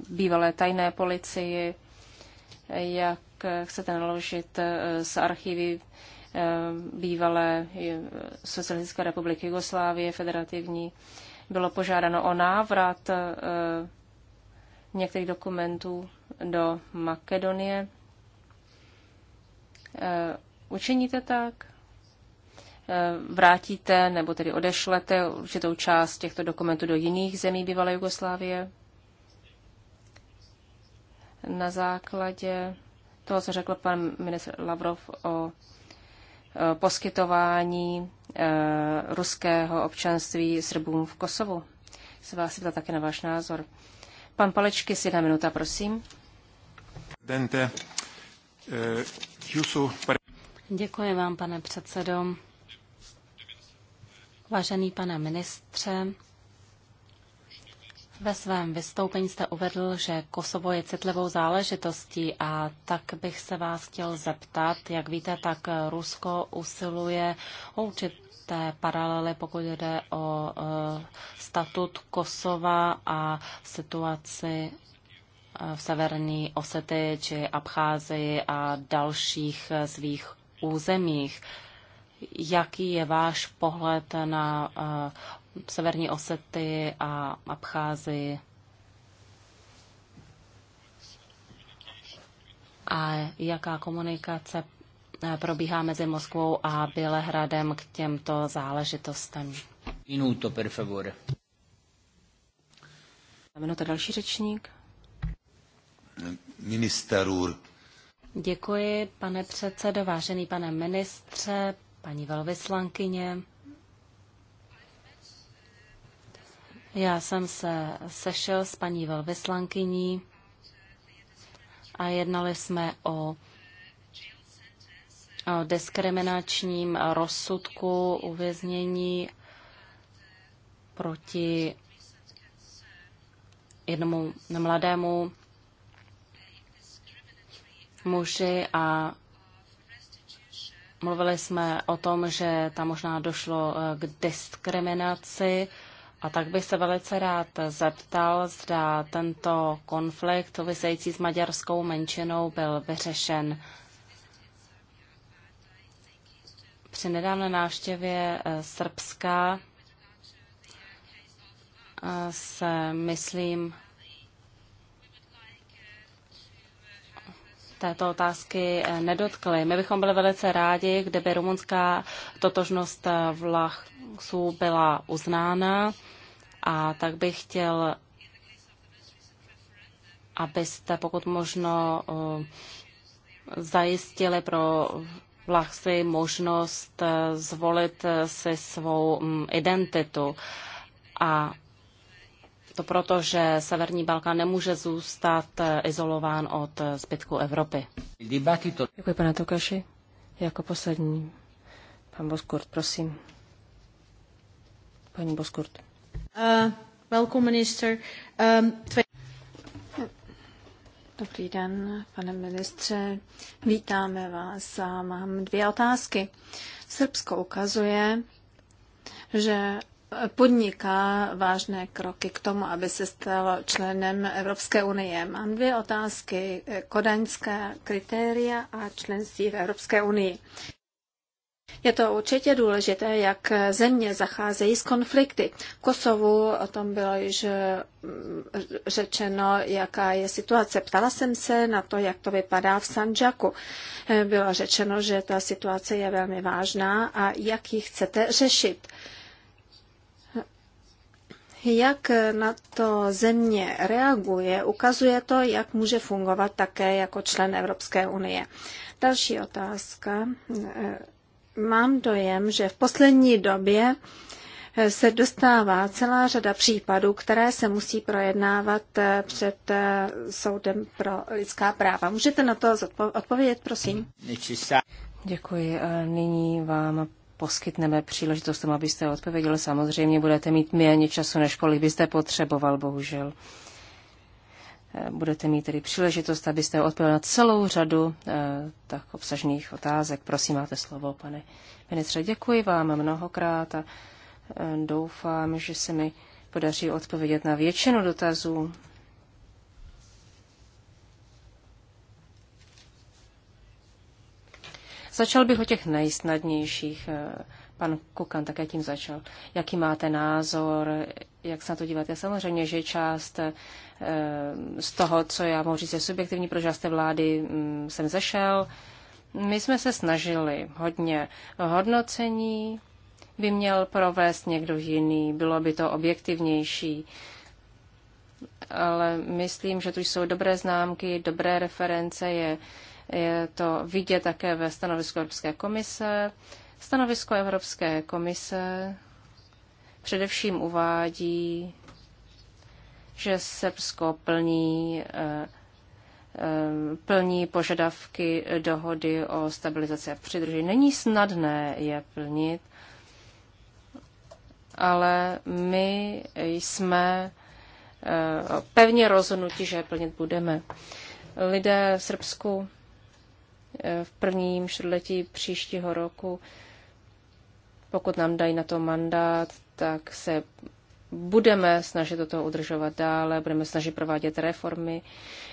bývalé tajné policii, jak chcete naložit s archivy bývalé Socialistické republiky Jugoslávie federativní. Bylo požádáno o návrat některých dokumentů do Makedonie. Učiníte tak? Eh, vrátíte nebo tedy odešlete určitou část těchto dokumentů do jiných zemí bývalé Jugoslávie? Na základě toho, co řekl pan ministr Lavrov o eh, poskytování eh, ruského občanství Srbům v Kosovu. Se vás ptá také na váš názor. Pan Palečky, jedna minuta, prosím. Děkuji vám, pane předsedo. Vážený pane ministře, ve svém vystoupení jste uvedl, že Kosovo je citlivou záležitostí a tak bych se vás chtěl zeptat, jak víte, tak Rusko usiluje o určité paralely, pokud jde o e, statut Kosova a situaci e, v severní Osety či Abcházii a dalších e, svých územích. Jaký je váš pohled na eh, Severní Osety a Abcházii? A jaká komunikace eh, probíhá mezi Moskvou a Bělehradem k těmto záležitostem? Minuto, per favore. Minuta další řečník. Minister Děkuji, pane předsedo, vážený pane ministře paní velvyslankyně. Já jsem se sešel s paní velvyslankyní a jednali jsme o o diskriminačním rozsudku uvěznění proti jednomu mladému muži a Mluvili jsme o tom, že tam možná došlo eh, k diskriminaci a tak bych se velice rád zeptal, zda tento konflikt související s maďarskou menšinou byl vyřešen. Při nedávné návštěvě eh, Srbska eh, se, myslím, této otázky eh, nedotkli. My bychom byli velice rádi, kdyby rumunská totožnost eh, Vlachů byla uznána a tak bych chtěl, abyste pokud možno eh, zajistili pro vlachy možnost zvolit si svou mm, identitu. A to proto, že Severní Balkán nemůže zůstat eh, izolován od eh, zbytku Evropy. Děkuji, pane Tokaši. Jako poslední, pan Boskurt, prosím. Paní Boskurt. Uh, welcome, minister. Um, tve... Dobrý den, pane ministře. Vítáme vás a mám dvě otázky. Srbsko ukazuje, že podniká vážné kroky k tomu, aby se stal členem Evropské unie. Mám dvě otázky. Kodaňská kritéria a členství v Evropské unii. Je to určitě důležité, jak země zacházejí s konflikty. V Kosovu o tom bylo již řečeno, jaká je situace. Ptala jsem se na to, jak to vypadá v Sanžaku. Bylo řečeno, že ta situace je velmi vážná a jak ji chcete řešit. Jak na to země reaguje, ukazuje to, jak může fungovat také jako člen Evropské unie. Další otázka. Eh, mám dojem, že v poslední době eh, se dostává celá řada případů, které se musí projednávat eh, před soudem pro lidská práva. Můžete na to odpovědět, prosím? Děkuji. Nyní vám poskytneme příležitost tomu, abyste odpověděli. Samozřejmě budete mít méně času, než kolik byste potřeboval, bohužel. Eh, budete mít tedy příležitost, abyste odpověděl na celou řadu eh, tak obsažných otázek. Prosím, máte slovo, pane ministře. Děkuji vám mnohokrát a eh, doufám, že se mi podaří odpovědět na většinu dotazů. Začal bych o těch nejsnadnějších. Eh, Pan Kukan také tím začal. Jaký máte názor, jak se na to díváte? Samozřejmě, že část eh, z toho, co já mohu říct, je subjektivní, protože z té vlády mm, jsem zešel. My jsme se snažili hodně hodnocení, by měl provést někdo jiný, bylo by to objektivnější. Ale myslím, že tu jsou dobré známky, dobré reference, je je to vidět také ve stanovisku Evropské komise. Stanovisko Evropské komise především uvádí, že Srbsko plní, eh, eh, plní požadavky dohody o stabilizaci a přidružení. Není snadné je plnit, ale my jsme eh, pevně rozhodnuti, že je plnit budeme. Lidé v Srbsku v prvním čtvrtletí příštího roku. Pokud nám dají na to mandát, tak se budeme snažit do toho udržovat dále, budeme snažit provádět reformy,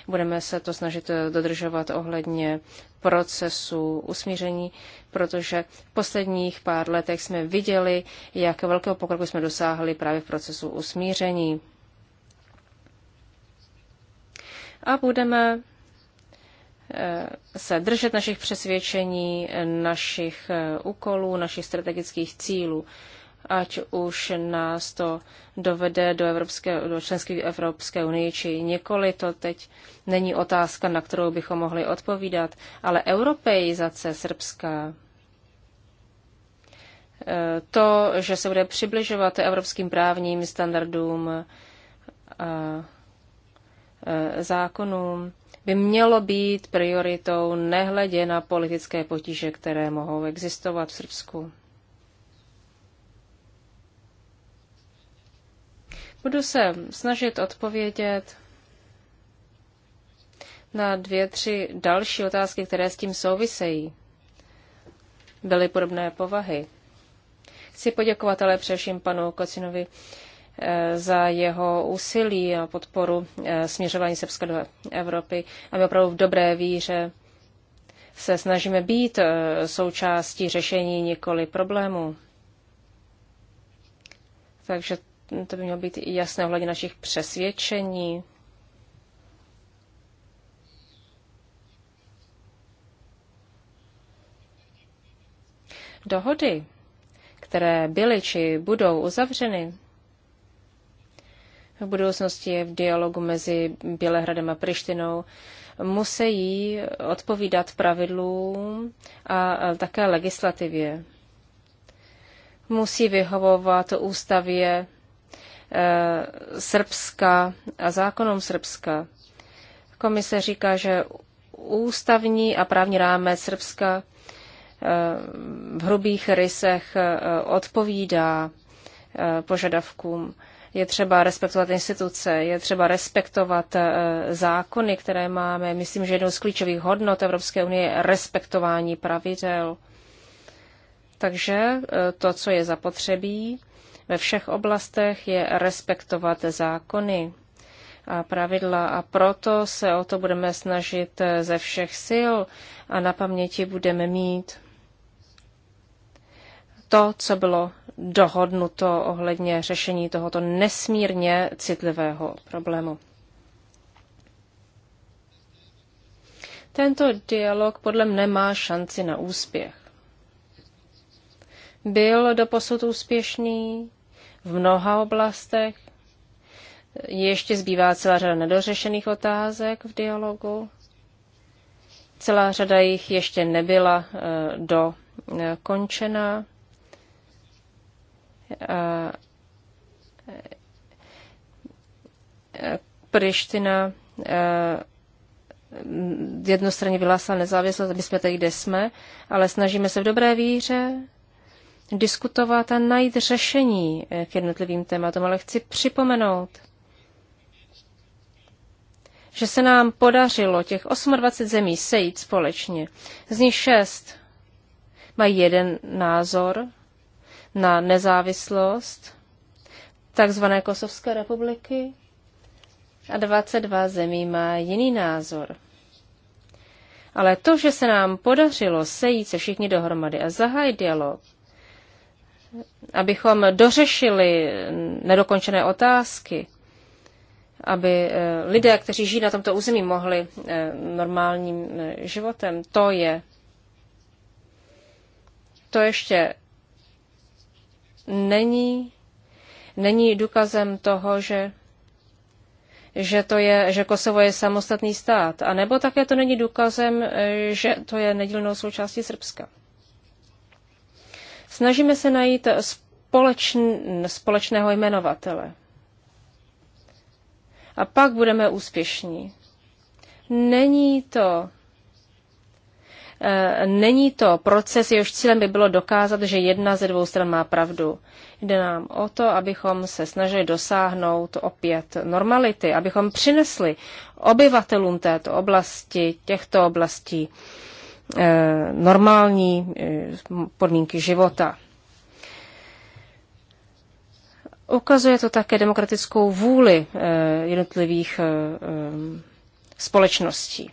budeme se to snažit dodržovat ohledně procesu usmíření, protože v posledních pár letech jsme viděli, jak velkého pokroku jsme dosáhli právě v procesu usmíření. A budeme Eh, se držet našich přesvědčení, našich eh, úkolů, našich strategických cílů, ať už nás to dovede do, Evropské, do členské Evropské unii či nikoli, to teď není otázka, na kterou bychom mohli odpovídat, ale europeizace srbská. Eh, to, že se bude přibližovat evropským právním standardům, zákonům, by mělo být prioritou nehledě na politické potíže, které mohou existovat v Srbsku. Budu se snažit odpovědět na dvě, tři další otázky, které s tím souvisejí. Byly podobné povahy. Chci poděkovat ale především panu Kocinovi Eh, za jeho úsilí a podporu eh, směřování Srbska do Evropy. A my opravdu v dobré víře se snažíme být eh, součástí řešení několik problémů. Takže to by mělo být i jasné ohledně našich přesvědčení. Dohody, které byly či budou uzavřeny, v budoucnosti v dialogu mezi Bělehradem a Prištinou musí odpovídat pravidlům a také legislativě. Musí vyhovovat ústavě e, Srbska a zákonům Srbska. Komise říká, že ústavní a právní rámec Srbska e, v hrubých rysech e, odpovídá požadavkům je třeba respektovat instituce, je třeba respektovat eh, zákony, které máme. Myslím, že jednou z klíčových hodnot Evropské unie je respektování pravidel. Takže eh, to, co je zapotřebí ve všech oblastech, je respektovat zákony a pravidla a proto se o to budeme snažit eh, ze všech sil a na paměti budeme mít to, co bylo dohodnuto ohledně řešení tohoto nesmírně citlivého problému. Tento dialog podle mne má šanci na úspěch. Byl doposud úspěšný v mnoha oblastech. Ještě zbývá celá řada nedořešených otázek v dialogu. Celá řada jich ještě nebyla eh, dokončena. Priština eh, jednostranně vyhlásila nezávislost, my jsme tady, kde jsme, ale snažíme se v dobré víře diskutovat a najít řešení eh, k jednotlivým tématům, ale chci připomenout, že se nám podařilo těch 28 zemí sejít společně. Z nich šest mají jeden názor na nezávislost takzvané Kosovské republiky a 22 zemí má jiný názor. Ale to, že se nám podařilo sejít se všichni dohromady a zahájit dialog, abychom dořešili nedokončené otázky, aby eh, lidé, kteří žijí na tomto území, mohli eh, normálním eh, životem, to je to ještě není, není důkazem toho, že, že, to je, že Kosovo je samostatný stát. A nebo také to není důkazem, že to je nedílnou součástí Srbska. Snažíme se najít společn, společného jmenovatele. A pak budeme úspěšní. Není to Není to proces, jehož cílem by bylo dokázat, že jedna ze dvou stran má pravdu. Jde nám o to, abychom se snažili dosáhnout opět normality, abychom přinesli obyvatelům této oblasti, těchto oblastí, eh, normální eh, podmínky života. Ukazuje to také demokratickou vůli eh, jednotlivých společností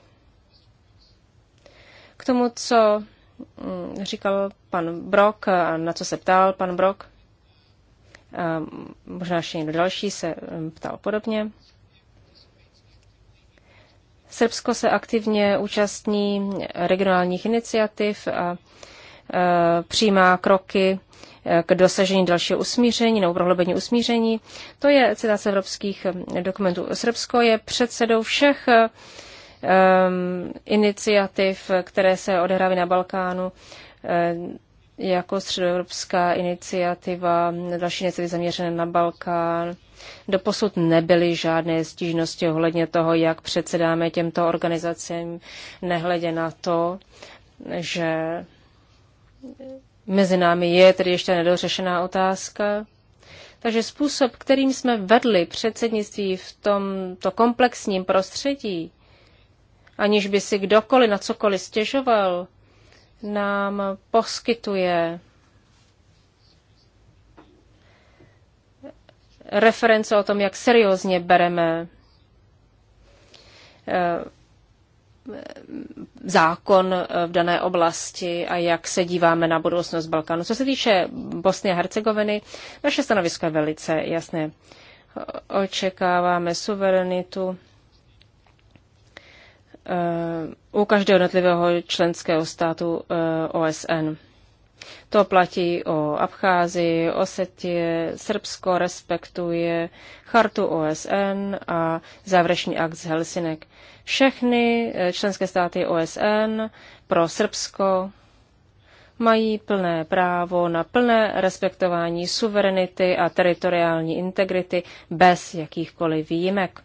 tomu, co mm, říkal pan Brok a na co se ptal pan Brok, možná ještě někdo další se mm, ptal podobně. Srbsko se aktivně účastní regionálních iniciativ a přijímá kroky e, k dosažení dalšího usmíření nebo prohloubení usmíření. To je citace evropských mm, dokumentů. Srbsko je předsedou všech e, um, iniciativ, které se odehrávají na Balkánu, um, jako středoevropská iniciativa, další iniciativy zaměřené na Balkán. Doposud nebyly žádné stížnosti ohledně toho, jak předsedáme těmto organizacím, nehledě na to, že mezi námi je tedy ještě nedořešená otázka. Takže způsob, kterým jsme vedli předsednictví v tomto komplexním prostředí, aniž by si kdokoliv na cokoliv stěžoval, nám poskytuje reference o tom, jak seriózně bereme eh, zákon eh, v dané oblasti a jak se díváme na budoucnost Balkánu. Co se týče Bosny a Hercegoviny, naše stanovisko je velice jasné. Očekáváme suverenitu u každého jednotlivého členského státu eh, OSN. To platí o Abcházii, Osetie, Srbsko respektuje chartu OSN a závěrečný akt z Helsinek. Všechny eh, členské státy OSN pro Srbsko mají plné právo na plné respektování suverenity a teritoriální integrity bez jakýchkoliv výjimek.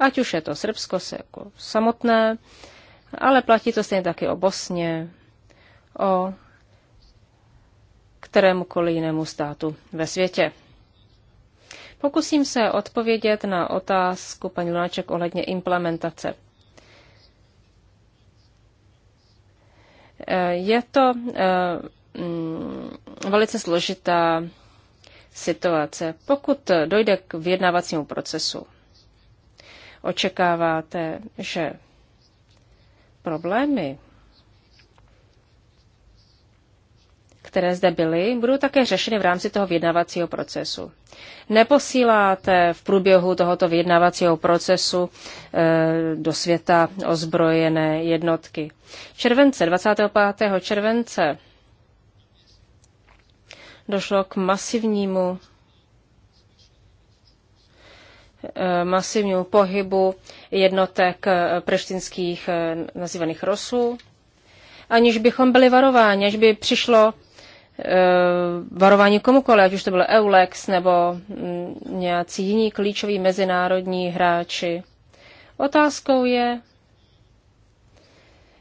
Ať už je to Srbsko se jako samotné, ale platí to stejně taky o Bosně, o kterémukoliv jinému státu ve světě. Pokusím se odpovědět na otázku paní Lunáček ohledně implementace. Eh, je to eh, mm, velice složitá situace. Pokud dojde k vyjednávacímu procesu, očekáváte, že problémy, které zde byly, budou také řešeny v rámci toho vyjednavacího procesu. Neposíláte v průběhu tohoto vyjednavacího procesu e, do světa ozbrojené jednotky. Července, 25. července, došlo k masivnímu Eh, masivního pohybu jednotek eh, preštinských eh, nazývaných Rosů, aniž bychom byli varováni, až by přišlo varování komukoliv, ať už to byl Eulex nebo mm, nějací jiní klíčoví mezinárodní hráči. Otázkou je,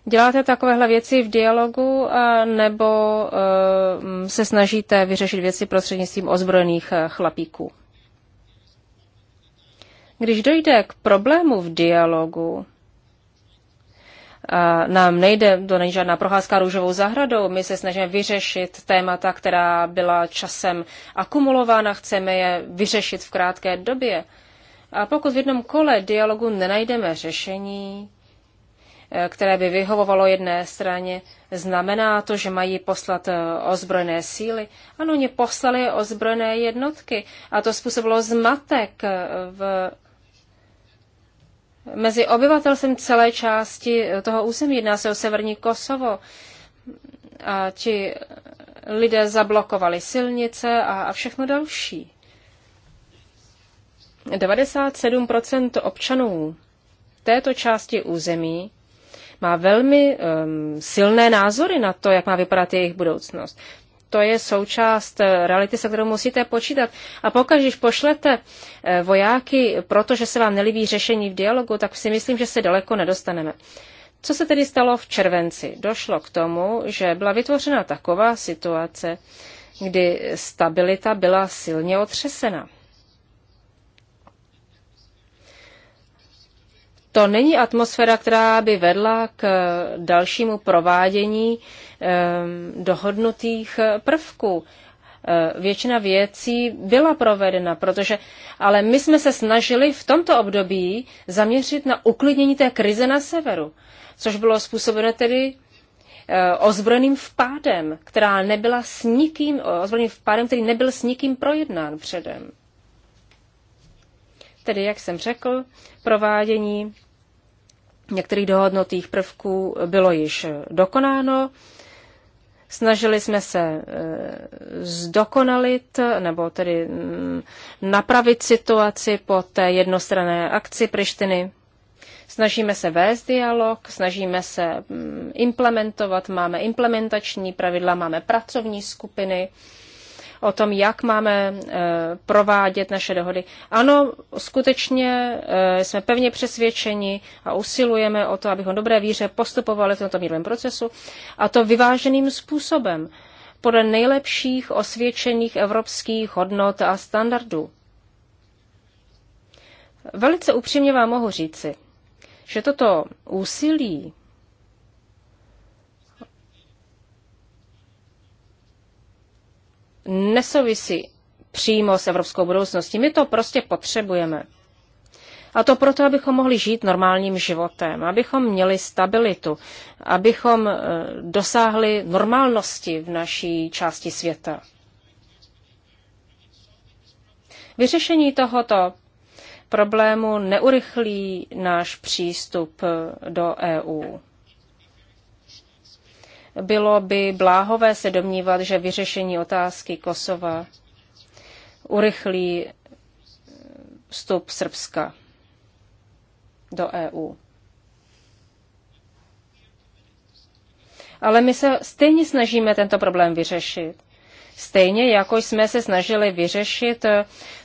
děláte takovéhle věci v dialogu a nebo mm, se snažíte vyřešit věci prostřednictvím ozbrojených chlapíků? Když dojde k problému v dialogu, a nám nejde, to není žádná procházka růžovou zahradou, my se snažíme vyřešit témata, která byla časem akumulována, chceme je vyřešit v krátké době. A pokud v jednom kole dialogu nenajdeme řešení, e, které by vyhovovalo jedné straně, znamená to, že mají poslat e, ozbrojené síly. Ano, oni poslali ozbrojené jednotky a to způsobilo zmatek e, v mezi obyvatelstvem celé části toho území. Jedná se o severní Kosovo. A ti lidé zablokovali silnice a, a všechno další. 97% občanů této části území má velmi um, silné názory na to, jak má vypadat jejich budoucnost to je součást eh, reality, se kterou musíte počítat. A pokud, když pošlete eh, vojáky, protože se vám nelíbí řešení v dialogu, tak si myslím, že se daleko nedostaneme. Co se tedy stalo v červenci? Došlo k tomu, že byla vytvořena taková situace, kdy stabilita byla silně otřesena. To není atmosféra, která by vedla k dalšímu provádění Ehm, dohodnutých eh, prvků. Eh, většina věcí byla provedena, protože, ale my jsme se snažili v tomto období zaměřit na uklidnění té krize na severu, což bylo způsobeno tedy eh, ozbrojeným vpádem, která nebyla s nikým, ozbrojeným vpádem, který nebyl s nikým projednán předem. Tedy, jak jsem řekl, provádění některých dohodnotých prvků bylo již dokonáno. Snažili jsme se eh, zdokonalit nebo tedy mm, napravit situaci po té jednostranné akci Prištiny. Snažíme se vést dialog, snažíme se mm, implementovat, máme implementační pravidla, máme pracovní skupiny, o tom, jak máme eh, provádět naše dohody. Ano, skutečně eh, jsme pevně přesvědčeni a usilujeme o to, abychom dobré víře postupovali v tomto mírovém procesu a to vyváženým způsobem podle nejlepších osvědčených evropských hodnot a standardů. Velice upřímně vám mohu říci, že toto úsilí nesouvisí přímo s evropskou budoucností. My to prostě potřebujeme. A to proto, abychom mohli žít normálním životem, abychom měli stabilitu, abychom eh, dosáhli normálnosti v naší části světa. Vyřešení tohoto problému neurychlí náš přístup eh, do EU. Bylo by bláhové se domnívat, že vyřešení otázky Kosova urychlí vstup Srbska do EU. Ale my se stejně snažíme tento problém vyřešit. Stejně jako jsme se snažili vyřešit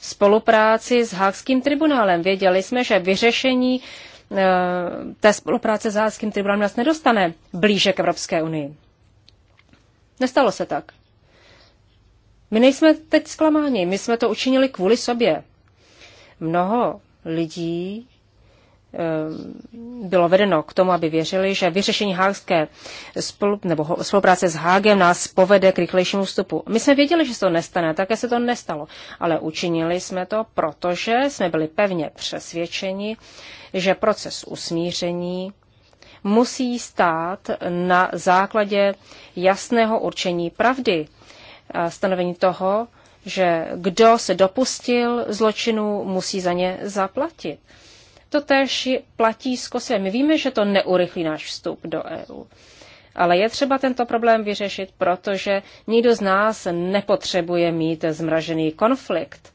spolupráci s Hákským tribunálem. Věděli jsme, že vyřešení eh, té spolupráce s Hákským tribunálem nás nedostane blíže k Evropské unii. Nestalo se tak. My nejsme teď zklamáni, my jsme to učinili kvůli sobě. Mnoho lidí ehm, bylo vedeno k tomu, aby věřili, že vyřešení Hágské spolu, nebo spolupráce s Hágem nás povede k rychlejšímu vstupu. My jsme věděli, že se to nestane, také se to nestalo, ale učinili jsme to, protože jsme byli pevně přesvědčeni, že proces usmíření musí stát na základě jasného určení pravdy, stanovení toho, že kdo se dopustil zločinu, musí za ně zaplatit. To tež platí s Kosovem. My víme, že to neurychlí náš vstup do EU. Ale je třeba tento problém vyřešit, protože nikdo z nás nepotřebuje mít zmražený konflikt.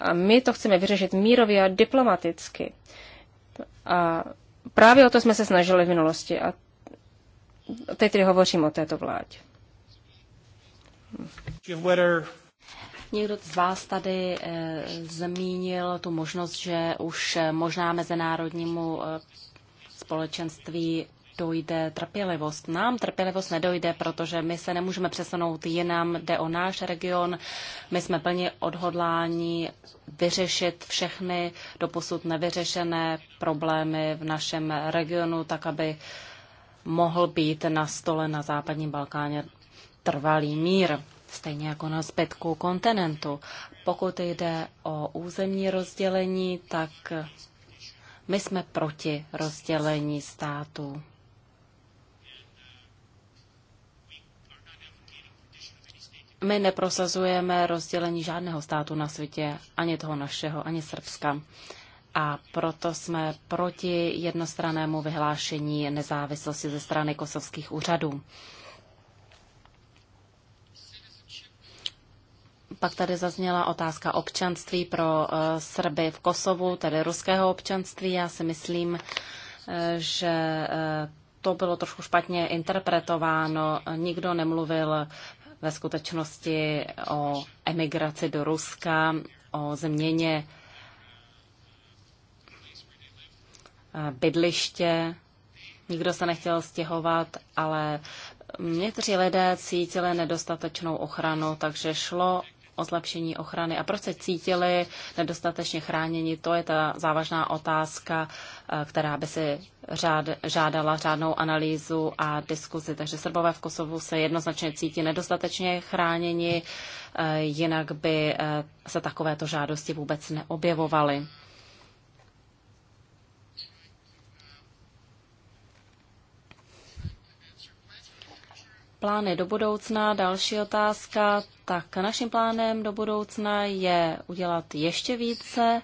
A my to chceme vyřešit mírově a diplomaticky. A právě o to jsme se snažili v minulosti a teď tedy hovořím o této vládě. Někdo z vás tady e, zmínil tu možnost, že už eh, možná mezinárodnímu e, společenství dojde trpělivost. Nám trpělivost nedojde, protože my se nemůžeme přesunout jinam, jde o náš region. My jsme plně odhodláni vyřešit všechny doposud nevyřešené problémy v našem regionu, tak aby mohl být na stole na západním Balkáně trvalý mír, stejně jako na zbytku kontinentu. Pokud jde o územní rozdělení, tak my jsme proti rozdělení států. My neprosazujeme rozdělení žádného státu na světě, ani toho našeho, ani Srbska. A proto jsme proti jednostrannému vyhlášení nezávislosti ze strany kosovských úřadů. Pak tady zazněla otázka občanství pro eh, Srby v Kosovu, tedy ruského občanství. Já si myslím, eh, že eh, to bylo trošku špatně interpretováno. Nikdo nemluvil ve skutečnosti o emigraci do Ruska, o změně eh, bydliště. Nikdo se nechtěl stěhovat, ale někteří lidé cítili nedostatečnou ochranu, takže šlo o zlepšení ochrany a proč se cítili nedostatečně chráněni, to je ta závažná otázka, eh, která by si řád, žádala řádnou analýzu a diskuzi. Takže Srbové v Kosovu se jednoznačně cítí nedostatečně chráněni, eh, jinak by eh, se takovéto žádosti vůbec neobjevovaly. plány do budoucna. Další otázka. Tak naším plánem do budoucna je udělat ještě více.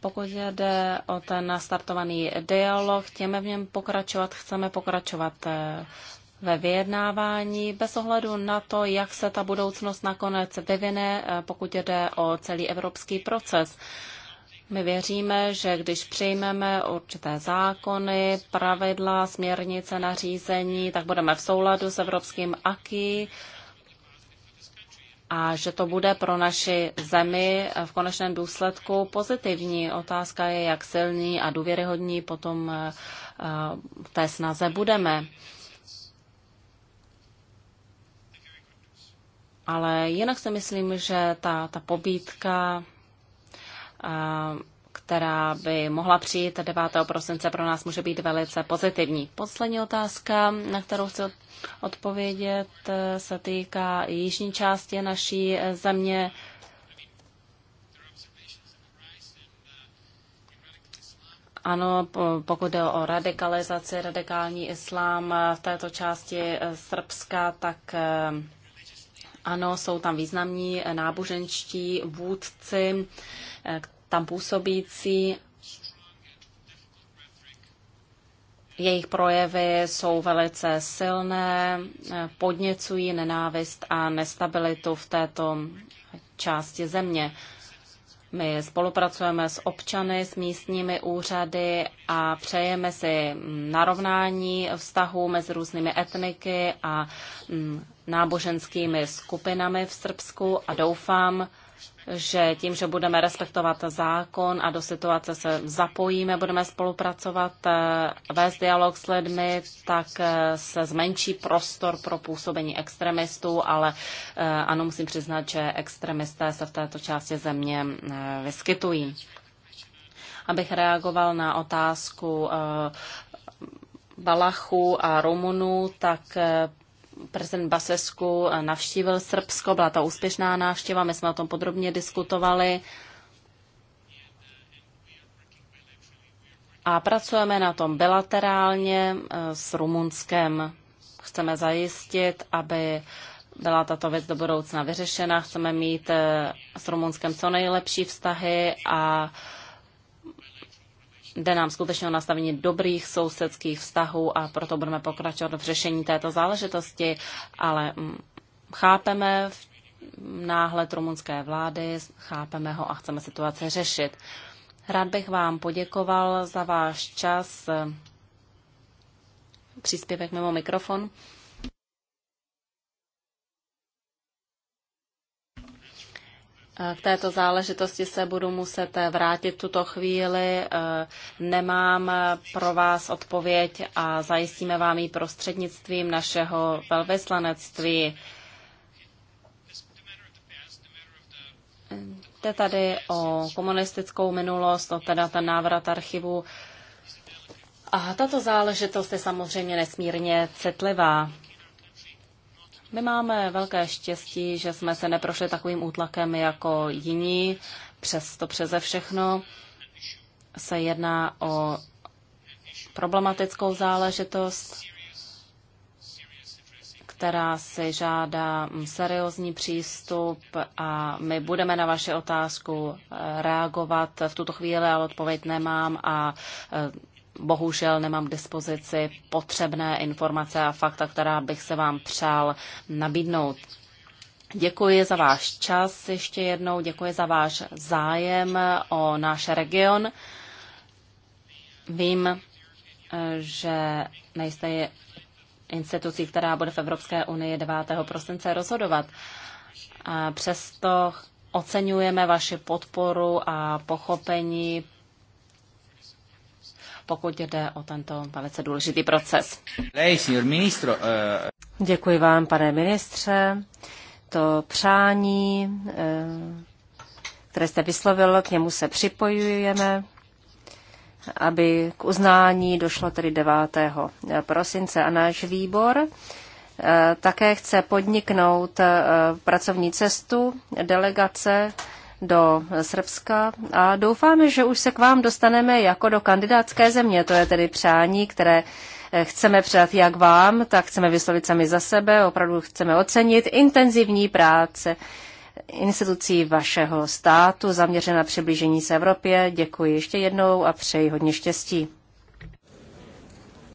Pokud jde o ten nastartovaný dialog, chceme v něm pokračovat, chceme pokračovat eh, ve vyjednávání bez ohledu na to, jak se ta budoucnost nakonec vyvine, eh, pokud jde o celý evropský proces. My věříme, že když přijmeme určité zákony, pravidla, směrnice, nařízení, tak budeme v souladu s evropským AKI a že to bude pro naši zemi v konečném důsledku pozitivní. Otázka je, jak silní a důvěryhodní potom eh, v té snaze budeme. Ale jinak si myslím, že ta, ta pobídka která by mohla přijít 9. prosince, pro nás může být velice pozitivní. Poslední otázka, na kterou chci odpovědět, e, se týká jižní části naší e, země. Ano, pokud jde o radikalizaci, radikální islám e, v této části Srbska, tak ano, jsou tam významní náboženští vůdci, eh, tam působící. Jejich projevy jsou velice silné, eh, podněcují nenávist a nestabilitu v této části země. My spolupracujeme s občany, s místními úřady a přejeme si narovnání vztahů mezi různými etniky a mm, náboženskými skupinami v Srbsku a doufám, že tím, že budeme respektovat zákon a do situace se zapojíme, budeme spolupracovat, eh, vést dialog s lidmi, tak eh, se zmenší prostor pro působení extremistů, ale eh, ano, musím přiznat, že extremisté se v této části země vyskytují. Abych reagoval na otázku Balachu a Rumunů, tak prezident Basesku eh, navštívil Srbsko, byla to úspěšná návštěva, my jsme o tom podrobně diskutovali. A pracujeme na tom bilaterálně eh, s Rumunskem. Chceme zajistit, aby byla tato věc do budoucna vyřešena. Chceme mít eh, s Rumunskem co nejlepší vztahy a Jde nám skutečně o nastavení dobrých sousedských vztahů a proto budeme pokračovat v řešení této záležitosti, ale mm, chápeme náhled rumunské vlády, chápeme ho a chceme situace řešit. Rád bych vám poděkoval za váš čas. Příspěvek mimo mikrofon. K této záležitosti se budu muset vrátit tuto chvíli. Nemám pro vás odpověď a zajistíme vám ji prostřednictvím našeho velvyslanectví. Jde tady o komunistickou minulost, o teda ten návrat archivu. A tato záležitost je samozřejmě nesmírně citlivá. My máme velké štěstí, že jsme se neprošli takovým útlakem jako jiní. Přesto přeze všechno se jedná o problematickou záležitost, která si žádá seriózní přístup a my budeme na vaši otázku eh, reagovat. V tuto chvíli ale odpověď nemám a eh, bohužel nemám k dispozici potřebné informace a fakta, která bych se vám přál nabídnout. Děkuji za váš čas ještě jednou, děkuji za váš zájem o náš region. Vím, že nejste institucí, která bude v Evropské unii 9. prosince rozhodovat. A přesto oceňujeme vaši podporu a pochopení pokud jde o tento velice důležitý proces. Eh, Děkuji vám, pane ministře. To přání, eh, které jste vyslovil, k němu se připojujeme aby k uznání došlo tedy 9. prosince. A náš výbor eh, také chce podniknout pracovní cestu delegace do Srbska a doufáme, že už se k vám dostaneme jako do kandidátské země. To je tedy přání, které eh, chceme předat jak vám, tak chceme vyslovit sami za sebe. Opravdu chceme ocenit intenzivní práce institucí vašeho státu zaměřena na přiblížení se Evropě. Děkuji ještě jednou a přeji hodně štěstí.